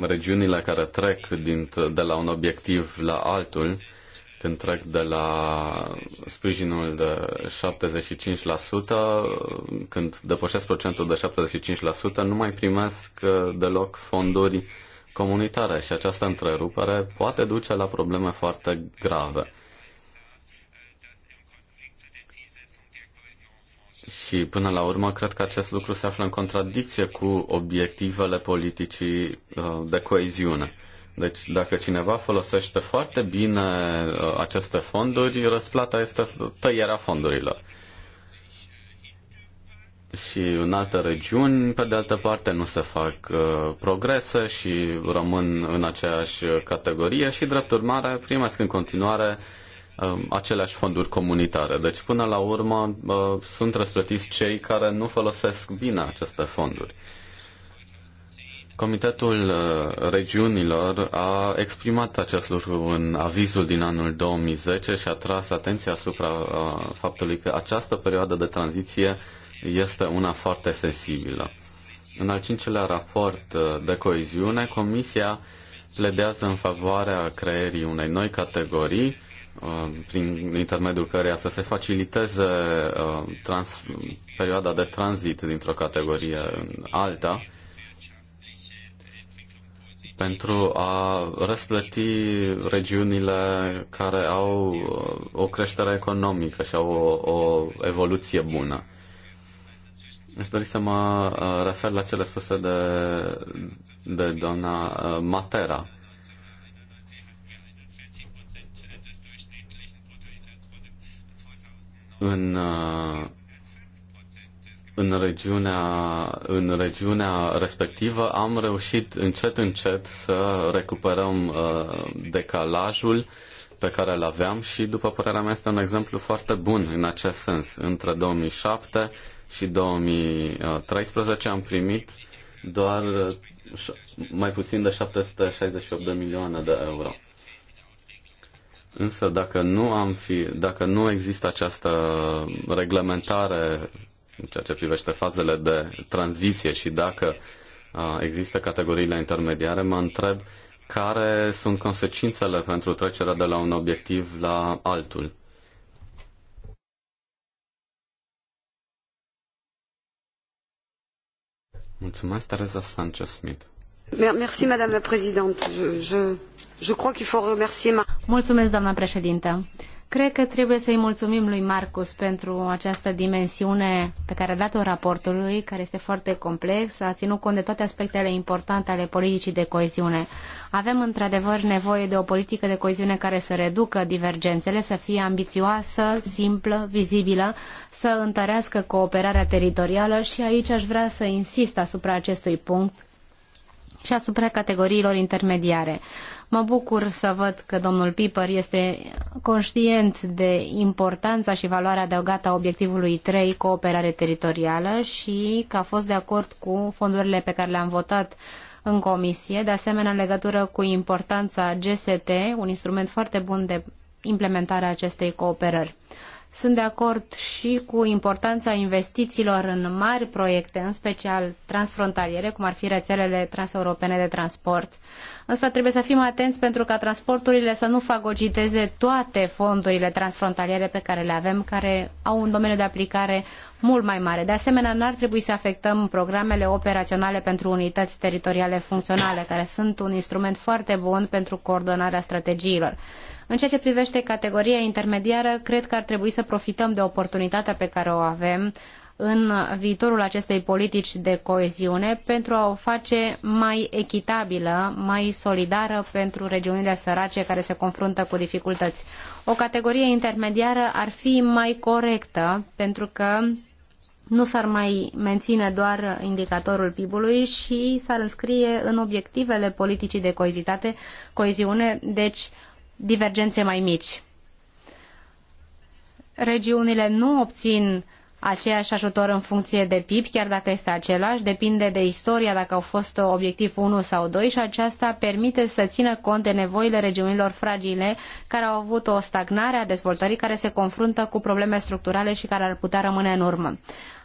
regiunile care trec din de la un obiectiv la altul când trec de la sprijinul de 75%, când depășesc procentul de 75%, nu mai primesc uh, deloc fonduri comunitare și această întrerupere poate duce la probleme foarte grave. Și până la urmă, cred că acest lucru se află în contradicție cu obiectivele politicii uh, de coeziune. Deci dacă cineva folosește foarte bine uh, aceste fonduri, răsplata este tăierea fondurilor. Și în alte regiuni, pe de altă parte, nu se fac uh, progrese și rămân în aceeași categorie și, drept urmare, primesc în continuare uh, aceleași fonduri comunitare. Deci, până la urmă, uh, sunt răsplătiți cei care nu folosesc bine aceste fonduri. Comitetul uh, Regiunilor a exprimat acest lucru în avizul din anul 2010 și a tras atenția asupra uh, faptului că această perioadă de tranziție este una foarte sensibilă. În al cincilea raport uh, de coeziune, Comisia pledează în favoarea creierii unei noi categorii prin intermediul căreia să se faciliteze trans, perioada de tranzit dintr-o categorie în alta, pentru a răsplăti regiunile care au uh, o creștere economică și au o, o evoluție bună. Aș dori să mă uh, refer la cele spuse de, de doamna uh, Matera. În în regiunea, în regiunea respectivă am reușit încet încet să recuperăm uh, decalajul pe care îl aveam și după părerea mea este un exemplu foarte bun în acest sens. Între 2007 și 2013 am primit doar mai puțin de 768 de milioane de euro. Însă dacă nu, am fi, dacă nu există această reglementare în ceea ce privește fazele de tranziție și dacă există categoriile intermediare, mă întreb care sunt consecințele pentru trecerea de la un obiectiv la altul. Mulțumesc, Teresa Sanchez-Smith.
Merci, Madame la Présidente. Je, je, je crois qu'il faut remercier ma... Mulțumesc, doamna președintă. Cred că trebuie să-i mulțumim lui Marcus pentru această dimensiune pe care a dat-o raportului, care este foarte complex, a ținut cont de toate aspectele importante ale politicii de coeziune. Avem într-adevăr nevoie de o politică de coeziune care să reducă divergențele, să fie ambițioasă, simplă, vizibilă, să întărească cooperarea teritorială și aici aș vrea să insist asupra acestui punct și asupra categoriilor intermediare. Mă bucur să văd că domnul Piper este conștient de importanța și valoarea adăugată a obiectivului 3, cooperare teritorială, și că a fost de acord cu fondurile pe care le-am votat în comisie, de asemenea în legătură cu importanța GST, un instrument foarte bun de implementare a acestei cooperări. Sunt de acord și cu importanța investițiilor în mari proiecte, în special transfrontaliere, cum ar fi rețelele transeuropene de transport. Uh, însă trebuie să fim atenți pentru ca transporturile să nu fagociteze toate fondurile transfrontaliere pe care le avem, care au un domeniu de aplicare mult mai mare. De asemenea, nu ar trebui să afectăm programele operaționale pentru unități teritoriale funcționale, care sunt un instrument foarte bun pentru coordonarea strategiilor. În ceea ce privește categoria intermediară, cred că ar trebui să profităm de oportunitatea pe care o avem în viitorul acestei politici de coeziune pentru a o face mai echitabilă, mai solidară pentru regiunile sărace care se confruntă cu dificultăți. O categorie intermediară ar fi mai corectă pentru că nu s-ar mai menține doar indicatorul PIB-ului și s-ar înscrie în obiectivele politicii de coezitate, coeziune, deci divergențe mai mici. Regiunile nu obțin aceeași ajutor în funcție de PIB, chiar dacă este același, depinde de istoria dacă au fost obiectiv 1 sau 2 și aceasta permite să țină cont de nevoile regiunilor fragile care au avut o stagnare a dezvoltării care se confruntă cu probleme structurale și care ar putea rămâne în urmă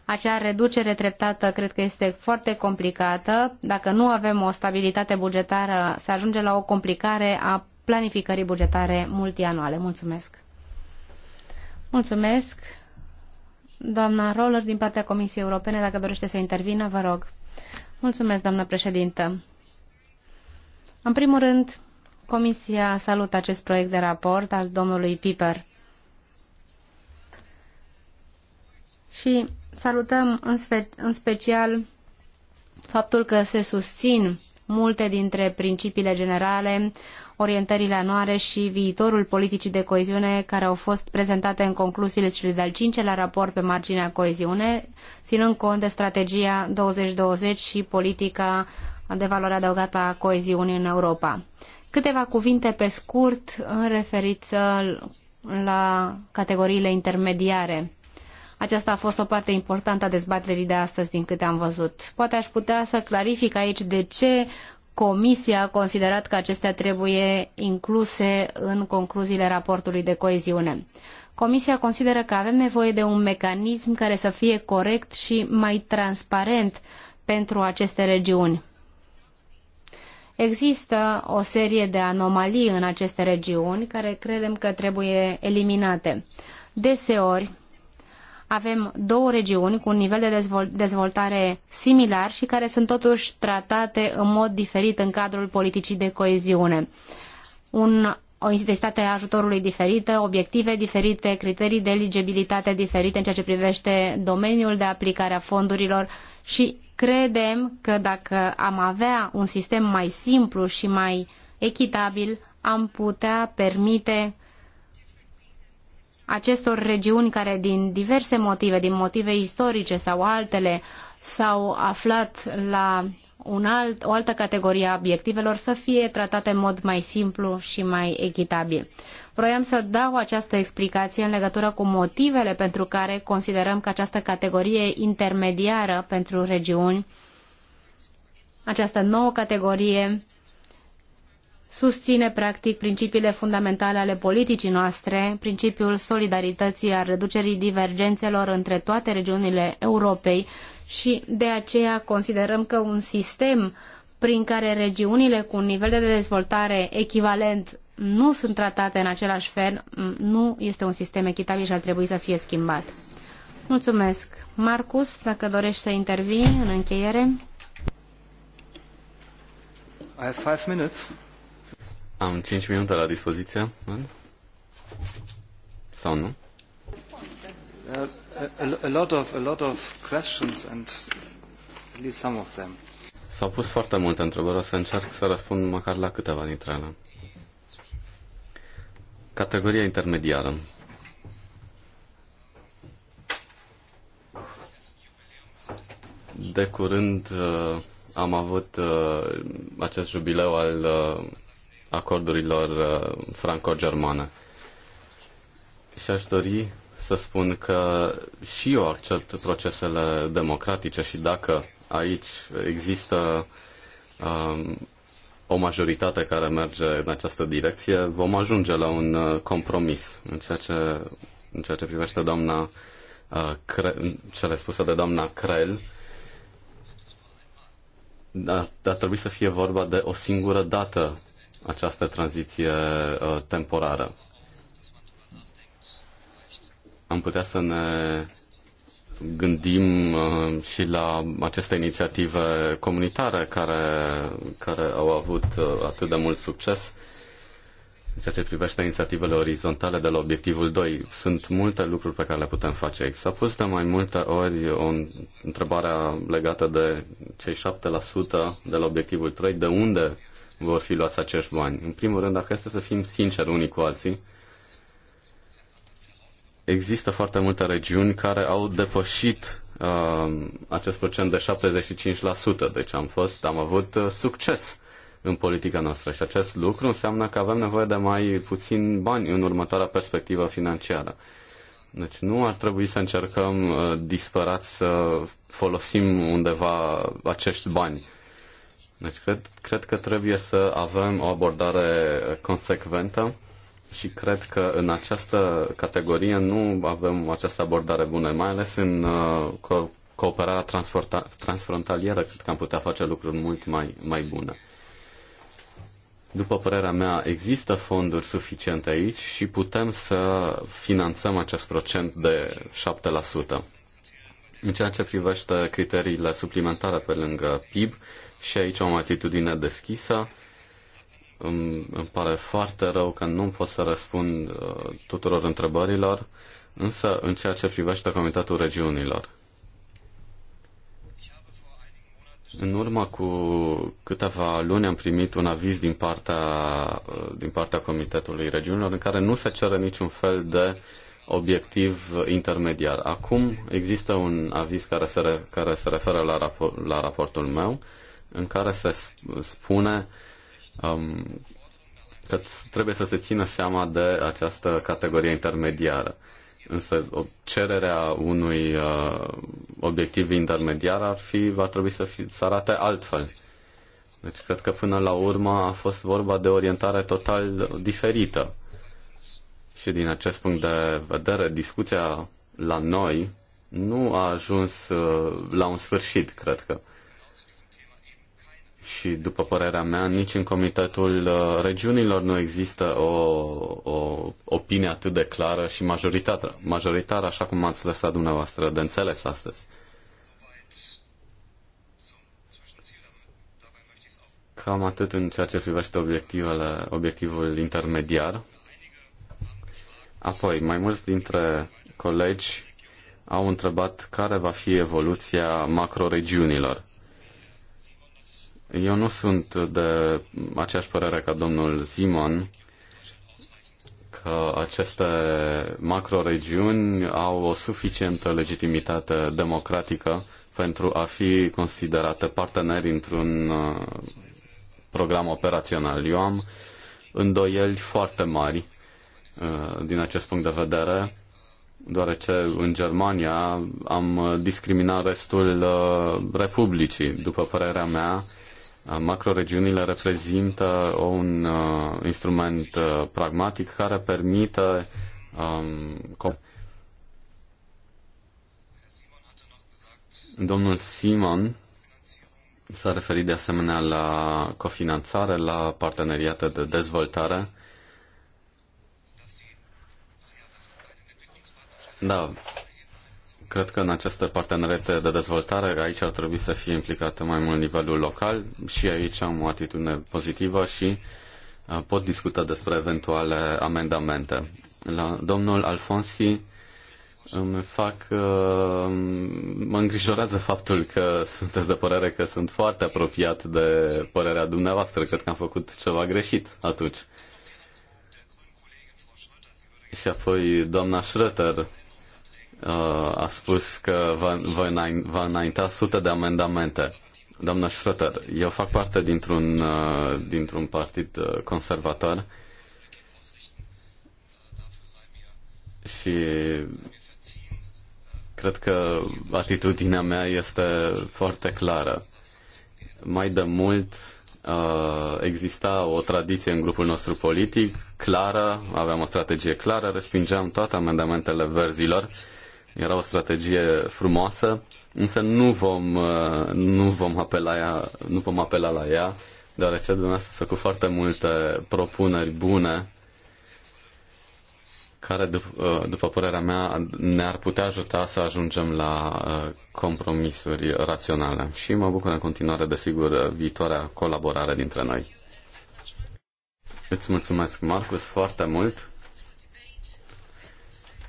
acea reducere treptată cred că este foarte complicată. Dacă nu avem o stabilitate bugetară, se ajunge la o complicare a planificării bugetare multianuale. Mulțumesc! Mulțumesc! Doamna Roller, din partea Comisiei Europene, dacă dorește să intervină, vă rog. Mulțumesc, doamnă președintă. În primul rând, Comisia salută acest proiect de raport al domnului Piper. Și salutăm în, spe- în special faptul că se susțin multe dintre principiile generale orientările anuare și viitorul politicii de coeziune care au fost prezentate în concluziile celui de-al cincelea raport pe marginea coeziune, ținând cont de strategia 2020 și politica de valoare adăugată a coeziunii în Europa. Câteva cuvinte pe scurt în referiță la categoriile intermediare. Aceasta a fost o parte importantă a dezbaterii de astăzi, din câte am văzut. Poate aș putea să clarific aici de ce Comisia a considerat că acestea trebuie incluse în concluziile raportului de coeziune. Comisia consideră că avem nevoie de un mecanism care să fie corect și mai transparent pentru aceste regiuni. Există o serie de anomalii în aceste regiuni care credem că trebuie eliminate. Deseori, avem două regiuni cu un nivel de dezvoltare similar și care sunt totuși tratate în mod diferit în cadrul politicii de coeziune. Un o intensitate a ajutorului diferită, obiective diferite, criterii de eligibilitate diferite în ceea ce privește domeniul de aplicare a fondurilor și credem că dacă am avea un sistem mai simplu și mai echitabil, am putea permite acestor regiuni care din diverse motive, din motive istorice sau altele, s-au aflat la un alt, o altă categorie a obiectivelor să fie tratate în mod mai simplu și mai echitabil. Vroiam să dau această explicație în legătură cu motivele pentru care considerăm că această categorie intermediară pentru regiuni, această nouă categorie susține practic principiile fundamentale ale politicii noastre, principiul solidarității, a reducerii divergențelor între toate regiunile Europei și de aceea considerăm că un sistem prin care regiunile cu un nivel de dezvoltare echivalent nu sunt tratate în același fel, nu este un sistem echitabil și ar trebui să fie schimbat. Mulțumesc. Marcus, dacă dorești să intervii în încheiere. I have five minutes.
Am 5 minute la dispoziție, sau nu?
Uh, a, lot of, a lot of questions and at least some of them.
S-au pus foarte multe întrebări, o să încerc să răspund măcar la câteva dintre ele. Categoria intermediară. De curând uh, am avut uh, acest jubileu al acordurilor uh, franco-germane. Și aș dori să spun că și eu accept procesele democratice și dacă aici există um, o majoritate care merge în această direcție, vom ajunge la un uh, compromis în ceea ce, în ceea ce privește doamna uh, Cre- cele spuse de doamna Crel. Dar ar trebui să fie vorba de o singură dată această tranziție uh, temporară. Am putea să ne gândim uh, și la aceste inițiative comunitare care, care au avut uh, atât de mult succes în ceea ce privește inițiativele orizontale de la obiectivul 2. Sunt multe lucruri pe care le putem face. S-a pus de mai multe ori o întrebare legată de cei 7% de la obiectivul 3, de unde vor fi luați acești bani. În primul rând, dacă este să fim sinceri unii cu alții, există foarte multe regiuni care au depășit uh, acest procent de 75%, deci am fost, am avut uh, succes în politica noastră și acest lucru înseamnă că avem nevoie de mai puțin bani în următoarea perspectivă financiară. Deci nu ar trebui să încercăm uh, disperați să folosim undeva acești bani deci cred, cred că trebuie să avem o abordare consecventă și cred că în această categorie nu avem această abordare bună, mai ales în uh, cooperarea transfrontalieră, cred că am putea face lucruri mult mai, mai bune. După părerea mea, există fonduri suficiente aici și putem să finanțăm acest procent de 7%. În ceea ce privește criteriile suplimentare pe lângă PIB, și aici am o atitudine deschisă. Îmi, îmi pare foarte rău că nu pot să răspund uh, tuturor întrebărilor, însă în ceea ce privește Comitetul Regiunilor. În urmă cu câteva luni am primit un aviz din partea, uh, din partea Comitetului Regiunilor în care nu se cere niciun fel de obiectiv intermediar. Acum există un aviz care se, re, care se referă la, rapor, la raportul meu în care se spune um, că trebuie să se țină seama de această categorie intermediară. Însă o cererea unui uh, obiectiv intermediar ar, fi, ar trebui să, fi, să arate altfel. Deci cred că până la urmă a fost vorba de orientare total diferită. Și din acest punct de vedere, discuția la noi nu a ajuns uh, la un sfârșit, cred că și, după părerea mea, nici în Comitetul uh, Regiunilor nu există o, o opinie atât de clară și majoritară, majoritară, așa cum ați lăsat dumneavoastră de înțeles astăzi. Cam atât în ceea ce privește obiectivele, obiectivul intermediar. Apoi, mai mulți dintre colegi au întrebat care va fi evoluția macroregiunilor. Eu nu sunt de aceeași părere ca domnul Simon că aceste macroregiuni au o suficientă legitimitate democratică pentru a fi considerate parteneri într-un uh, program operațional. Eu am îndoieli foarte mari uh, din acest punct de vedere, deoarece în Germania am discriminat restul uh, Republicii. După părerea mea, Macroregiunile reprezintă un uh, instrument uh, pragmatic care permite um, Domnul Simon s-a referit de asemenea la cofinanțare, la parteneriate de dezvoltare. Da, Cred că în această parteneriate de dezvoltare aici ar trebui să fie implicată mai mult nivelul local și aici am o atitudine pozitivă și uh, pot discuta despre eventuale amendamente. La domnul Alfonsi îmi fac, uh, mă îngrijorează faptul că *laughs* sunteți de părere că sunt foarte apropiat de părerea dumneavoastră. Cred că am făcut ceva greșit atunci. Și apoi doamna Schröter Uh, a spus că va, va, înainta sute de amendamente. Doamna Schröter, eu fac parte dintr-un, uh, dintr-un partid uh, conservator și cred că atitudinea mea este foarte clară. Mai de mult exista o tradiție în grupul nostru politic clară, aveam o strategie clară, respingeam toate amendamentele verzilor era o strategie frumoasă, însă nu vom, uh, nu vom, apela, ea, nu vom apela la ea, deoarece dumneavoastră s-a făcut foarte multe propuneri bune care, după, uh, după părerea mea, ne-ar putea ajuta să ajungem la uh, compromisuri raționale. Și mă bucur în continuare, desigur, viitoarea colaborare dintre noi. Îți mulțumesc, Marcus, foarte mult.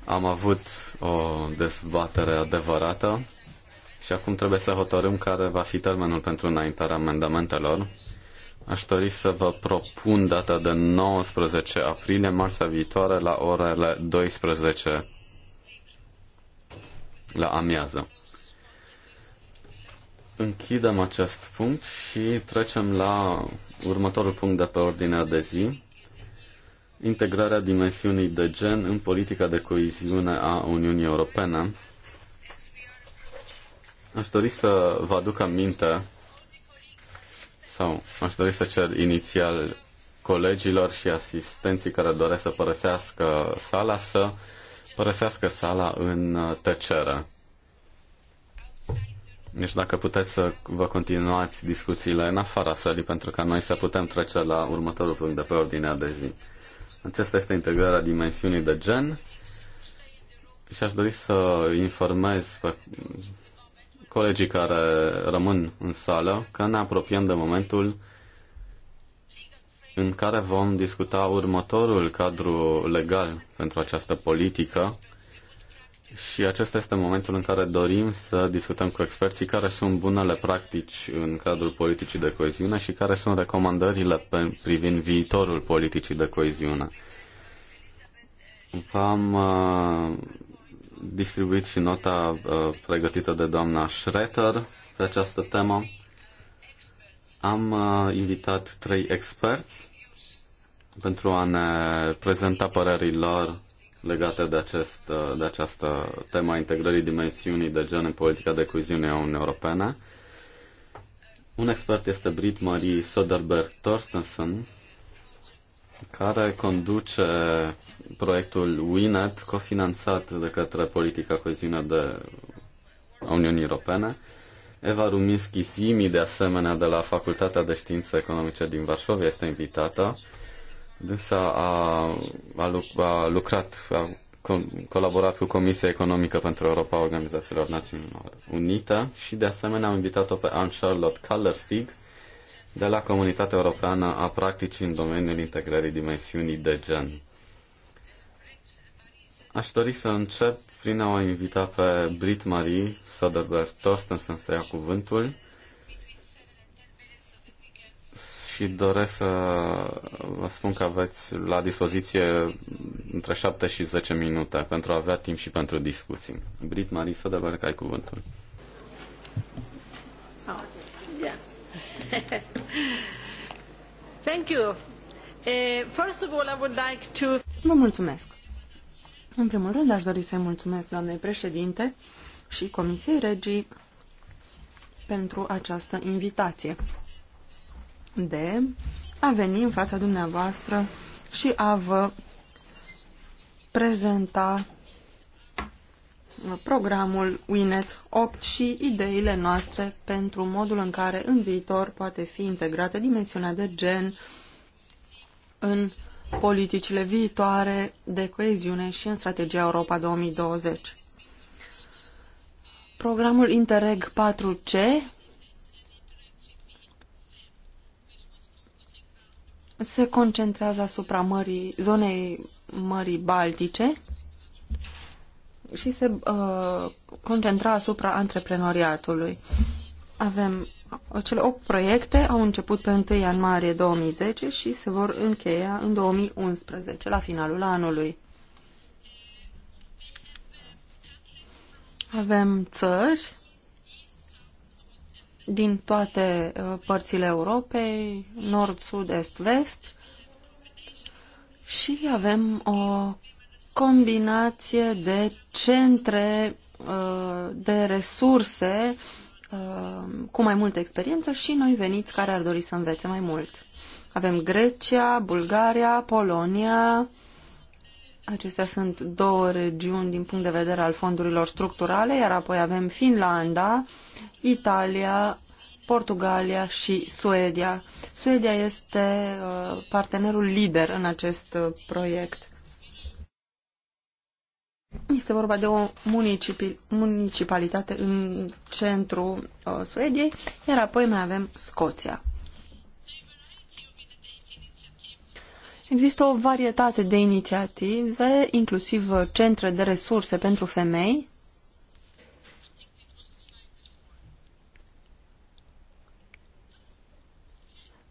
Am avut o dezbatere adevărată și acum trebuie să hotărâm care va fi termenul pentru înaintarea amendamentelor. Aș dori să vă propun data de 19 aprilie, marța viitoare, la orele 12 la amiază. Închidem acest punct și trecem la următorul punct de pe ordinea de zi, integrarea dimensiunii de gen în politica de coeziune a Uniunii Europene. Aș dori să vă aduc aminte sau aș dori să cer inițial colegilor și asistenții care doresc să părăsească sala să părăsească sala în tăcere. Deci dacă puteți să vă continuați discuțiile în afara sălii pentru ca noi să putem trece la următorul punct de pe ordinea de zi. Aceasta este integrarea dimensiunii de gen și aș dori să informez pe colegii care rămân în sală că ne apropiem de momentul în care vom discuta următorul cadru legal pentru această politică și acesta este momentul în care dorim să discutăm cu experții care sunt bunele practici în cadrul politicii de coeziune și care sunt recomandările pe, privind viitorul politicii de coeziune. V-am uh, distribuit și nota uh, pregătită de doamna Schroeter pe această temă. Am uh, invitat trei experți pentru a ne prezenta părerii lor legate de, acest, de această tema integrării dimensiunii de gen în politica de coeziune a Uniunii Europene. Un expert este Brit Marie Soderberg Torstensen, care conduce proiectul WINET, cofinanțat de către politica coeziune de a Uniunii Europene. Eva Ruminski Zimi, de asemenea, de la Facultatea de Științe Economice din Varșovia, este invitată Dânsa a, a, a lucrat, a colaborat cu Comisia Economică pentru Europa a Organizațiilor Națiunilor Unite și de asemenea am invitat-o pe Anne Charlotte Kallerstig de la Comunitatea Europeană a Practicii în domeniul integrării dimensiunii de gen. Aș dori să încep prin a o invita pe Brit Marie Soderberg Torstensen să ia cuvântul și doresc să vă spun că aveți la dispoziție între 7 și 10 minute pentru a avea timp și pentru discuții. Brit Marie Soderberg, ai cuvântul.
Thank you. Eh, first of all, I would like to... Vă mulțumesc. În primul rând, aș dori să-i mulțumesc doamnei președinte și Comisiei Regii pentru această invitație de a veni în fața dumneavoastră și a vă prezenta programul Winet 8 și ideile noastre pentru modul în care în viitor poate fi integrată dimensiunea de gen în politicile viitoare de coeziune și în strategia Europa 2020. Programul Interreg 4C se concentrează asupra mării, zonei Mării Baltice și se uh, concentra asupra antreprenoriatului. Avem uh, cele 8 proiecte au început pe 1 ianuarie 2010 și se vor încheia în 2011, la finalul anului. Avem țări din toate uh, părțile Europei, nord, sud, est, vest și avem o combinație de centre uh, de resurse uh, cu mai multă experiență și noi veniți care ar dori să învețe mai mult. Avem Grecia, Bulgaria, Polonia, Acestea sunt două regiuni din punct de vedere al fondurilor structurale, iar apoi avem Finlanda, Italia, Portugalia și Suedia. Suedia este uh, partenerul lider în acest uh, proiect. Este vorba de o municipalitate în centrul uh, Suediei, iar apoi mai avem Scoția. Există o varietate de inițiative, inclusiv centre de resurse pentru femei.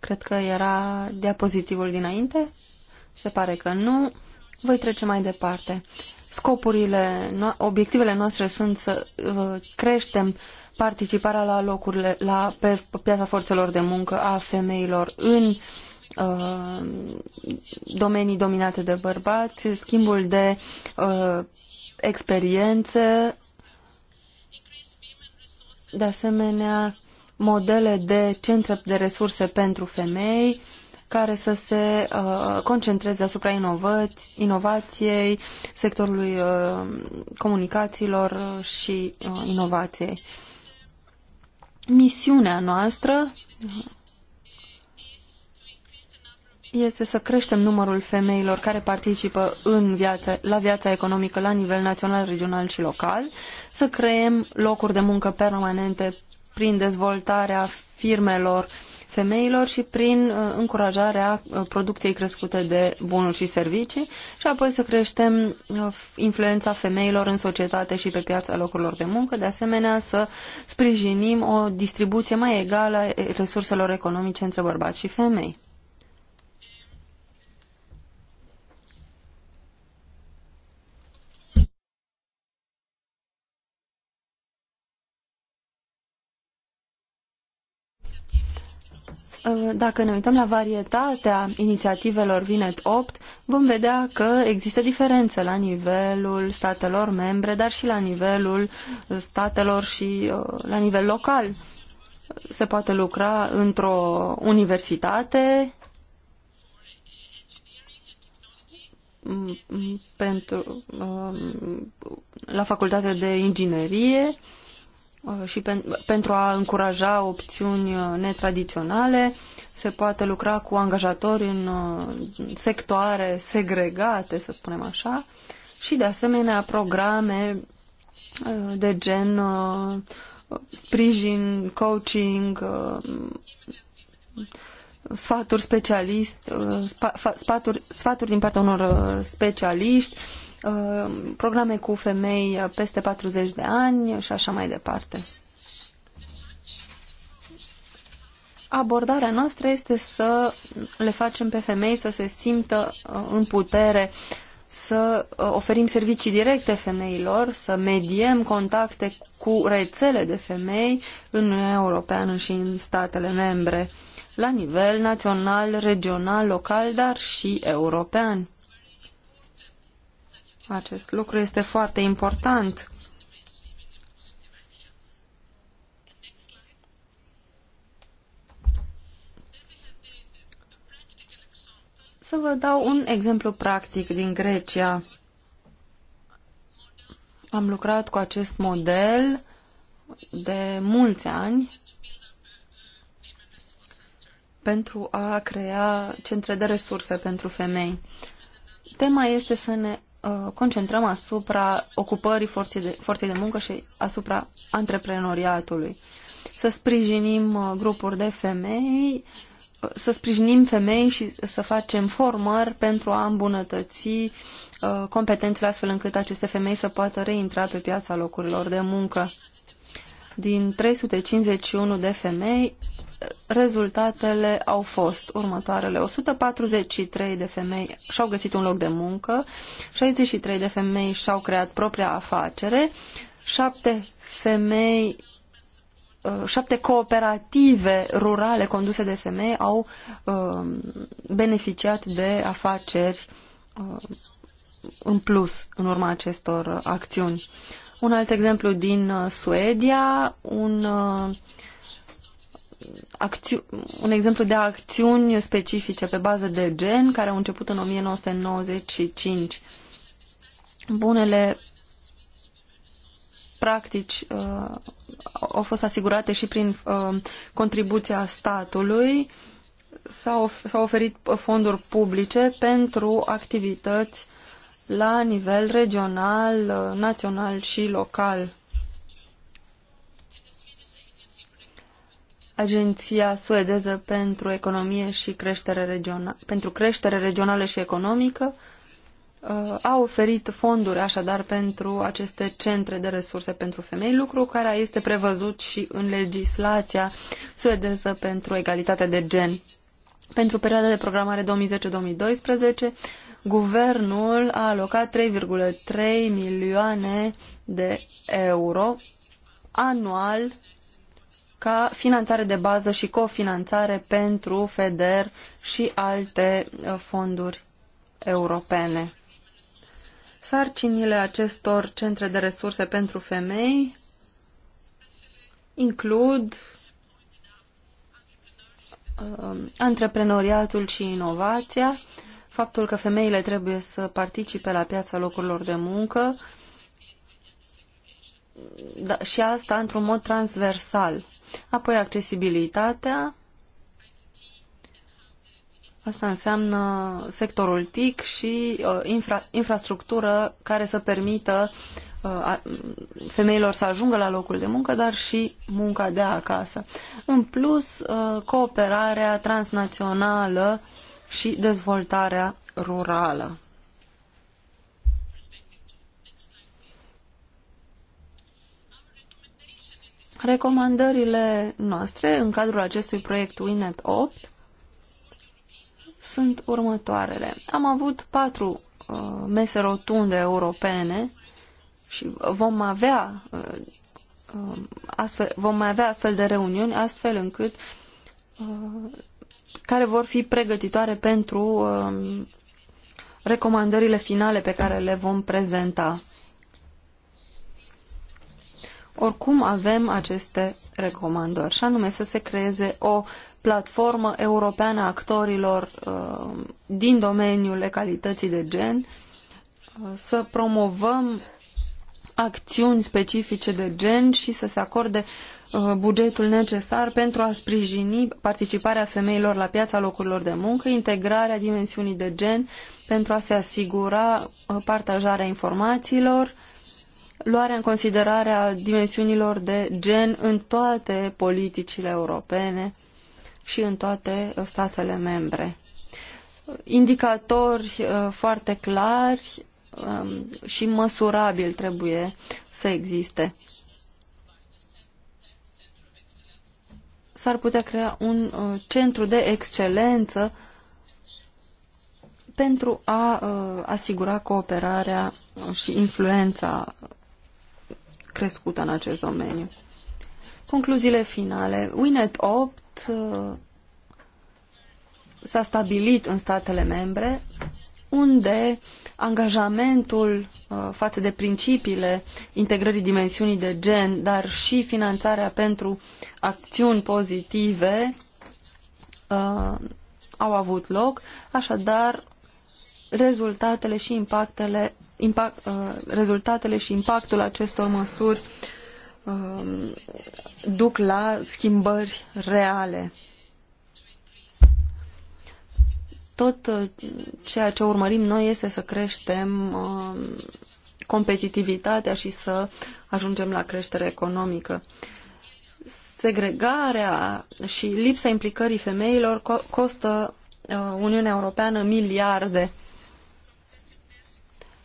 Cred că era diapozitivul dinainte. Se pare că nu. Voi trece mai departe. Scopurile, obiectivele noastre sunt să uh, creștem participarea la locurile, la, pe piața forțelor de muncă a femeilor în uh, Uh, domenii dominate de bărbați, schimbul de uh, experiențe, de asemenea modele de centre de resurse pentru femei care să se uh, concentreze asupra inovați, inovației, sectorului uh, comunicațiilor uh, și uh, inovației. Misiunea noastră este să creștem numărul femeilor care participă în viață, la viața economică la nivel național, regional și local, să creăm locuri de muncă permanente prin dezvoltarea firmelor femeilor și prin uh, încurajarea uh, producției crescute de bunuri și servicii și apoi să creștem uh, influența femeilor în societate și pe piața locurilor de muncă, de asemenea să sprijinim o distribuție mai egală a eh, resurselor economice între bărbați și femei. Uh, dacă ne uităm la varietatea inițiativelor Vinet 8, vom vedea că există diferențe la nivelul statelor membre, dar și la nivelul statelor și uh, la nivel local. Se poate lucra într-o universitate mm, mm, pentru, uh, la facultate de inginerie Uh, și pen, pentru a încuraja opțiuni uh, netradiționale. Se poate lucra cu angajatori în uh, sectoare segregate, să spunem așa, și de asemenea programe de gen sprijin, coaching, sfaturi specialist, sfaturi, sfaturi din partea unor specialiști, Uh, programe cu femei uh, peste 40 de ani și așa mai departe. Abordarea noastră este să le facem pe femei să se simtă uh, în putere, să oferim servicii directe femeilor, să mediem contacte cu rețele de femei în Uniunea Europeană și în statele membre, la nivel național, regional, local, dar și european. Acest lucru este foarte important. Să vă dau un exemplu practic din Grecia. Am lucrat cu acest model de mulți ani pentru a crea centre de resurse pentru femei. Tema este să ne Uh, concentrăm asupra ocupării forței de, forței de muncă și asupra antreprenoriatului. Să sprijinim uh, grupuri de femei, uh, să sprijinim femei și să facem formări pentru a îmbunătăți competențele astfel încât aceste femei să poată reintra pe piața locurilor de muncă. Din 351 de femei, rezultatele au fost următoarele. 143 de femei și-au găsit un loc de muncă, 63 de femei și-au creat propria afacere, 7 femei uh, șapte cooperative rurale conduse de femei au uh, beneficiat de afaceri uh, în plus în urma acestor acțiuni. Un alt exemplu din Suedia, un un exemplu de acțiuni specifice pe bază de gen care au început în 1995. Bunele practici uh, au fost asigurate și prin uh, contribuția statului. S-au oferit uh, fonduri publice pentru activități la nivel regional, uh, național și local. Agenția suedeză pentru economie și creștere regională, pentru creștere regională și economică uh, a oferit fonduri așadar pentru aceste centre de resurse pentru femei, lucru care este prevăzut și în legislația suedeză pentru egalitate de gen. Pentru perioada de programare 2010-2012, guvernul a alocat 3,3 milioane de euro anual ca finanțare de bază și cofinanțare pentru FEDER și alte uh, fonduri europene. Sarcinile acestor centre de resurse pentru femei includ uh, antreprenoriatul și inovația, faptul că femeile trebuie să participe la piața locurilor de muncă da, și asta într-un mod transversal. Apoi accesibilitatea. Asta înseamnă sectorul TIC și uh, infra, infrastructură care să permită uh, femeilor să ajungă la locul de muncă, dar și munca de acasă. În plus, uh, cooperarea transnațională și dezvoltarea rurală. Recomandările noastre în cadrul acestui proiect WINET 8 sunt următoarele. Am avut patru uh, mese rotunde europene și vom avea uh, um, astfel, vom mai avea astfel de reuniuni astfel încât uh, care vor fi pregătitoare pentru uh, recomandările finale pe care le vom prezenta. Oricum avem aceste recomandări și anume să se creeze o platformă europeană a actorilor uh, din domeniul egalității de gen, uh, să promovăm acțiuni specifice de gen și să se acorde uh, bugetul necesar pentru a sprijini participarea femeilor la piața locurilor de muncă, integrarea dimensiunii de gen pentru a se asigura partajarea informațiilor, luarea în considerare a dimensiunilor de gen în toate politicile europene și în toate uh, statele membre. Indicatori uh, foarte clari um, și măsurabil trebuie să existe. S-ar putea crea un uh, centru de excelență pentru a asigura cooperarea și influența crescută în acest domeniu. Concluziile finale. Winet 8 uh, s-a stabilit în statele membre unde angajamentul uh, față de principiile integrării dimensiunii de gen, dar și finanțarea pentru acțiuni pozitive uh, au avut loc, așadar rezultatele și impactele impact, uh, rezultatele și impactul acestor măsuri um, duc la schimbări reale. Tot uh, ceea ce urmărim noi este să creștem um, competitivitatea și să ajungem la creștere economică. Segregarea și lipsa implicării femeilor costă uh, Uniunea Europeană miliarde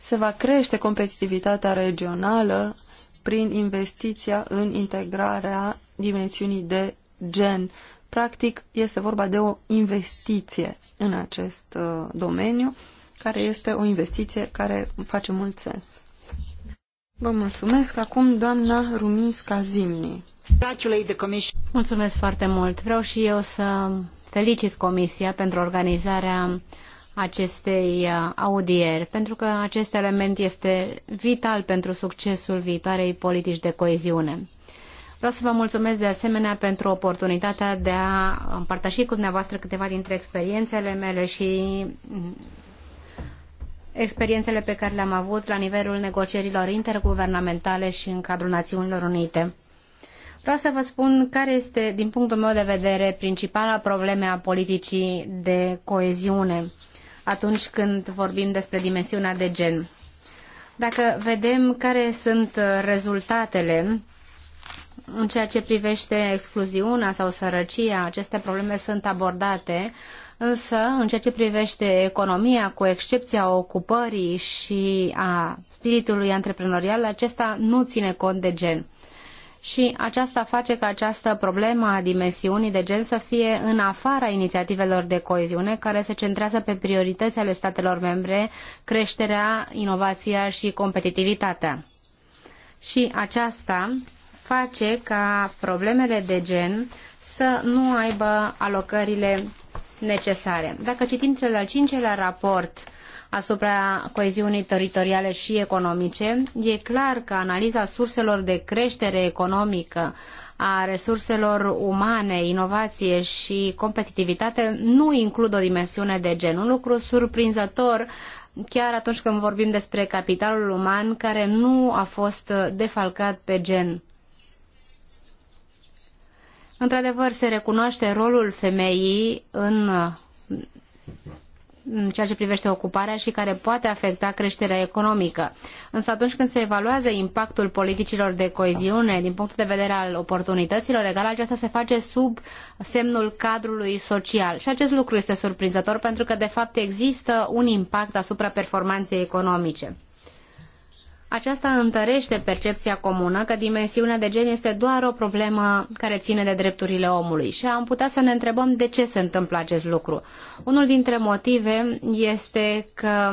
se va crește competitivitatea regională prin investiția în integrarea dimensiunii de gen. Practic, este vorba de o investiție în acest uh, domeniu, care este o investiție care face mult
sens. Vă mulțumesc. Acum, doamna Ruminska Zimni. Mulțumesc foarte mult. Vreau și eu să felicit Comisia pentru organizarea acestei uh, audieri, pentru că acest element este vital pentru succesul viitoarei politici de coeziune. Vreau să vă mulțumesc de asemenea pentru oportunitatea de a împărtăși cu dumneavoastră câteva dintre experiențele mele și mm, experiențele pe care le-am avut la nivelul negocierilor interguvernamentale și în cadrul Națiunilor Unite. Vreau să vă spun care este, din punctul meu de vedere, principala problemă a politicii de coeziune atunci când vorbim despre dimensiunea de gen. Dacă vedem care sunt uh, rezultatele în ceea ce privește excluziunea sau sărăcia, aceste probleme sunt abordate, însă în ceea ce privește economia, cu excepția ocupării și a spiritului antreprenorial, acesta nu ține cont de gen și aceasta face ca această problemă a dimensiunii de gen să fie în afara inițiativelor de coeziune care se centrează pe priorități ale statelor membre, creșterea, inovația și competitivitatea. Și aceasta face ca problemele de gen să nu aibă alocările necesare. Dacă citim cel al cincilea raport asupra coeziunii teritoriale și economice, e clar că analiza surselor de creștere economică a resurselor umane, inovație și competitivitate nu includ o dimensiune de gen. Un lucru surprinzător chiar atunci când vorbim despre capitalul uman care nu a fost defalcat pe gen. Într-adevăr, se recunoaște rolul femeii în în ceea ce privește ocuparea și care poate afecta creșterea economică. Însă atunci când se evaluează impactul politicilor de coeziune din punctul de vedere al oportunităților legale, aceasta se face sub semnul cadrului social. Și acest lucru este surprinzător pentru că de fapt există un impact asupra performanței economice. Aceasta întărește percepția comună că dimensiunea de gen este doar o problemă care ține de drepturile omului și am putea să ne întrebăm de ce se întâmplă acest lucru. Unul dintre motive este că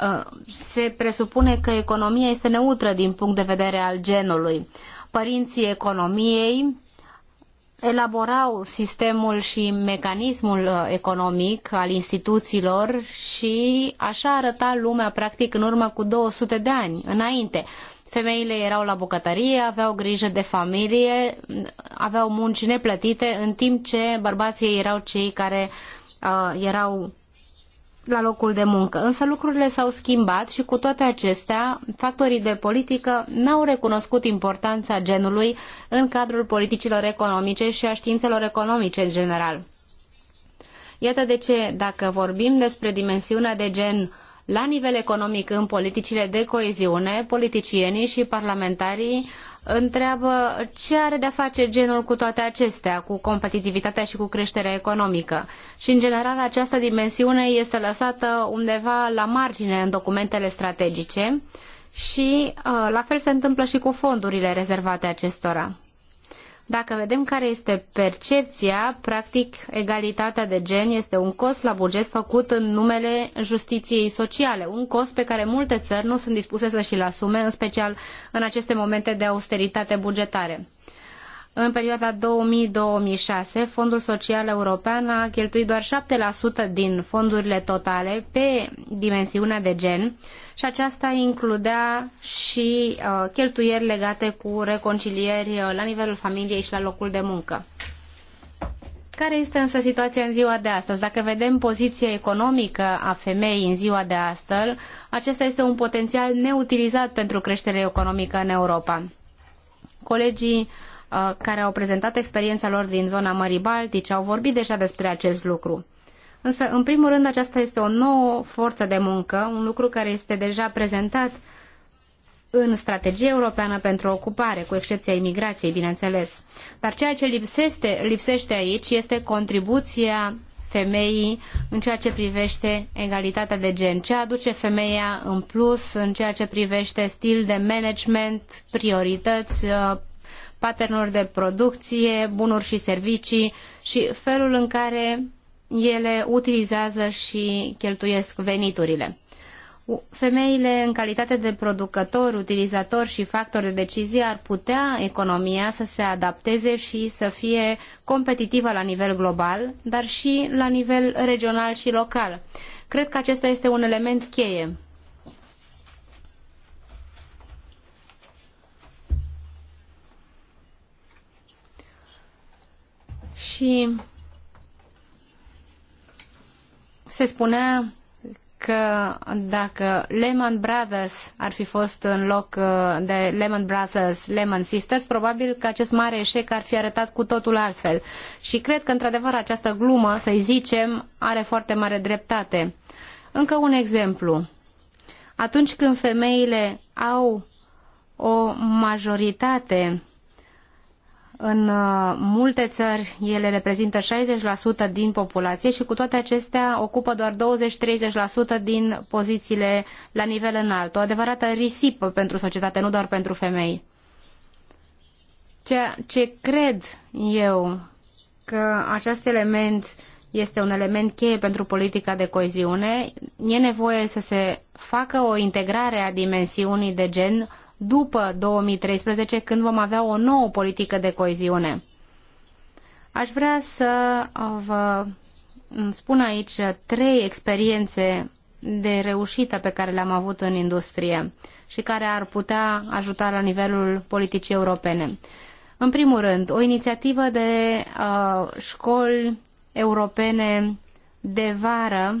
ă, se presupune că economia este neutră din punct de vedere al genului. Părinții economiei elaborau sistemul și mecanismul uh, economic al instituțiilor și așa arăta lumea practic în urmă cu 200 de ani înainte. Femeile erau la bucătărie, aveau grijă de familie, aveau munci neplătite, în timp ce bărbații erau cei care uh, erau la locul de muncă. Însă lucrurile s-au schimbat și cu toate acestea, factorii de politică n-au recunoscut importanța genului în cadrul politicilor economice și a științelor economice în general. Iată de ce, dacă vorbim despre dimensiunea de gen la nivel economic în politicile de coeziune, politicienii și parlamentarii întreabă ce are de-a face genul cu toate acestea, cu competitivitatea și cu creșterea economică. Și, în general, această dimensiune este lăsată undeva la margine în documentele strategice și uh, la fel se întâmplă și cu fondurile rezervate acestora. Dacă vedem care este percepția, practic egalitatea de gen este un cost la buget făcut în numele justiției sociale, un cost pe care multe țări nu sunt dispuse să și-l asume, în special în aceste momente de austeritate bugetare. În perioada 2000-2006, Fondul Social European a cheltuit doar 7% din fondurile totale pe dimensiunea de gen și aceasta includea și uh, cheltuieri legate cu reconcilieri uh, la nivelul familiei și la locul de muncă. Care este însă situația în ziua de astăzi? Dacă vedem poziția economică a femeii în ziua de astăzi, acesta este un potențial neutilizat pentru creșterea economică în Europa. Colegii Uh, care au prezentat experiența lor din zona Mării Baltice au vorbit deja despre acest lucru. Însă, în primul rând, aceasta este o nouă forță de muncă, un lucru care este deja prezentat în strategia europeană pentru ocupare, cu excepția imigrației, bineînțeles. Dar ceea ce lipsește, lipsește aici este contribuția femeii în ceea ce privește egalitatea de gen. Ce aduce femeia în plus în ceea ce privește stil de management, priorități, uh, patternuri de producție, bunuri și servicii și felul în care ele utilizează și cheltuiesc veniturile. Femeile, în calitate de producători, utilizatori și factori de decizie, ar putea economia să se adapteze și să fie competitivă la nivel global, dar și la nivel regional și local. Cred că acesta este un element cheie Și se spunea că dacă Lehman Brothers ar fi fost în loc uh, de Lehman Brothers, Lehman Sisters, probabil că acest mare eșec ar fi arătat cu totul altfel. Și cred că, într-adevăr, această glumă, să-i zicem, are foarte mare dreptate. Încă un exemplu. Atunci când femeile au o majoritate în uh, multe țări ele reprezintă 60% din populație și cu toate acestea ocupă doar 20-30% din pozițiile la nivel înalt. O adevărată risipă pentru societate, nu doar pentru femei. Ceea ce cred eu că acest element este un element cheie pentru politica de coeziune, e nevoie să se facă o integrare a dimensiunii de gen după 2013, când vom avea o nouă politică de coeziune. Aș vrea să uh, vă spun aici trei experiențe de reușită pe care le-am avut în industrie și care ar putea ajuta la nivelul politicii europene. În primul rând, o inițiativă de uh, școli europene de vară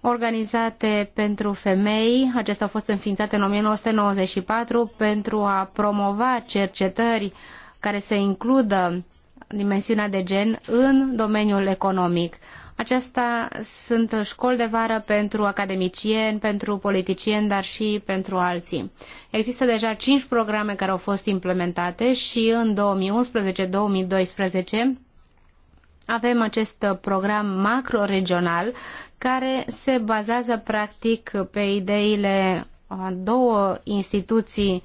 organizate pentru femei. Acestea au fost înființate în 1994 pentru a promova cercetări care să includă dimensiunea de gen în domeniul economic. Acestea sunt școli de vară pentru academicieni, pentru politicieni, dar și pentru alții. Există deja cinci programe care au fost implementate și în 2011-2012 avem acest program macro-regional care se bazează practic pe ideile a două instituții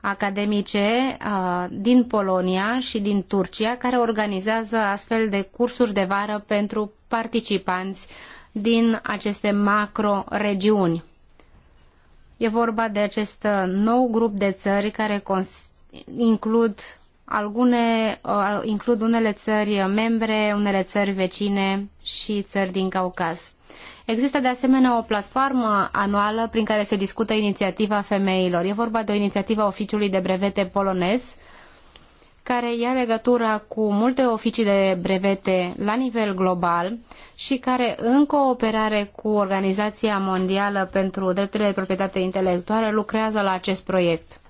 academice a, din Polonia și din Turcia care organizează astfel de cursuri de vară pentru participanți din aceste macro-regiuni. E vorba de acest nou grup de țări care includ, algune, includ unele țări membre, unele țări vecine și țări din Caucaz. Există de asemenea o platformă anuală prin care se discută inițiativa femeilor. E vorba de o inițiativă a oficiului de brevete polonez care ia legătura cu multe oficii de brevete la nivel global și care, în cooperare cu Organizația Mondială pentru Drepturile de Proprietate Intelectuală, lucrează la acest proiect.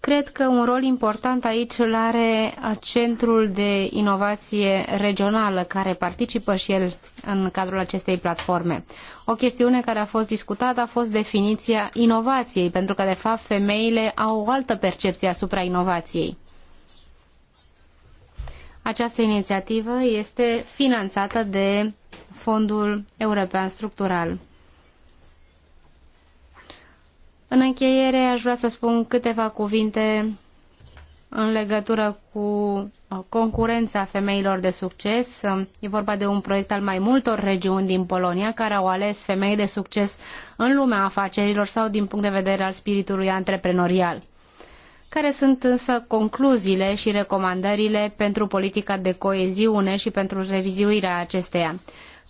Cred că un rol important aici îl are Centrul de Inovație Regională, care participă și el în cadrul acestei platforme. O chestiune care a fost discutată a fost definiția inovației, pentru că, de fapt, femeile au o altă percepție asupra inovației. Această inițiativă este finanțată de Fondul European Structural. În încheiere, aș vrea să spun câteva cuvinte în legătură cu uh, concurența femeilor de succes. E vorba de un proiect al mai multor regiuni din Polonia care au ales femei de succes în lumea afacerilor sau din punct de vedere al spiritului antreprenorial. Care sunt însă concluziile și recomandările pentru politica de coeziune și pentru revizuirea acesteia?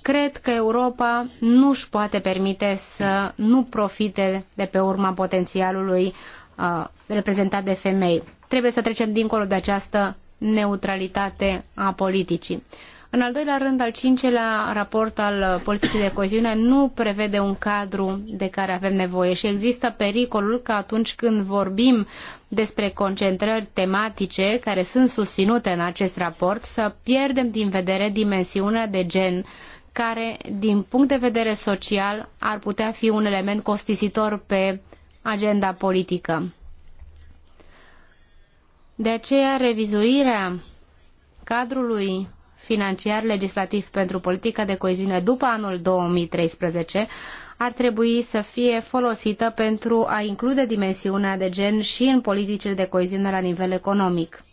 Cred că Europa nu își poate permite să nu profite de pe urma potențialului uh, reprezentat de femei. Trebuie să trecem dincolo de această neutralitate a politicii. În al doilea rând, al cincelea raport al politicii de coziune nu prevede un cadru de care avem nevoie și există pericolul că atunci când vorbim despre concentrări tematice care sunt susținute în acest raport, să pierdem din vedere dimensiunea de gen care, din punct de vedere social, ar putea fi un element costisitor pe agenda politică. De aceea, revizuirea cadrului financiar legislativ pentru politica de coeziune după anul 2013 ar trebui să fie folosită pentru a include dimensiunea de gen și în politicile de coeziune la nivel economic.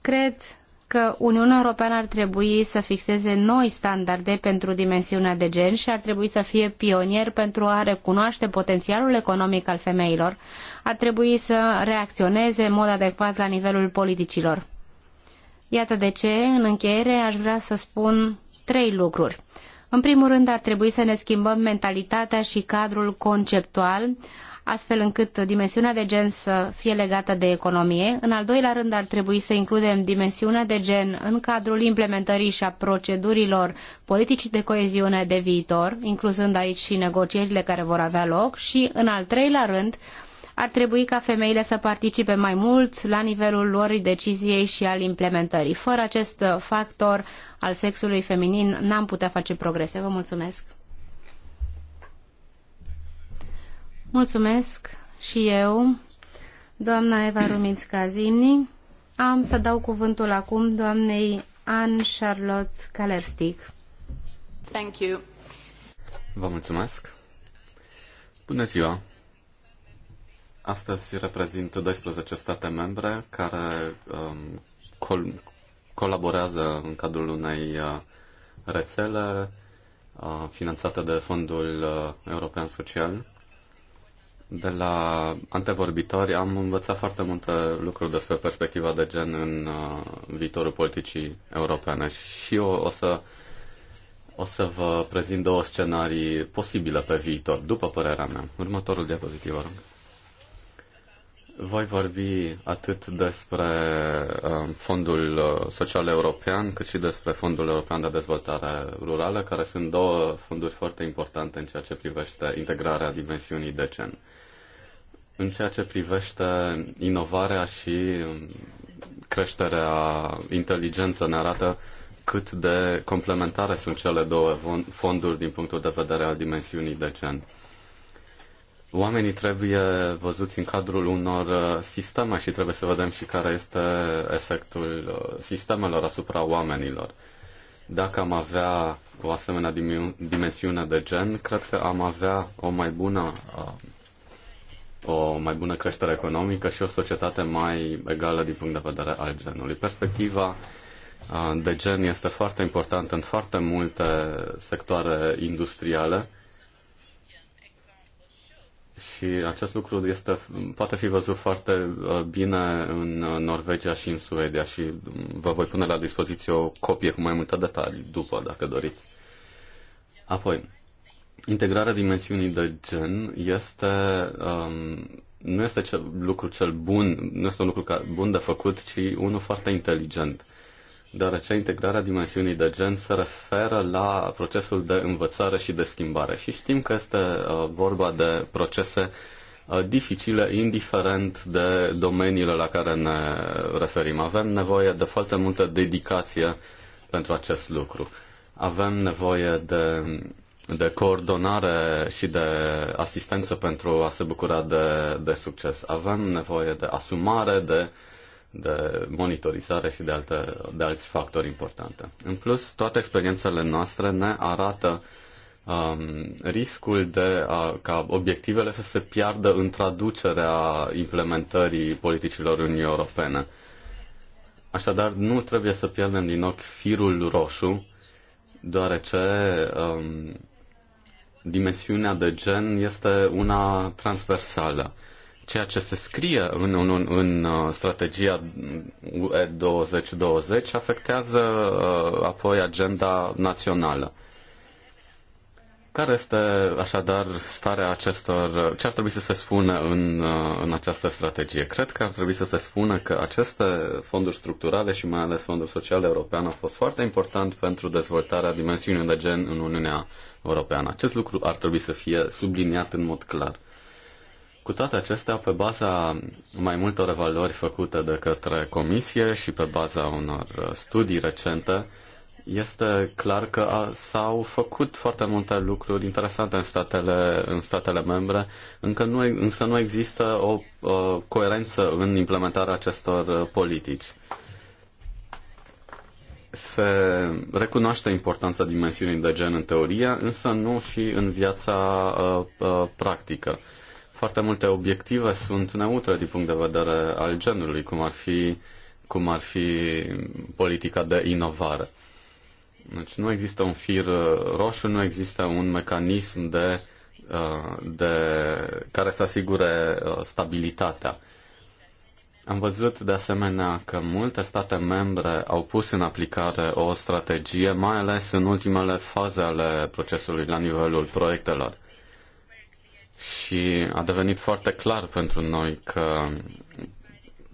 Cred că Uniunea Europeană ar trebui să fixeze noi standarde pentru dimensiunea de gen și ar trebui să fie pionier pentru a recunoaște potențialul economic al femeilor. Ar trebui să reacționeze în mod adecvat la nivelul politicilor. Iată de ce, în încheiere, aș vrea să spun trei lucruri. În primul rând, ar trebui să ne schimbăm mentalitatea și cadrul conceptual astfel încât dimensiunea de gen să fie legată de economie. În al doilea rând, ar trebui să includem dimensiunea de gen în cadrul implementării și a procedurilor politicii de coeziune de viitor, incluzând aici și negocierile care vor avea loc. Și, în al treilea rând, ar trebui ca femeile să participe mai mult la nivelul lor deciziei și al implementării. Fără acest factor al sexului feminin n-am putea face progrese. Vă mulțumesc! Mulțumesc și eu, doamna Eva Ruminska Zimni. Am să dau cuvântul acum doamnei Anne Charlotte Calerstic.
Thank you. Vă mulțumesc. Bună ziua. Astăzi reprezint 12 state membre care um, col- colaborează în cadrul unei uh, rețele uh, finanțată de Fondul uh, European Social de la antevorbitori am învățat foarte multe lucruri despre perspectiva de gen în uh, viitorul politicii europene și eu o să, o să vă prezint două scenarii posibile pe viitor, după părerea mea. Următorul diapozitiv, rog. Voi vorbi atât despre um, Fondul uh, Social European, cât și despre Fondul European de Dezvoltare Rurală, care sunt două fonduri foarte importante în ceea ce privește integrarea dimensiunii de gen. În ceea ce privește inovarea și um, creșterea inteligentă ne arată cât de complementare sunt cele două fonduri din punctul de vedere al dimensiunii de gen. Oamenii trebuie văzuți în cadrul unor uh, sisteme și trebuie să vedem și care este efectul uh, sistemelor asupra oamenilor. Dacă am avea o asemenea dimensiune de gen, cred că am avea o mai bună uh, o mai bună creștere economică și o societate mai egală din punct de vedere al genului. Perspectiva de gen este foarte importantă în foarte multe sectoare industriale și acest lucru este, poate fi văzut foarte uh, bine în uh, Norvegia și în Suedia și um, vă voi pune la dispoziție o copie cu mai multe detalii după, dacă doriți. Apoi, integrarea dimensiunii de gen este, um, nu este cel, lucru cel bun, nu este un lucru ca, bun de făcut, ci unul foarte inteligent deoarece integrarea dimensiunii de gen se referă la procesul de învățare și de schimbare și știm că este uh, vorba de procese uh, dificile, indiferent de domeniile la care ne referim. Avem nevoie de foarte multă dedicație pentru acest lucru. Avem nevoie de, de coordonare și de asistență pentru a se bucura de, de succes. Avem nevoie de asumare, de uh, de monitorizare și de, alte, de alți factori importante. În plus, toate experiențele noastre ne arată um, riscul de a, ca obiectivele să se piardă în traducerea implementării politicilor Uniunii Europene. Așadar, nu trebuie să pierdem din ochi firul roșu, deoarece um, dimensiunea de gen este una transversală ceea ce se scrie în, în, în uh, strategia UE 2020 afectează uh, apoi agenda națională. Care este așadar starea acestor, ce ar trebui să se spună în, uh, în această strategie? Cred că ar trebui să se spună că aceste fonduri structurale și mai ales fondul social european au fost foarte important pentru dezvoltarea dimensiunii de gen în Uniunea Europeană. Acest lucru ar trebui să fie subliniat în mod clar. Cu toate acestea, pe baza mai multor evaluări făcute de către Comisie și pe baza unor studii recente, este clar că s-au făcut foarte multe lucruri interesante în statele, în statele membre, încă nu, însă nu există o, o coerență în implementarea acestor politici. Se recunoaște importanța dimensiunii de gen în teorie, însă nu și în viața uh, uh, practică. Uh, foarte multe obiective sunt neutre din punct de vedere al genului, cum ar fi, cum ar fi politica de inovare. Deci nu există un fir uh, roșu, nu există un mecanism de, uh, de, care să asigure uh, stabilitatea. Am văzut de asemenea că multe state membre au pus în aplicare o strategie, mai ales în ultimele faze ale procesului la nivelul proiectelor și a devenit foarte clar pentru noi că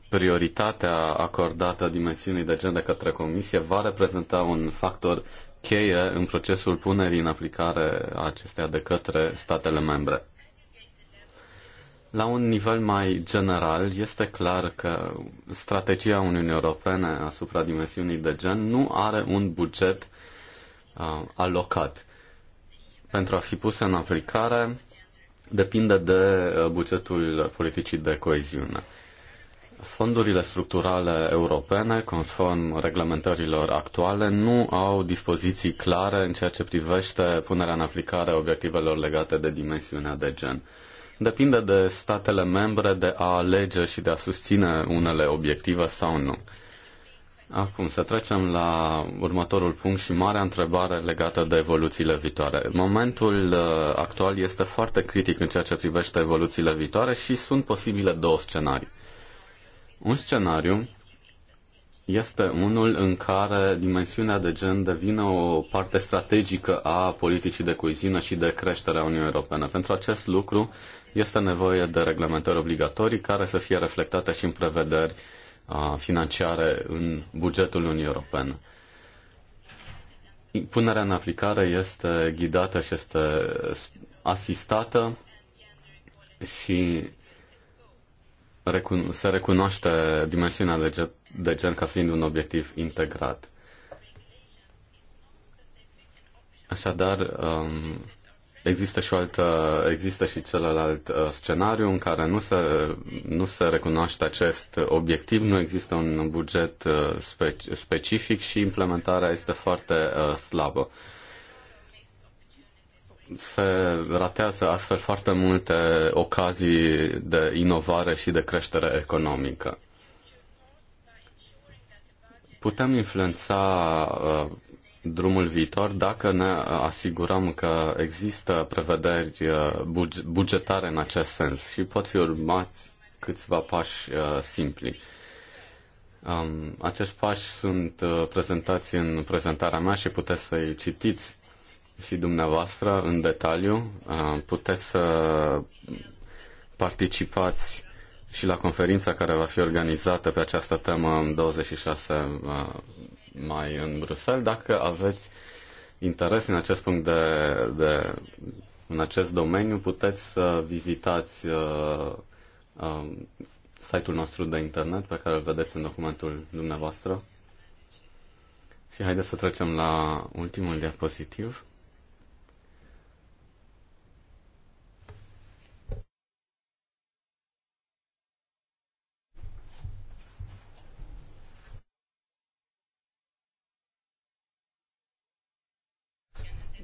prioritatea acordată dimensiunii de gen de către Comisie va reprezenta un factor cheie în procesul punerii în aplicare a acestea de către statele membre. La un nivel mai general, este clar că strategia Uniunii Europene asupra dimensiunii de gen nu are un buget uh, alocat. Pentru a fi pusă în aplicare, depinde de uh, bugetul politicii de coeziune. Fondurile structurale europene, conform reglementărilor actuale, nu au dispoziții clare în ceea ce privește punerea în aplicare a obiectivelor legate de dimensiunea de gen. Depinde de statele membre de a alege și de a susține unele obiective sau nu. Acum să trecem la următorul punct și marea întrebare legată de evoluțiile viitoare. Momentul uh, actual este foarte critic în ceea ce privește evoluțiile viitoare și sunt posibile două scenarii. Un scenariu este unul în care dimensiunea de gen devine o parte strategică a politicii de coeziune și de creștere a Uniunii Europene. Pentru acest lucru este nevoie de reglementări obligatorii care să fie reflectate și în prevederi uh, financiare în bugetul Uniunii Europene. Punerea în aplicare este ghidată și este asistată și se recunoaște dimensiunea de gen ca fiind un obiectiv integrat. Așadar, um, Există și, altă, există și celălalt uh, scenariu în care nu se, nu se recunoaște acest obiectiv, nu există un buget uh, speci, specific și implementarea este foarte uh, slabă. Se ratează astfel foarte multe ocazii de inovare și de creștere economică putem influența drumul viitor dacă ne asigurăm că există prevederi uh, bugetare în acest sens și pot fi urmați câțiva pași uh, simpli. Um, acești pași sunt uh, prezentați în prezentarea mea și puteți să-i citiți și dumneavoastră în detaliu. puteți să participați și la conferința care va fi organizată pe această temă în 26 mai în Bruxelles. Dacă aveți interes în acest punct de, de în acest domeniu, puteți să vizitați uh, uh, site-ul nostru de internet pe care îl vedeți în documentul dumneavoastră. Și haideți să trecem la ultimul diapozitiv.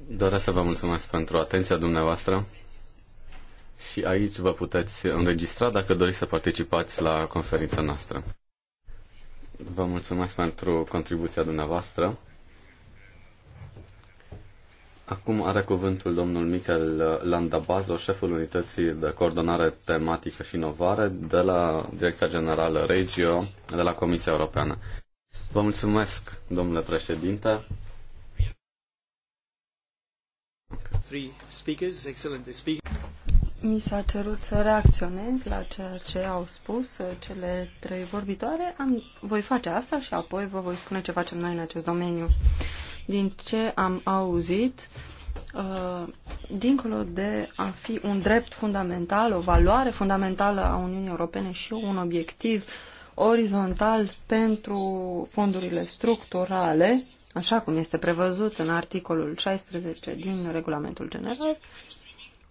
Doresc să vă mulțumesc pentru atenția dumneavoastră și aici vă puteți înregistra dacă doriți să participați la conferința noastră. Vă mulțumesc pentru contribuția dumneavoastră. Acum are cuvântul domnul Michael Landabazo, șeful unității de coordonare tematică și inovare de la Direcția Generală Regio de la Comisia Europeană. Vă mulțumesc, domnule președinte. Three speakers, excellent speakers.
Mi s-a cerut să reacționez la ceea ce au spus uh, cele trei vorbitoare. Am, voi face asta și apoi vă voi spune ce facem noi în acest domeniu. Din ce am auzit, uh, dincolo de a fi un drept fundamental, o valoare fundamentală a Uniunii Europene și un obiectiv orizontal pentru fondurile structurale, așa cum este prevăzut în articolul 16 din regulamentul general,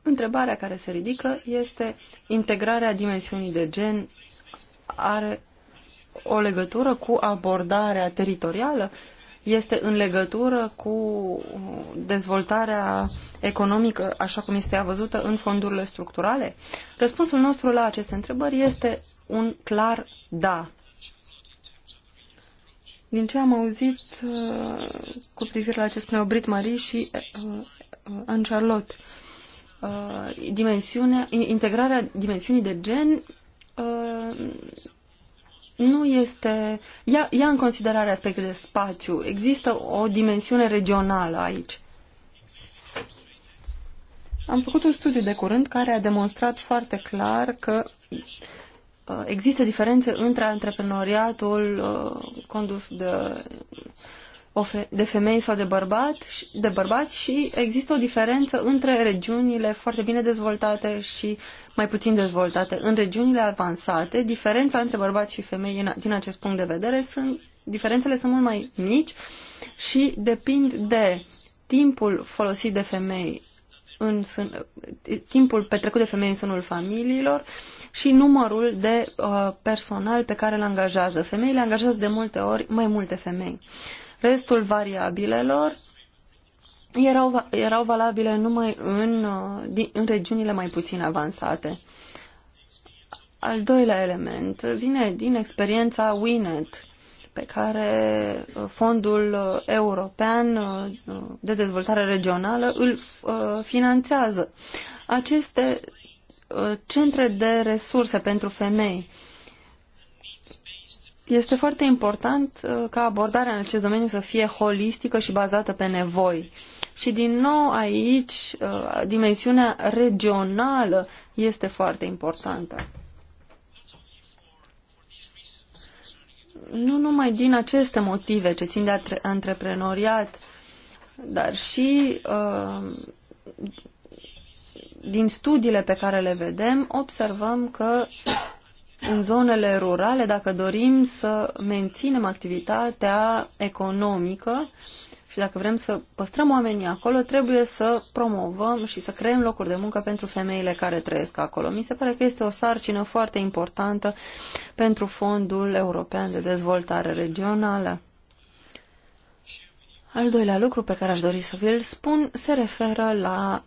întrebarea care se ridică este integrarea dimensiunii de gen are o legătură cu abordarea teritorială, este în legătură cu dezvoltarea economică așa cum este văzută în fondurile structurale? Răspunsul nostru la aceste întrebări este un clar da. Din ce am auzit uh, cu privire la acest spuneau Brit Marie și uh, uh, uh dimensiunea, integrarea dimensiunii de gen nu este... Ia, ia în considerare aspecte de spațiu. Există o dimensiune regională aici. Am făcut un studiu de curând care a demonstrat foarte clar că Uh, există diferențe între antreprenoriatul uh, condus de, de femei sau de, bărbat, de bărbați și există o diferență între regiunile foarte bine dezvoltate și mai puțin dezvoltate. În regiunile avansate, diferența între bărbați și femei din acest punct de vedere sunt, diferențele sunt mult mai mici și depind de timpul folosit de femei în sân, timpul petrecut de femei în sânul familiilor și numărul de uh, personal pe care îl angajează. Femeile angajează de multe ori mai multe femei. Restul variabilelor erau, erau valabile numai în, uh, în regiunile mai puțin avansate. Al doilea element vine din experiența Winet pe care uh, Fondul uh, European uh, de Dezvoltare Regională îl finanțează. Aceste centre de resurse pentru femei este foarte important ca abordarea în acest domeniu să fie holistică și bazată pe nevoi. Și din nou aici dimensiunea regională este foarte importantă. nu numai din aceste motive ce țin de antreprenoriat, dar și uh, din studiile pe care le vedem, observăm că în zonele rurale, dacă dorim să menținem activitatea economică, și dacă vrem să păstrăm oamenii acolo, trebuie să promovăm și să creăm locuri de muncă pentru femeile care trăiesc acolo. Mi se pare că este o sarcină foarte importantă pentru Fondul European de Dezvoltare Regională. Al doilea lucru pe care aș dori să vi-l spun se referă la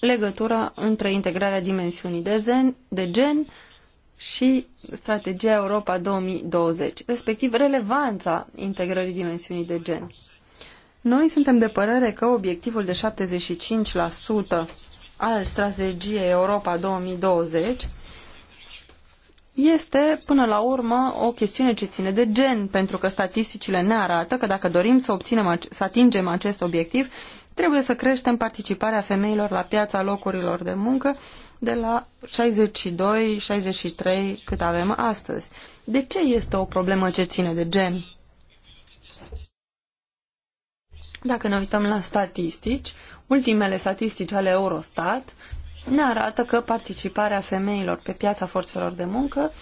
legătura între integrarea dimensiunii de, zen, de gen și strategia Europa 2020, respectiv relevanța integrării dimensiunii de gen. Noi suntem de părere că obiectivul de 75% al strategiei Europa 2020 este, până la urmă, o chestiune ce ține de gen, pentru că statisticile ne arată că dacă dorim să, obținem, să atingem acest obiectiv, trebuie să creștem participarea femeilor la piața locurilor de muncă de la 62-63 cât avem astăzi. De ce este o problemă ce ține de gen? Dacă ne uităm la statistici, ultimele statistici ale Eurostat ne arată că participarea femeilor pe piața forțelor de muncă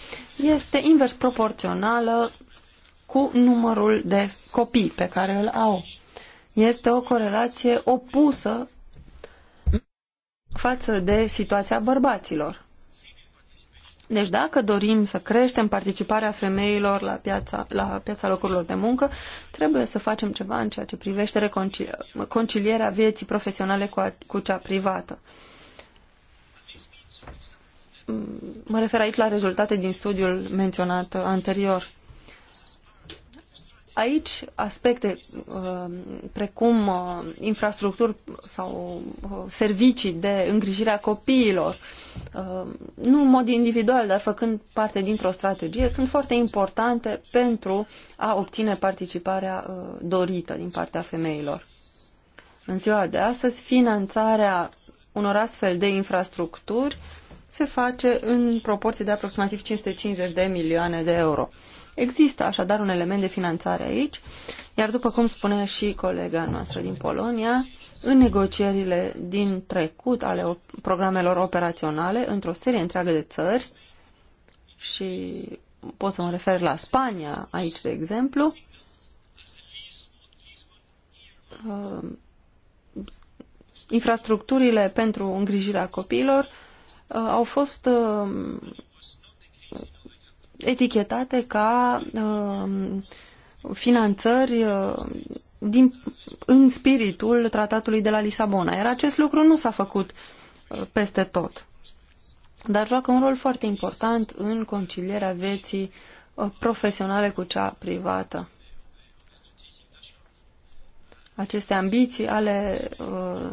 este invers proporțională cu numărul de copii pe care îl au. Este o corelație opusă față de situația bărbaților. Deci dacă dorim să creștem participarea femeilor la piața, la piața locurilor de muncă, trebuie să facem ceva în ceea ce privește reconcil concilierea vieții profesionale cu, a, cu cea privată. Mm, mă refer aici la rezultate din studiul menționat anterior. Aici aspecte uh, precum uh, infrastructuri sau uh, servicii de îngrijire a copiilor, nu în mod individual, dar făcând parte dintr-o strategie, sunt foarte importante pentru a obține participarea dorită din partea femeilor. În ziua de astăzi, finanțarea unor astfel de infrastructuri se face în proporție de aproximativ 550 de milioane de euro. Există așadar un element de finanțare aici, iar după cum spunea și colega noastră din Polonia, în negocierile din trecut ale programelor operaționale într-o serie întreagă de țări și pot să mă refer la Spania aici, de exemplu, uh, infrastructurile pentru îngrijirea copiilor uh, au fost uh, etichetate ca uh, finanțări uh, din, în spiritul tratatului de la Lisabona. Iar acest lucru nu s-a făcut uh, peste tot. Dar joacă un rol foarte important în concilierea vieții uh, profesionale cu cea privată. Aceste ambiții ale uh,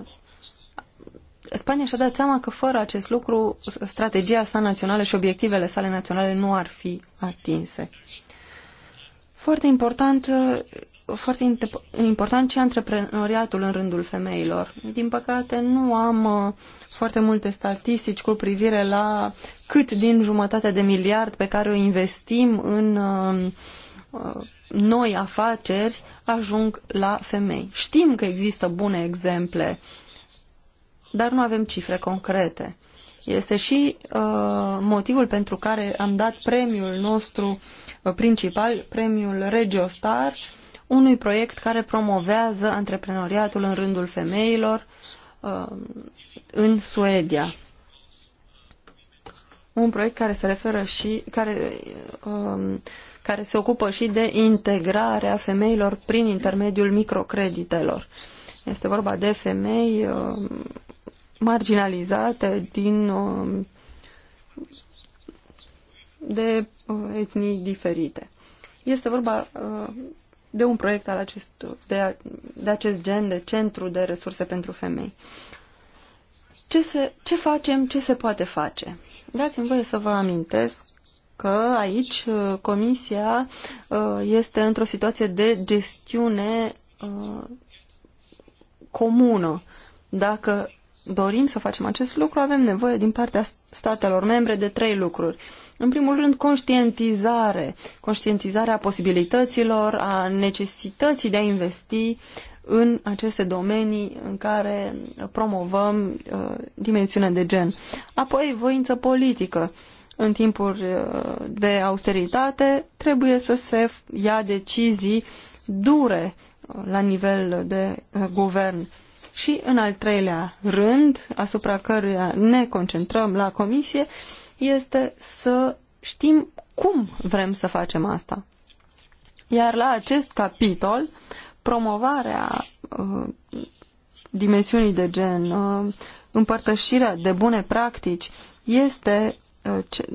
Spania și-a dat seama că fără acest lucru strategia sa națională și obiectivele sale naționale nu ar fi atinse. Foarte important, foarte important și antreprenoriatul în rândul femeilor. Din păcate nu am uh, foarte multe statistici cu privire la cât din jumătate de miliard pe care o investim în uh, uh, noi afaceri ajung la femei. Știm că există bune exemple uh, dar nu avem cifre concrete. Este și uh, motivul pentru care am dat premiul nostru uh, principal, premiul Regio Star, unui proiect care promovează antreprenoriatul în rândul femeilor uh, în Suedia. Un proiect care se referă și care, uh, care se ocupă și de integrarea femeilor prin intermediul microcreditelor. Este vorba de femei uh, marginalizate din um, de uh, etnii diferite. Este vorba uh, de un proiect al acest, de, de acest gen, de centru de resurse pentru femei. Ce, se, ce facem, ce se poate face? Dați-mi voie să vă amintesc că aici uh, Comisia este într-o situație de gestiune comună. Dacă dorim să facem acest lucru, avem nevoie din partea statelor membre de trei lucruri. În primul rând, conștientizare. Conștientizarea posibilităților, a necesității de a investi în aceste domenii în care promovăm uh, dimensiunea de gen. Apoi, voință politică. În timpuri uh, de austeritate trebuie să se ia decizii dure uh, la nivel de uh, guvern și, în al treilea rând, asupra căruia ne concentrăm la comisie, este să știm cum vrem să facem asta. Iar la acest capitol, promovarea uh, dimensiunii de gen, uh, împărtășirea de bune practici, este, uh, ce,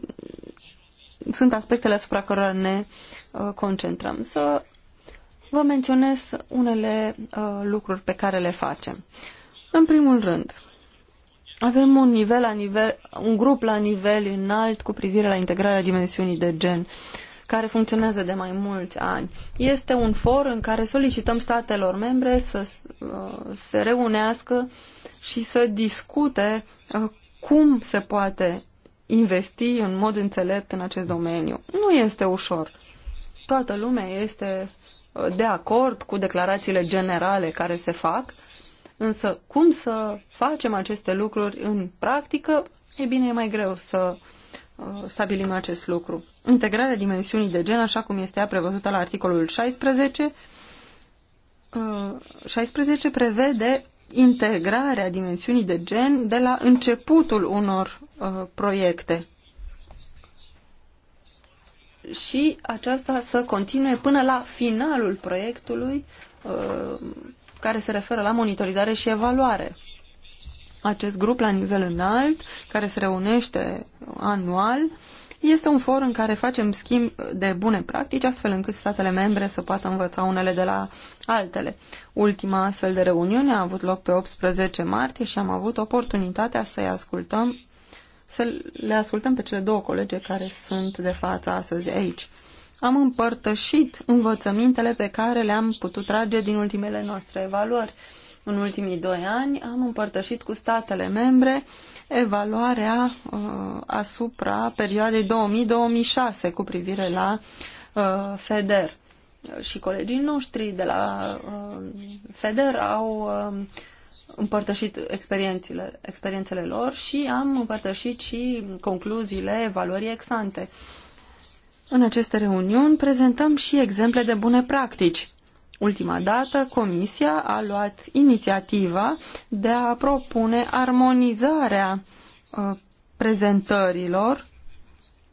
sunt aspectele asupra cărora ne concentrăm. Să vă menționez unele uh, lucruri pe care le facem. În primul rând, avem un, nivel la nivel, un grup la nivel înalt cu privire la integrarea dimensiunii de gen, care funcționează de mai mulți ani. Este un for în care solicităm statelor membre să uh, se reunească și să discute uh, cum se poate investi în mod înțelept în acest domeniu. Nu este ușor. Toată lumea este de acord cu declarațiile generale care se fac, însă cum să facem aceste lucruri în practică, e bine, e mai greu să uh, stabilim acest lucru. Integrarea dimensiunii de gen, așa cum este ea prevăzută la articolul 16, 16 uh, prevede integrarea dimensiunii de gen de la începutul unor uh, proiecte și aceasta să continue până la finalul proiectului uh, care se referă la monitorizare și evaluare. Acest grup la nivel înalt, care se reunește anual, este un for în care facem schimb de bune practici, astfel încât statele membre să poată învăța unele de la altele. Ultima astfel de reuniune a avut loc pe 18 martie și am avut oportunitatea să-i ascultăm să le ascultăm pe cele două colege care sunt de față astăzi aici. Am împărtășit învățămintele pe care le-am putut trage din ultimele noastre evaluări. În ultimii doi ani am împărtășit cu statele membre evaluarea uh, asupra perioadei 2000-2006 cu privire la uh, FEDER. Și colegii noștri de la uh, FEDER au uh, împărtășit experiențele, experiențele lor și am împărtășit și concluziile evaluării exante. În aceste reuniuni prezentăm și exemple de bune practici. Ultima dată, Comisia a luat inițiativa de a propune armonizarea uh, prezentărilor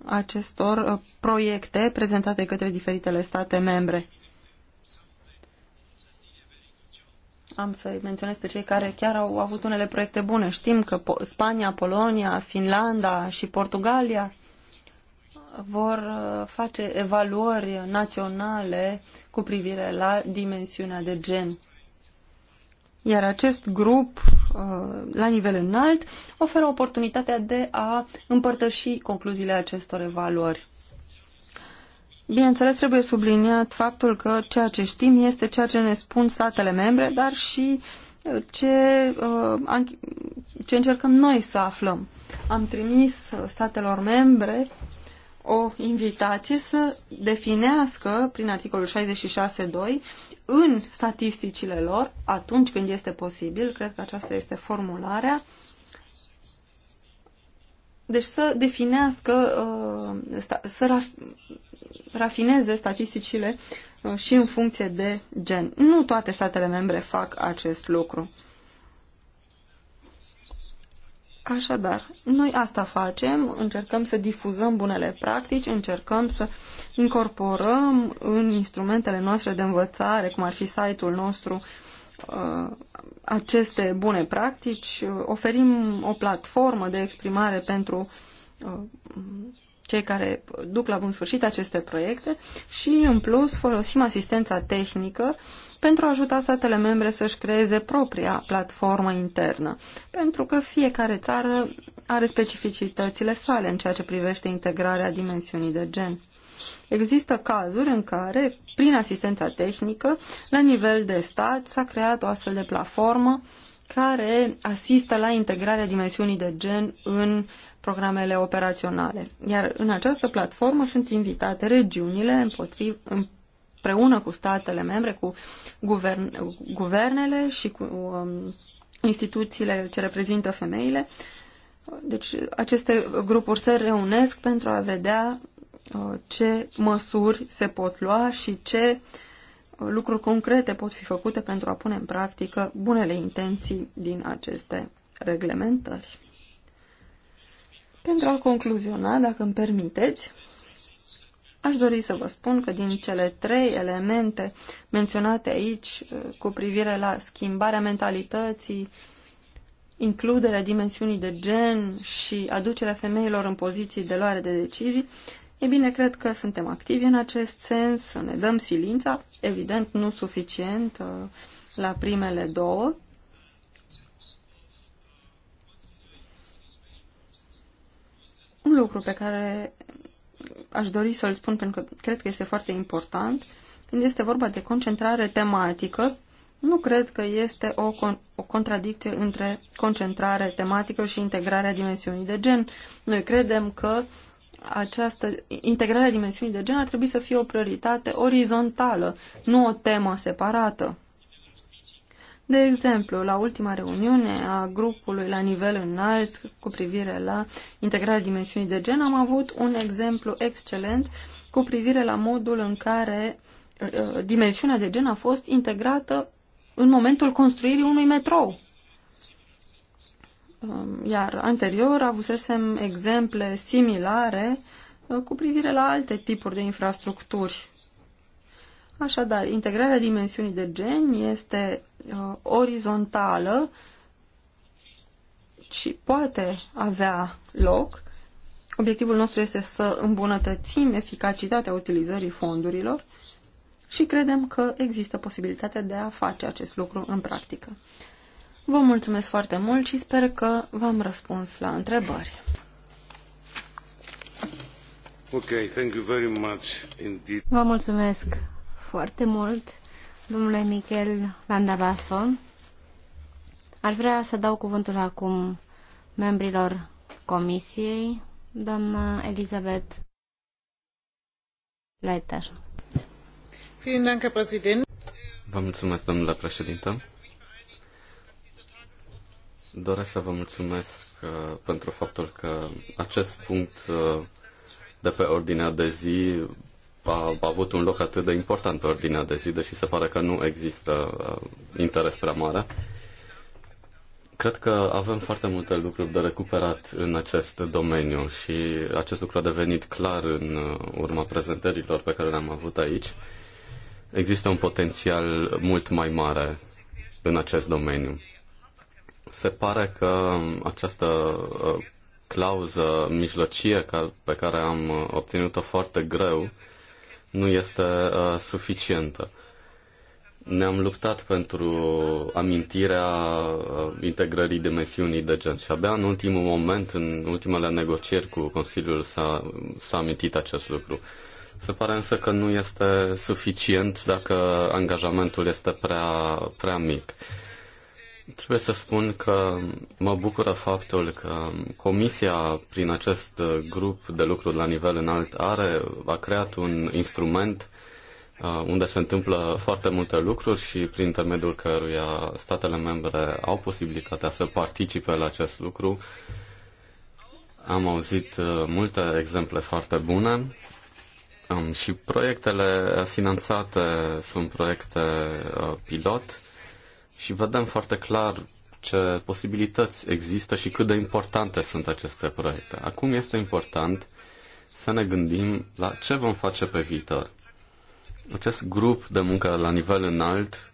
acestor uh, proiecte prezentate către diferitele state membre. Am să menționez pe cei care chiar au avut unele proiecte bune. Știm că Spania, Polonia, Finlanda și Portugalia vor uh, face evaluări naționale cu privire la dimensiunea de gen. Iar acest grup, uh, la nivel înalt, oferă oportunitatea de a împărtăși concluziile acestor evaluări. Bineînțeles, trebuie subliniat faptul că ceea ce știm este ceea ce ne spun statele membre, dar și uh, ce, uh, ce încercăm noi să aflăm. Am trimis uh, statelor membre o invitație să definească, prin articolul 66.2, în statisticile lor, atunci când este posibil, cred că aceasta este formularea, deci să definească, uh, să rafineze statisticile uh, și în funcție de gen. Nu toate statele membre fac acest lucru. Așadar, noi asta facem, încercăm să difuzăm bunele practici, încercăm să incorporăm în instrumentele noastre de învățare, cum ar fi site-ul nostru uh, Uh, aceste bune practici, uh, oferim o platformă de exprimare pentru uh, cei care duc la bun sfârșit aceste proiecte și, în plus, folosim asistența tehnică pentru a ajuta statele membre să-și creeze propria platformă internă, pentru că fiecare țară are specificitățile sale în ceea ce privește integrarea dimensiunii de gen. Există cazuri în care, prin asistența tehnică, la nivel de stat s-a creat o astfel de platformă care asistă la integrarea dimensiunii de gen în programele operaționale. Iar în această platformă sunt invitate regiunile împotriv, împreună cu statele membre, cu guvern, guvernele și cu um, instituțiile ce reprezintă femeile. Deci aceste grupuri se reunesc pentru a vedea Uh, ce măsuri se pot lua și ce uh, lucruri concrete pot fi făcute pentru a pune în practică bunele intenții din aceste reglementări. Pentru a concluziona, dacă îmi permiteți, aș dori să vă spun că din cele trei elemente menționate aici uh, cu privire la schimbarea mentalității, includerea dimensiunii de gen și aducerea femeilor în poziții de luare de decizii, E bine, cred că suntem activi în acest sens, ne dăm silința, evident nu suficient uh, la primele două. Un lucru pe care aș dori să-l spun pentru că cred că este foarte important, când este vorba de concentrare tematică, nu cred că este o, con o contradicție între concentrare tematică și integrarea dimensiunii de gen. Noi credem că uh, această integrare a dimensiunii de gen ar trebui să fie o prioritate orizontală, nu o temă separată. De exemplu, la ultima reuniune a grupului la nivel înalt cu privire la integrarea dimensiunii de gen, am avut un exemplu excelent cu privire la modul în care uh, uh, dimensiunea de gen a fost integrată în momentul construirii unui metrou. Um, iar anterior avusesem exemple similare uh, cu privire la alte tipuri de infrastructuri. Așadar, integrarea dimensiunii de gen este uh, orizontală și poate avea loc. Obiectivul nostru este să îmbunătățim eficacitatea utilizării fondurilor și credem că există posibilitatea de a face acest lucru în practică. Vă mulțumesc foarte mult și sper că v-am răspuns
la întrebări.
Okay, thank you very
much indeed.
Vă mulțumesc foarte mult, domnule Michel Landavaso. Ar vrea să dau cuvântul acum membrilor comisiei, doamna Elizabeth Leiter.
Vă mulțumesc, domnule președinte doresc să vă mulțumesc uh, pentru faptul că acest punct uh, de pe ordinea de zi a avut un loc atât de important pe ordinea de zi, deși se pare că nu există uh, interes prea mare. Cred că avem foarte multe lucruri de recuperat în acest domeniu și acest lucru a devenit clar în urma prezentărilor pe care le-am avut aici. Există un potențial mult mai mare în acest domeniu. Se pare că um, această uh, clauză mijlocie pe care am uh, obținut-o foarte greu nu este uh, suficientă. Ne-am luptat pentru amintirea integrării dimensiunii de gen și abia în ultimul moment, în ultimele negocieri cu Consiliul, s-a, s-a amintit acest lucru. Se pare însă că nu este suficient dacă angajamentul este prea, prea mic. Uh, Trebuie să spun că mă bucură faptul că Comisia, prin acest grup de lucru la nivel înalt, are, a creat un instrument uh, unde se întâmplă foarte multe lucruri și prin intermediul căruia statele membre au posibilitatea să participe la acest lucru. Am auzit uh, multe exemple foarte bune um, și proiectele finanțate sunt proiecte uh, pilot și vedem foarte clar ce posibilități există și cât de importante sunt aceste proiecte. Acum este important să ne gândim la ce vom face pe viitor. Acest grup de muncă la nivel înalt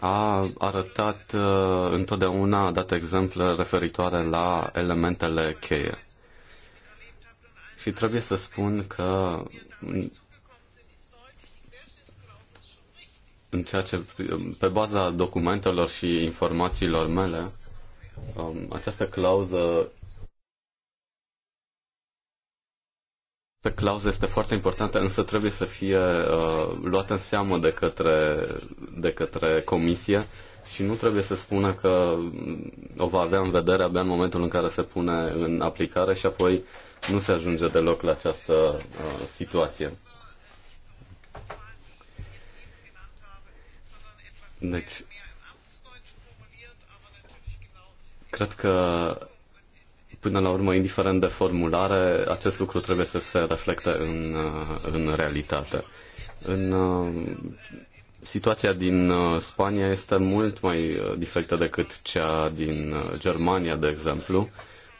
a arătat uh, întotdeauna, a dat exemple referitoare la elementele cheie. Și trebuie să spun că în ceea ce, pe baza documentelor și informațiilor mele, um, această clauză Această clauză este foarte importantă, însă trebuie să fie uh, luată în seamă de către, de către comisie și nu trebuie să spună că o va avea în vedere abia în momentul în care se pune în aplicare și apoi nu se ajunge deloc la această uh, situație. Deci, cred că până la urmă, indiferent de formulare, acest lucru trebuie să se reflecte în, în realitate. În uh, situația din uh, Spania este mult mai uh, diferită decât cea din Germania, de exemplu.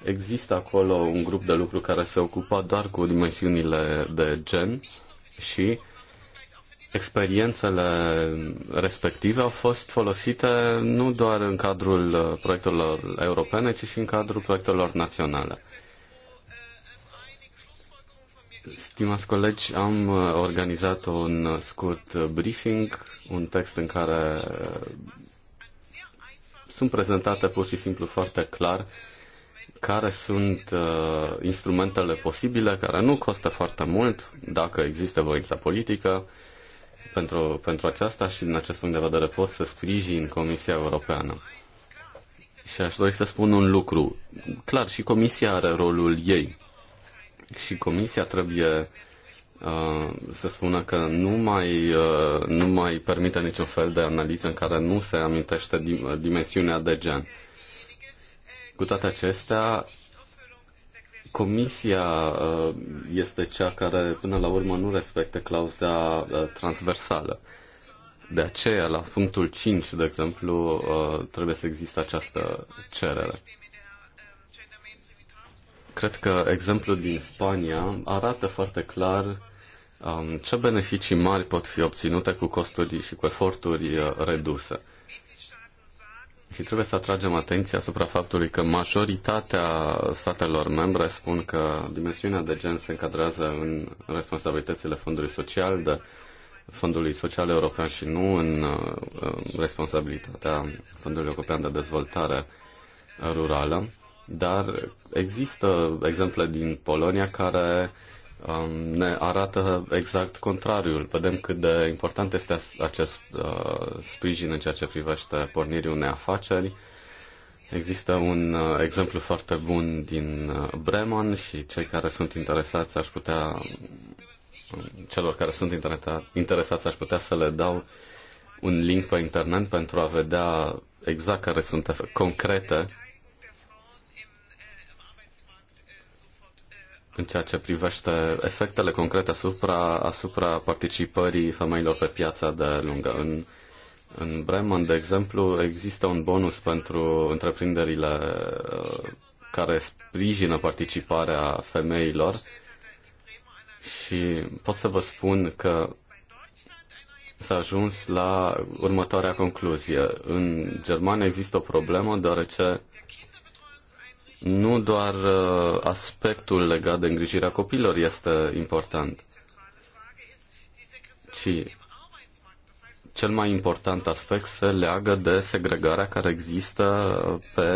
Există acolo un grup de lucru care se ocupa doar cu dimensiunile de gen și uh, experiențele respective au fost folosite nu doar în cadrul uh, proiectelor europene, ci și în cadrul proiectelor naționale. Stimați colegi, am uh, organizat un scurt briefing, un text în care uh, sunt prezentate pur și simplu foarte clar care sunt uh, instrumentele posibile, care nu costă foarte mult, dacă există voința politică, uh, pentru, pentru aceasta și din acest punct de vedere pot să sprijin Comisia Europeană. Și aș dori să spun un lucru. Clar, și Comisia are rolul ei. Și Comisia trebuie uh, să spună că nu mai, uh, nu mai permite niciun fel de analiză în care nu se amintește dim- dimensiunea de gen. Cu toate acestea, Comisia uh, este cea care, până la urmă, nu respectă clauza uh, transversală. De aceea, la punctul 5, de exemplu, uh, trebuie să existe această cerere. Cred că exemplul din Spania arată foarte clar um, ce beneficii mari pot fi obținute cu costuri și cu eforturi reduse. Și trebuie să atragem atenția asupra faptului că majoritatea statelor membre spun că dimensiunea de gen se încadrează în responsabilitățile fondului social, de fondului social european și nu în uh, responsabilitatea fondului european de dezvoltare rurală. Dar există exemple din Polonia care uh, ne arată exact contrariul. Vedem cât de important este acest uh, sprijin în ceea ce privește pornirii unei afaceri. Există un uh, exemplu foarte bun din uh, Bremen și cei care sunt interesați aș putea celor care sunt interesați aș putea să le dau un link pe internet pentru a vedea exact care sunt efect, concrete în ceea ce privește efectele concrete asupra, asupra participării femeilor pe piața de lungă. În, în Bremen, de exemplu, există un bonus pentru întreprinderile uh, care sprijină participarea femeilor și pot să vă spun că s-a ajuns la următoarea concluzie. În Germania există o problemă deoarece nu doar uh, aspectul legat de îngrijirea copilor este important, ci cel mai important aspect se leagă de segregarea care există pe,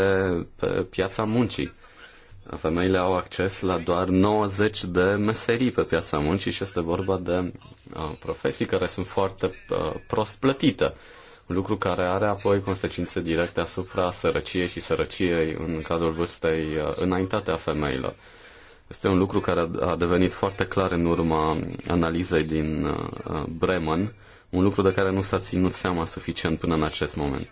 pe piața muncii. Femeile au acces la doar 90 de meserii pe piața muncii și este vorba de uh, profesii care sunt foarte uh, prost plătite. Uh, lucru care are apoi consecințe directe asupra sărăciei și sărăciei în cadrul vârstei uh, înaintate a femeilor. Este un lucru care a devenit foarte clar în urma analizei din uh, Bremen, un lucru de care nu s-a ținut seama suficient până în acest moment.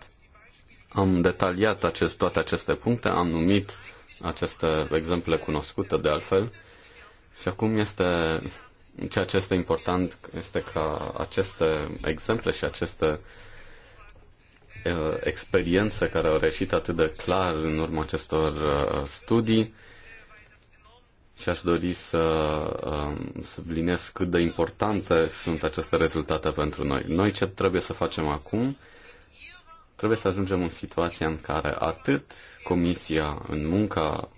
Am detaliat acest, toate aceste puncte, am numit aceste exemple cunoscute de altfel și acum este ceea ce este important este ca aceste exemple și aceste Uh, experiență care au reșit atât de clar în urma acestor uh, studii și aș dori să um, subliniez cât de importante sunt aceste rezultate pentru noi. Noi ce trebuie să facem acum? Trebuie să ajungem în situația în care atât Comisia în munca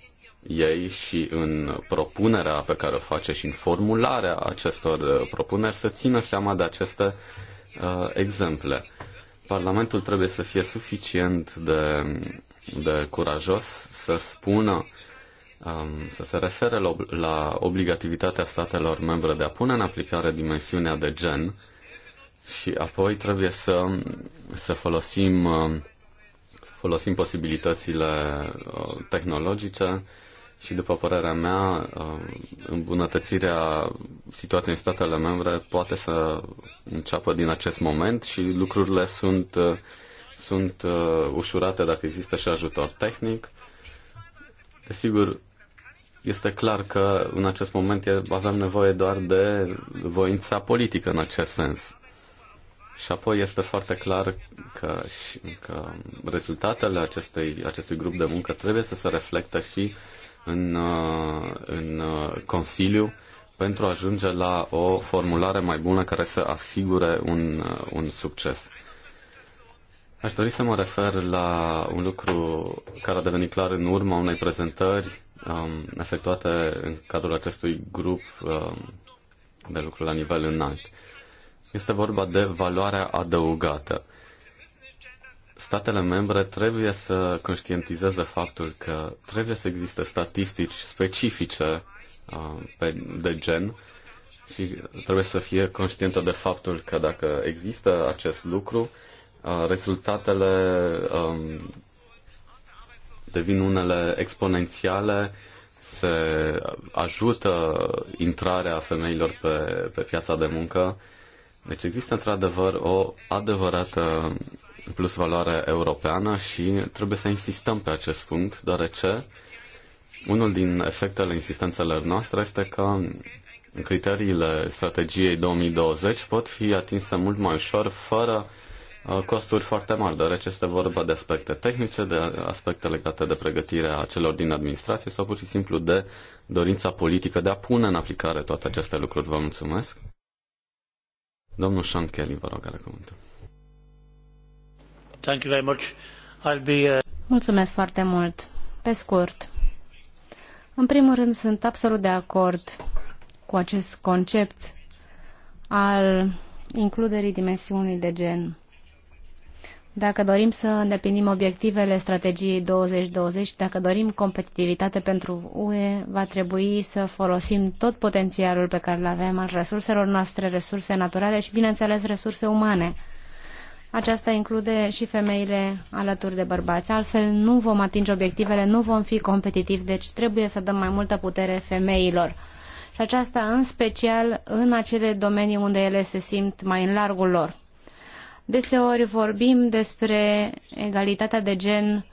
ei și în propunerea pe care o face și în formularea acestor uh, propuneri să țină seama de aceste uh, exemple. Parlamentul trebuie să fie suficient de, de curajos să spună, um, să se refere la, la obligativitatea statelor membre de a pune în aplicare dimensiunea de gen și apoi trebuie să, să folosim, um, să folosim posibilitățile uh, tehnologice și după părerea mea, um, îmbunătățirea situației în statele membre poate să înceapă din acest moment și lucrurile sunt, uh, sunt uh, ușurate dacă există și ajutor tehnic. Desigur, este clar că în acest moment avem nevoie doar de voința politică în acest sens. Și apoi este foarte clar că, că rezultatele acestei, acestui grup de muncă trebuie să se reflectă și în, uh, în uh, Consiliu pentru a ajunge la o formulare mai bună care să asigure un, uh, un succes. Aș dori să mă refer la un lucru care a devenit clar în urma unei prezentări um, efectuate în cadrul acestui grup um, de lucru la nivel înalt. Este vorba de valoarea adăugată statele membre trebuie să conștientizeze faptul că trebuie să existe statistici specifice uh, de gen și trebuie să fie conștientă de faptul că dacă există acest lucru, uh, rezultatele um, devin unele exponențiale, se ajută intrarea femeilor pe, pe piața de muncă. Deci există într-adevăr o adevărată plus valoare europeană și trebuie să insistăm pe acest punct, deoarece unul din efectele insistențelor noastre este că criteriile strategiei 2020 pot fi atinse mult mai ușor fără uh, costuri foarte mari, deoarece este vorba de aspecte tehnice, de aspecte legate de pregătirea celor din administrație sau pur și simplu de dorința politică de a pune în aplicare toate aceste lucruri. Vă mulțumesc. Domnul Sean Kelly, vă rog, are cuvântul. Uh,
Mulțumesc foarte mult. Pe scurt. În primul rând, sunt absolut de acord cu acest concept al includerii dimensiunii de gen. Dacă dorim să îndeplinim obiectivele strategiei 2020, dacă dorim competitivitate pentru UE, va trebui să folosim tot potențialul pe care îl avem al resurselor noastre, resurse naturale și, bineînțeles, resurse umane. Aceasta include și femeile alături de bărbați. Altfel nu vom atinge obiectivele, nu vom fi competitivi, deci trebuie să dăm mai multă putere femeilor. Și aceasta în special în acele domenii unde ele se simt mai în largul lor. Deseori vorbim despre egalitatea de gen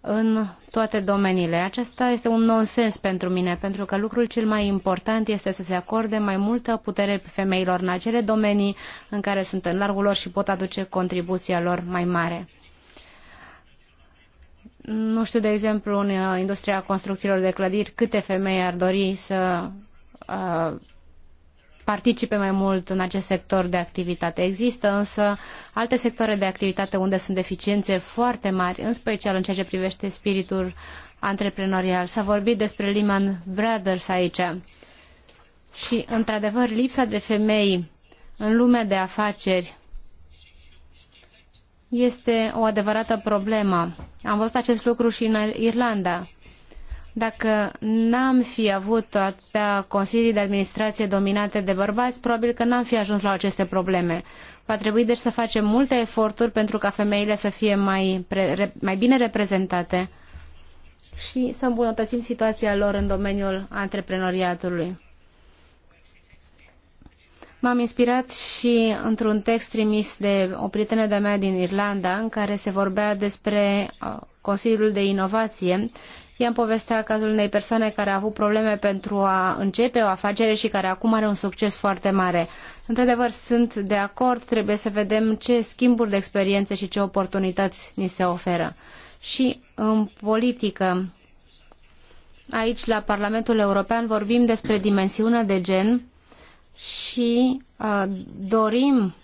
în toate domeniile. Acesta este un nonsens pentru mine, pentru că lucrul cel mai important este să se acorde mai multă putere femeilor în acele domenii în care sunt în largul lor și pot aduce contribuția lor mai mare. Nu știu, de exemplu, în uh, industria construcțiilor de clădiri, câte femei ar dori să uh, participe mai mult în acest sector de activitate. Există însă alte sectoare de activitate unde sunt deficiențe foarte mari, în special în ceea ce privește spiritul antreprenorial. S-a vorbit despre Lehman Brothers aici. Și, într-adevăr, lipsa de femei în lumea de afaceri este o adevărată problemă. Am văzut acest lucru și în Irlanda. Dacă n-am fi avut atâtea consilii de administrație dominate de bărbați, probabil că n-am fi ajuns la aceste probleme. Va trebui deci să facem multe eforturi pentru ca femeile să fie mai, pre, mai bine reprezentate și să îmbunătățim situația lor în domeniul antreprenoriatului. M-am inspirat și într-un text trimis de o prietenă de-a mea din Irlanda, în care se vorbea despre uh, Consiliul de Inovație I-am povestea cazul unei persoane care a avut probleme pentru a începe o afacere și care acum are un succes foarte mare. Într-adevăr, sunt de acord, trebuie să vedem ce schimburi de experiențe și ce oportunități ni se oferă. Și în politică, aici la Parlamentul European vorbim despre dimensiunea de gen și uh, dorim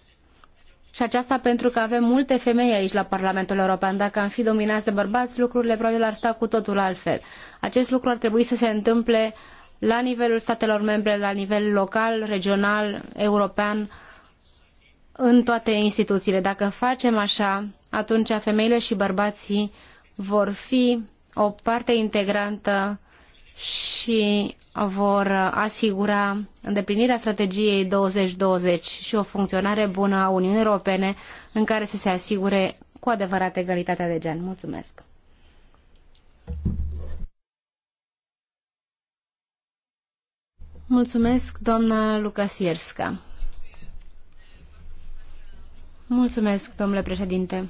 și aceasta pentru că avem multe femei aici la Parlamentul European. Dacă am fi dominați de bărbați, lucrurile probabil ar sta cu totul altfel. Acest lucru ar trebui să se întâmple la nivelul statelor membre, la nivel local, regional, european, în toate instituțiile. Dacă facem așa, atunci femeile și bărbații vor fi o parte integrantă și vor asigura îndeplinirea strategiei 2020 și o funcționare bună a Uniunii Europene în care să se asigure cu adevărat egalitatea de gen. Mulțumesc! Mulțumesc, doamna Lucasierska. Mulțumesc, domnule președinte.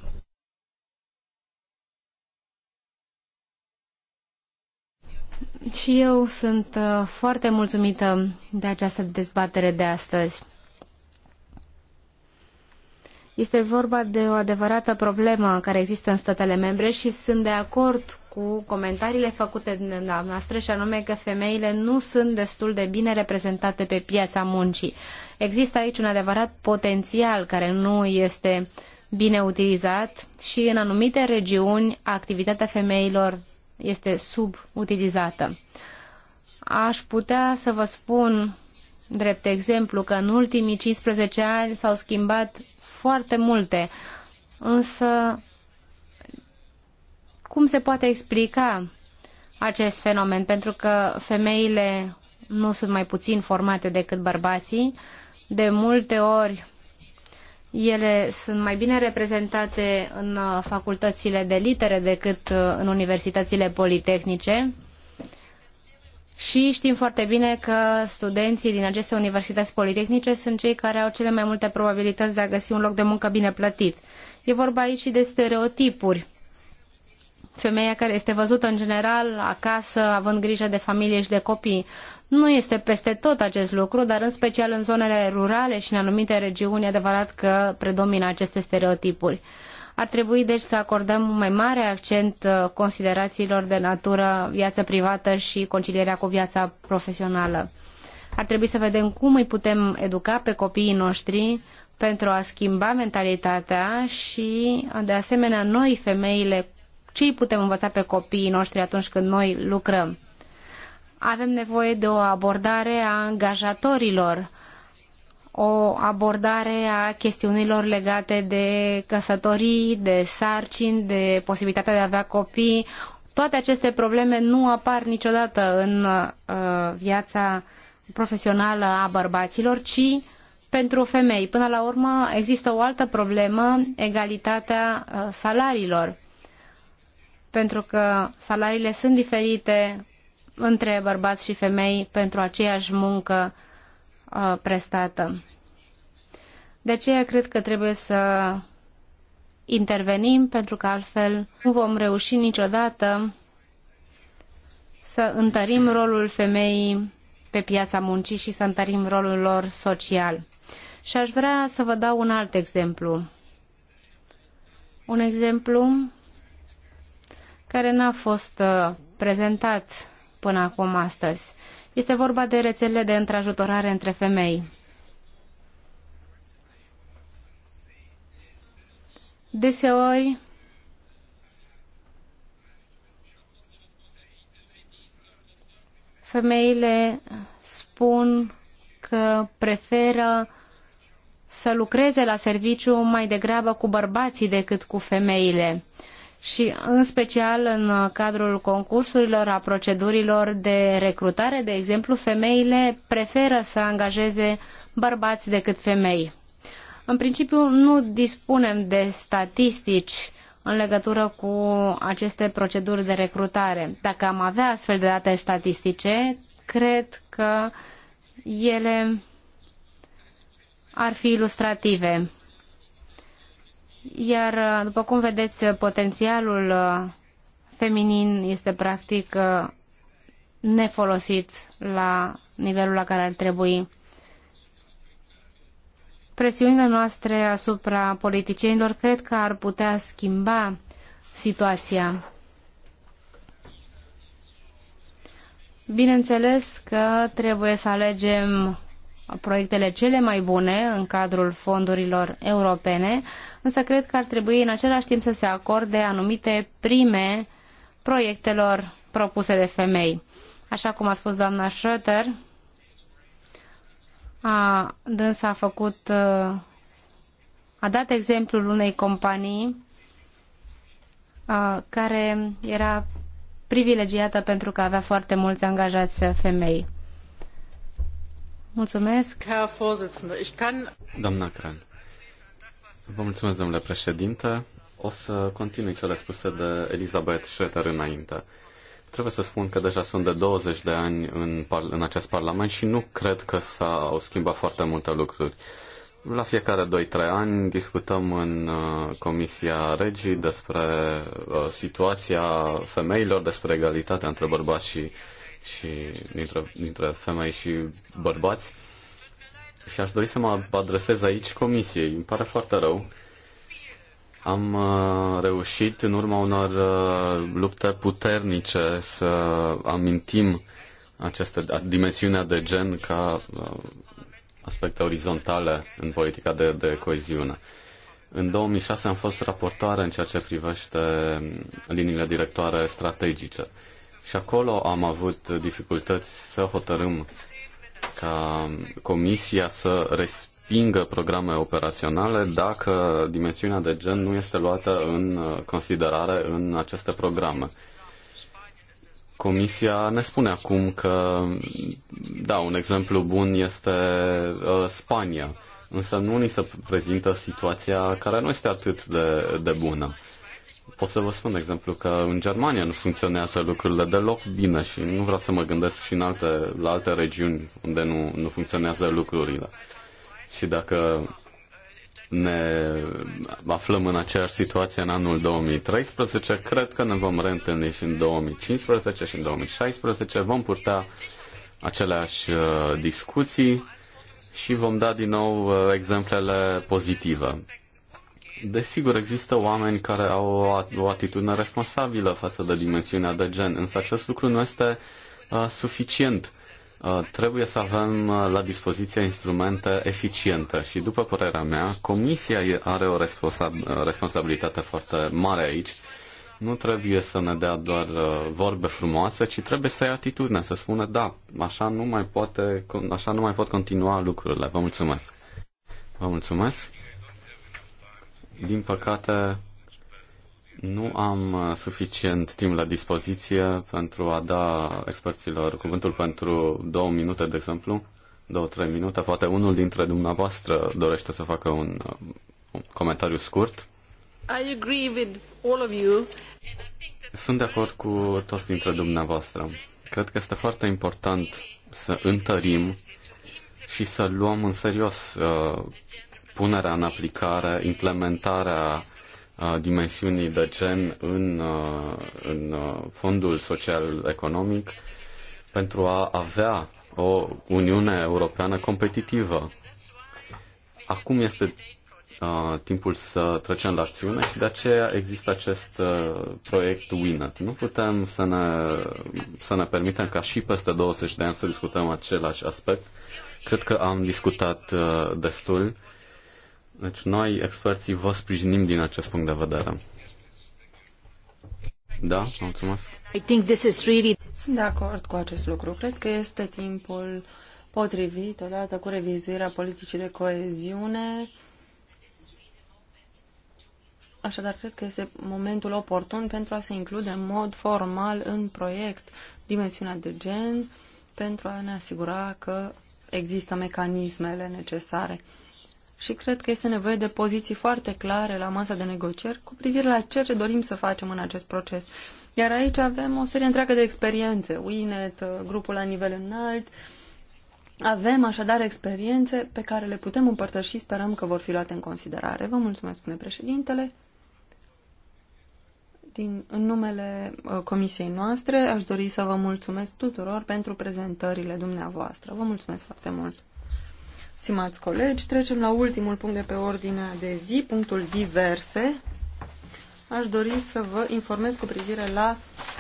și deci eu sunt uh, foarte mulțumită de această dezbatere de astăzi. Este vorba de o adevărată problemă care există în statele membre și sunt de acord cu comentariile făcute din noastră și anume că femeile nu sunt destul de bine reprezentate pe piața muncii. Există aici un adevărat potențial care nu este bine utilizat și în anumite regiuni activitatea femeilor este subutilizată. Aș putea să vă spun, drept exemplu, că în ultimii 15 ani s-au schimbat foarte multe, însă cum se poate explica acest fenomen? Pentru că femeile nu sunt mai puțin formate decât bărbații, de multe ori ele sunt mai bine reprezentate în uh, facultățile de litere decât uh, în universitățile politehnice. Și știm foarte bine că studenții din aceste universități politehnice sunt cei care au cele mai multe probabilități de a găsi un loc de muncă bine plătit. E vorba aici și de stereotipuri femeia care este văzută în general acasă, având grijă de familie și de copii. Nu este peste tot acest lucru, dar în special în zonele rurale și în anumite regiuni, adevărat că predomină aceste stereotipuri. Ar trebui deci să acordăm un mai mare accent uh, considerațiilor de natură, viață privată și concilierea cu viața profesională. Ar trebui să vedem cum îi putem educa pe copiii noștri pentru a schimba mentalitatea și, de asemenea, noi, femeile ce îi putem învăța pe copiii noștri atunci când noi lucrăm. Avem nevoie de o abordare a angajatorilor, o abordare a chestiunilor legate de căsătorii, de sarcini, de posibilitatea de a avea copii. Toate aceste probleme nu apar niciodată în uh, viața profesională a bărbaților, ci pentru femei. Până la urmă există o altă problemă, egalitatea uh, salariilor pentru că salariile sunt diferite între bărbați și femei pentru aceeași muncă uh, prestată. De aceea cred că trebuie să intervenim, pentru că altfel nu vom reuși niciodată să întărim rolul femeii pe piața muncii și să întărim rolul lor social. Și aș vrea să vă dau un alt exemplu. Un exemplu care n-a fost uh, prezentat până acum astăzi. Este vorba de rețelele de întrajutorare între femei. Deseori, femeile spun că preferă să lucreze la serviciu mai degrabă cu bărbații decât cu femeile și în special în cadrul concursurilor, a procedurilor de recrutare, de exemplu, femeile preferă să angajeze bărbați decât femei. În principiu, nu dispunem de statistici în legătură cu aceste proceduri de recrutare. Dacă am avea astfel de date statistice, cred că ele ar fi ilustrative. Iar, uh, după cum vedeți, uh, potențialul uh, feminin este practic nefolosit la nivelul la care ar trebui. Presiunile noastre asupra politicienilor cred că ar putea schimba situația. Bineînțeles că trebuie să alegem proiectele cele mai bune în cadrul fondurilor europene, însă cred că ar trebui în același timp să se acorde anumite prime proiectelor propuse de femei. Așa cum a spus doamna Schröter, a, dânsa a făcut, uh, a dat exemplul unei companii a, uh, care era privilegiată pentru că avea foarte mulți angajați femei.
Doamna Cran. Vă mulțumesc, domnule președinte. O să continui cele spuse de Elizabeth Schroeder înainte. Trebuie să spun că deja sunt de 20 de ani în, par- în acest parlament și nu cred că s-au schimbat foarte multe lucruri. La fiecare 2-3 ani discutăm în uh, Comisia Regii despre uh, situația femeilor, despre egalitatea între bărbați și și dintre, dintre femei și bărbați. Și aș dori să mă adresez aici comisiei. Îmi pare foarte rău. Am uh, reușit în urma unor uh, lupte puternice să amintim această dimensiunea de gen ca uh, aspecte orizontale în politica de, de coeziune. În 2006 am fost raportoare în ceea ce privește um, liniile directoare strategice. Și acolo am avut dificultăți să hotărâm ca Comisia să respingă programe operaționale dacă dimensiunea de gen nu este luată în considerare în aceste programe. Comisia ne spune acum că, da, un exemplu bun este uh, Spania, însă nu ni se prezintă situația care nu este atât de, de bună pot să vă spun, de exemplu, că în Germania nu funcționează lucrurile deloc bine și nu vreau să mă gândesc și în alte, la alte regiuni unde nu, nu funcționează lucrurile. Și dacă ne aflăm în aceeași situație în anul 2013, cred că ne vom reîntâlni și în 2015 și în 2016, vom purta aceleași uh, discuții și vom da din nou uh, exemplele pozitive. Desigur, există oameni care au o atitudine responsabilă față de dimensiunea de gen, însă acest lucru nu este uh, suficient. Uh, trebuie să avem uh, la dispoziție instrumente eficiente și, după părerea mea, Comisia are o responsab- uh, responsabilitate foarte mare aici. Nu trebuie să ne dea doar uh, vorbe frumoase, ci trebuie să ai atitudine, să spună da, așa nu mai, poate, așa nu mai pot continua lucrurile. Vă mulțumesc. Vă mulțumesc. Din păcate, nu am uh, suficient timp la dispoziție pentru a da experților cuvântul pentru două minute, de exemplu, două, trei minute. Poate unul dintre dumneavoastră dorește să facă un, uh, un comentariu scurt.
I agree with all of you.
Sunt de acord cu toți dintre dumneavoastră. Cred că este foarte important să întărim și să luăm în serios uh, punerea în aplicare, implementarea uh, dimensiunii de gen în, uh, în uh, fondul social-economic pentru a avea o Uniune Europeană competitivă. Acum este uh, timpul să trecem la acțiune și de aceea există acest uh, proiect WINET. Nu putem să ne, să ne permitem ca și peste 20 de ani să discutăm același aspect. Cred că am discutat uh, destul deci noi, experții, vă sprijinim din acest punct de vedere. Da, mulțumesc.
I think this is
really... Sunt de acord cu acest lucru. Cred că este timpul potrivit, odată cu revizuirea politicii de coeziune. Așadar, cred că este momentul oportun pentru a se include în mod formal în proiect dimensiunea de gen, pentru a ne asigura că există mecanismele necesare și cred că este nevoie de poziții foarte clare la masa de negocieri cu privire la ceea ce dorim să facem în acest proces. Iar aici avem o serie întreagă de experiențe, UINET, uh, grupul la nivel înalt. Avem așadar experiențe pe care le putem împărtăși și sperăm că vor fi luate în considerare. Vă mulțumesc, spune președintele. Din, în numele uh, comisiei noastre aș dori să vă mulțumesc tuturor pentru prezentările dumneavoastră. Vă mulțumesc foarte mult! Stimați colegi, trecem la ultimul punct de pe ordinea de zi, punctul diverse. Aș dori să vă informez cu privire la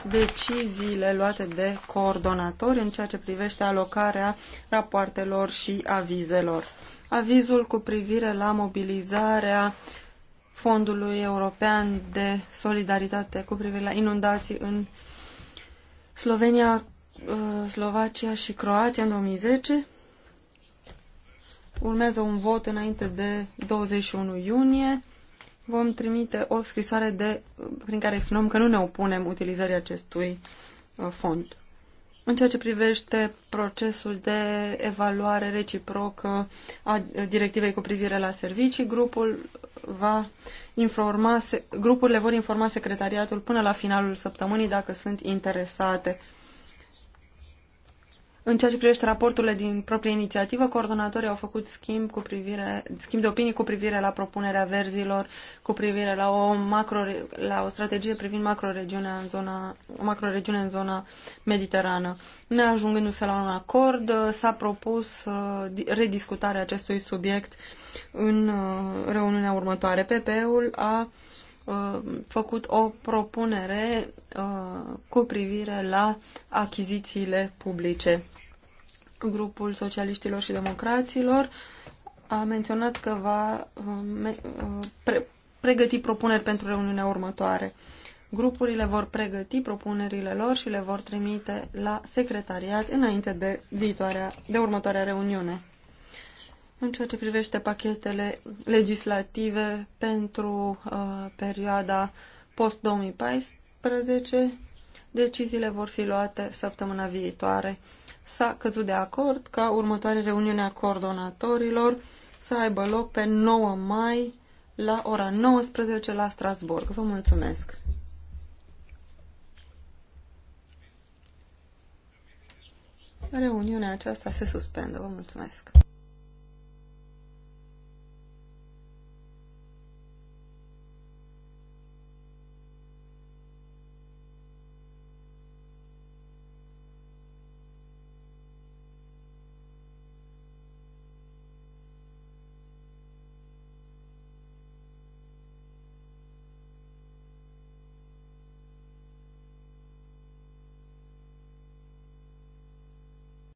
deciziile luate de coordonatori în ceea ce privește alocarea rapoartelor și avizelor. Avizul cu privire la mobilizarea Fondului European de Solidaritate cu privire la inundații în Slovenia, uh, Slovacia și Croația în 2010 urmează un vot înainte de 21 iunie. Vom trimite o scrisoare de, prin care spunem că nu ne opunem utilizării acestui uh, fond. În ceea ce privește procesul de evaluare reciprocă a uh, directivei cu privire la servicii, grupul va informa, grupurile vor informa secretariatul până la finalul săptămânii dacă sunt interesate. În ceea ce privește raporturile din proprie inițiativă, coordonatorii au făcut schimb, cu privire, schimb de opinii cu privire la propunerea verzilor, cu privire la o, macro, la o strategie privind macroregiunea în zona, macroregiune în zona mediterană. Neajungându-se la un acord, s-a propus uh, rediscutarea acestui subiect în uh, reuniunea următoare. PP-ul a uh, făcut o propunere uh, cu privire la achizițiile publice grupul socialiștilor și democraților a menționat că va uh, uh, pre pregăti propuneri pentru reuniunea următoare. Grupurile vor pregăti propunerile lor și le vor trimite la secretariat înainte de, viitoarea, de următoarea reuniune. În ceea ce privește pachetele legislative pentru uh, perioada post-2014, deciziile vor fi luate săptămâna viitoare s-a căzut de acord ca următoarea reuniune a coordonatorilor să aibă loc pe 9 mai la ora 19 la Strasburg. Vă mulțumesc! Reuniunea aceasta se suspendă. Vă mulțumesc!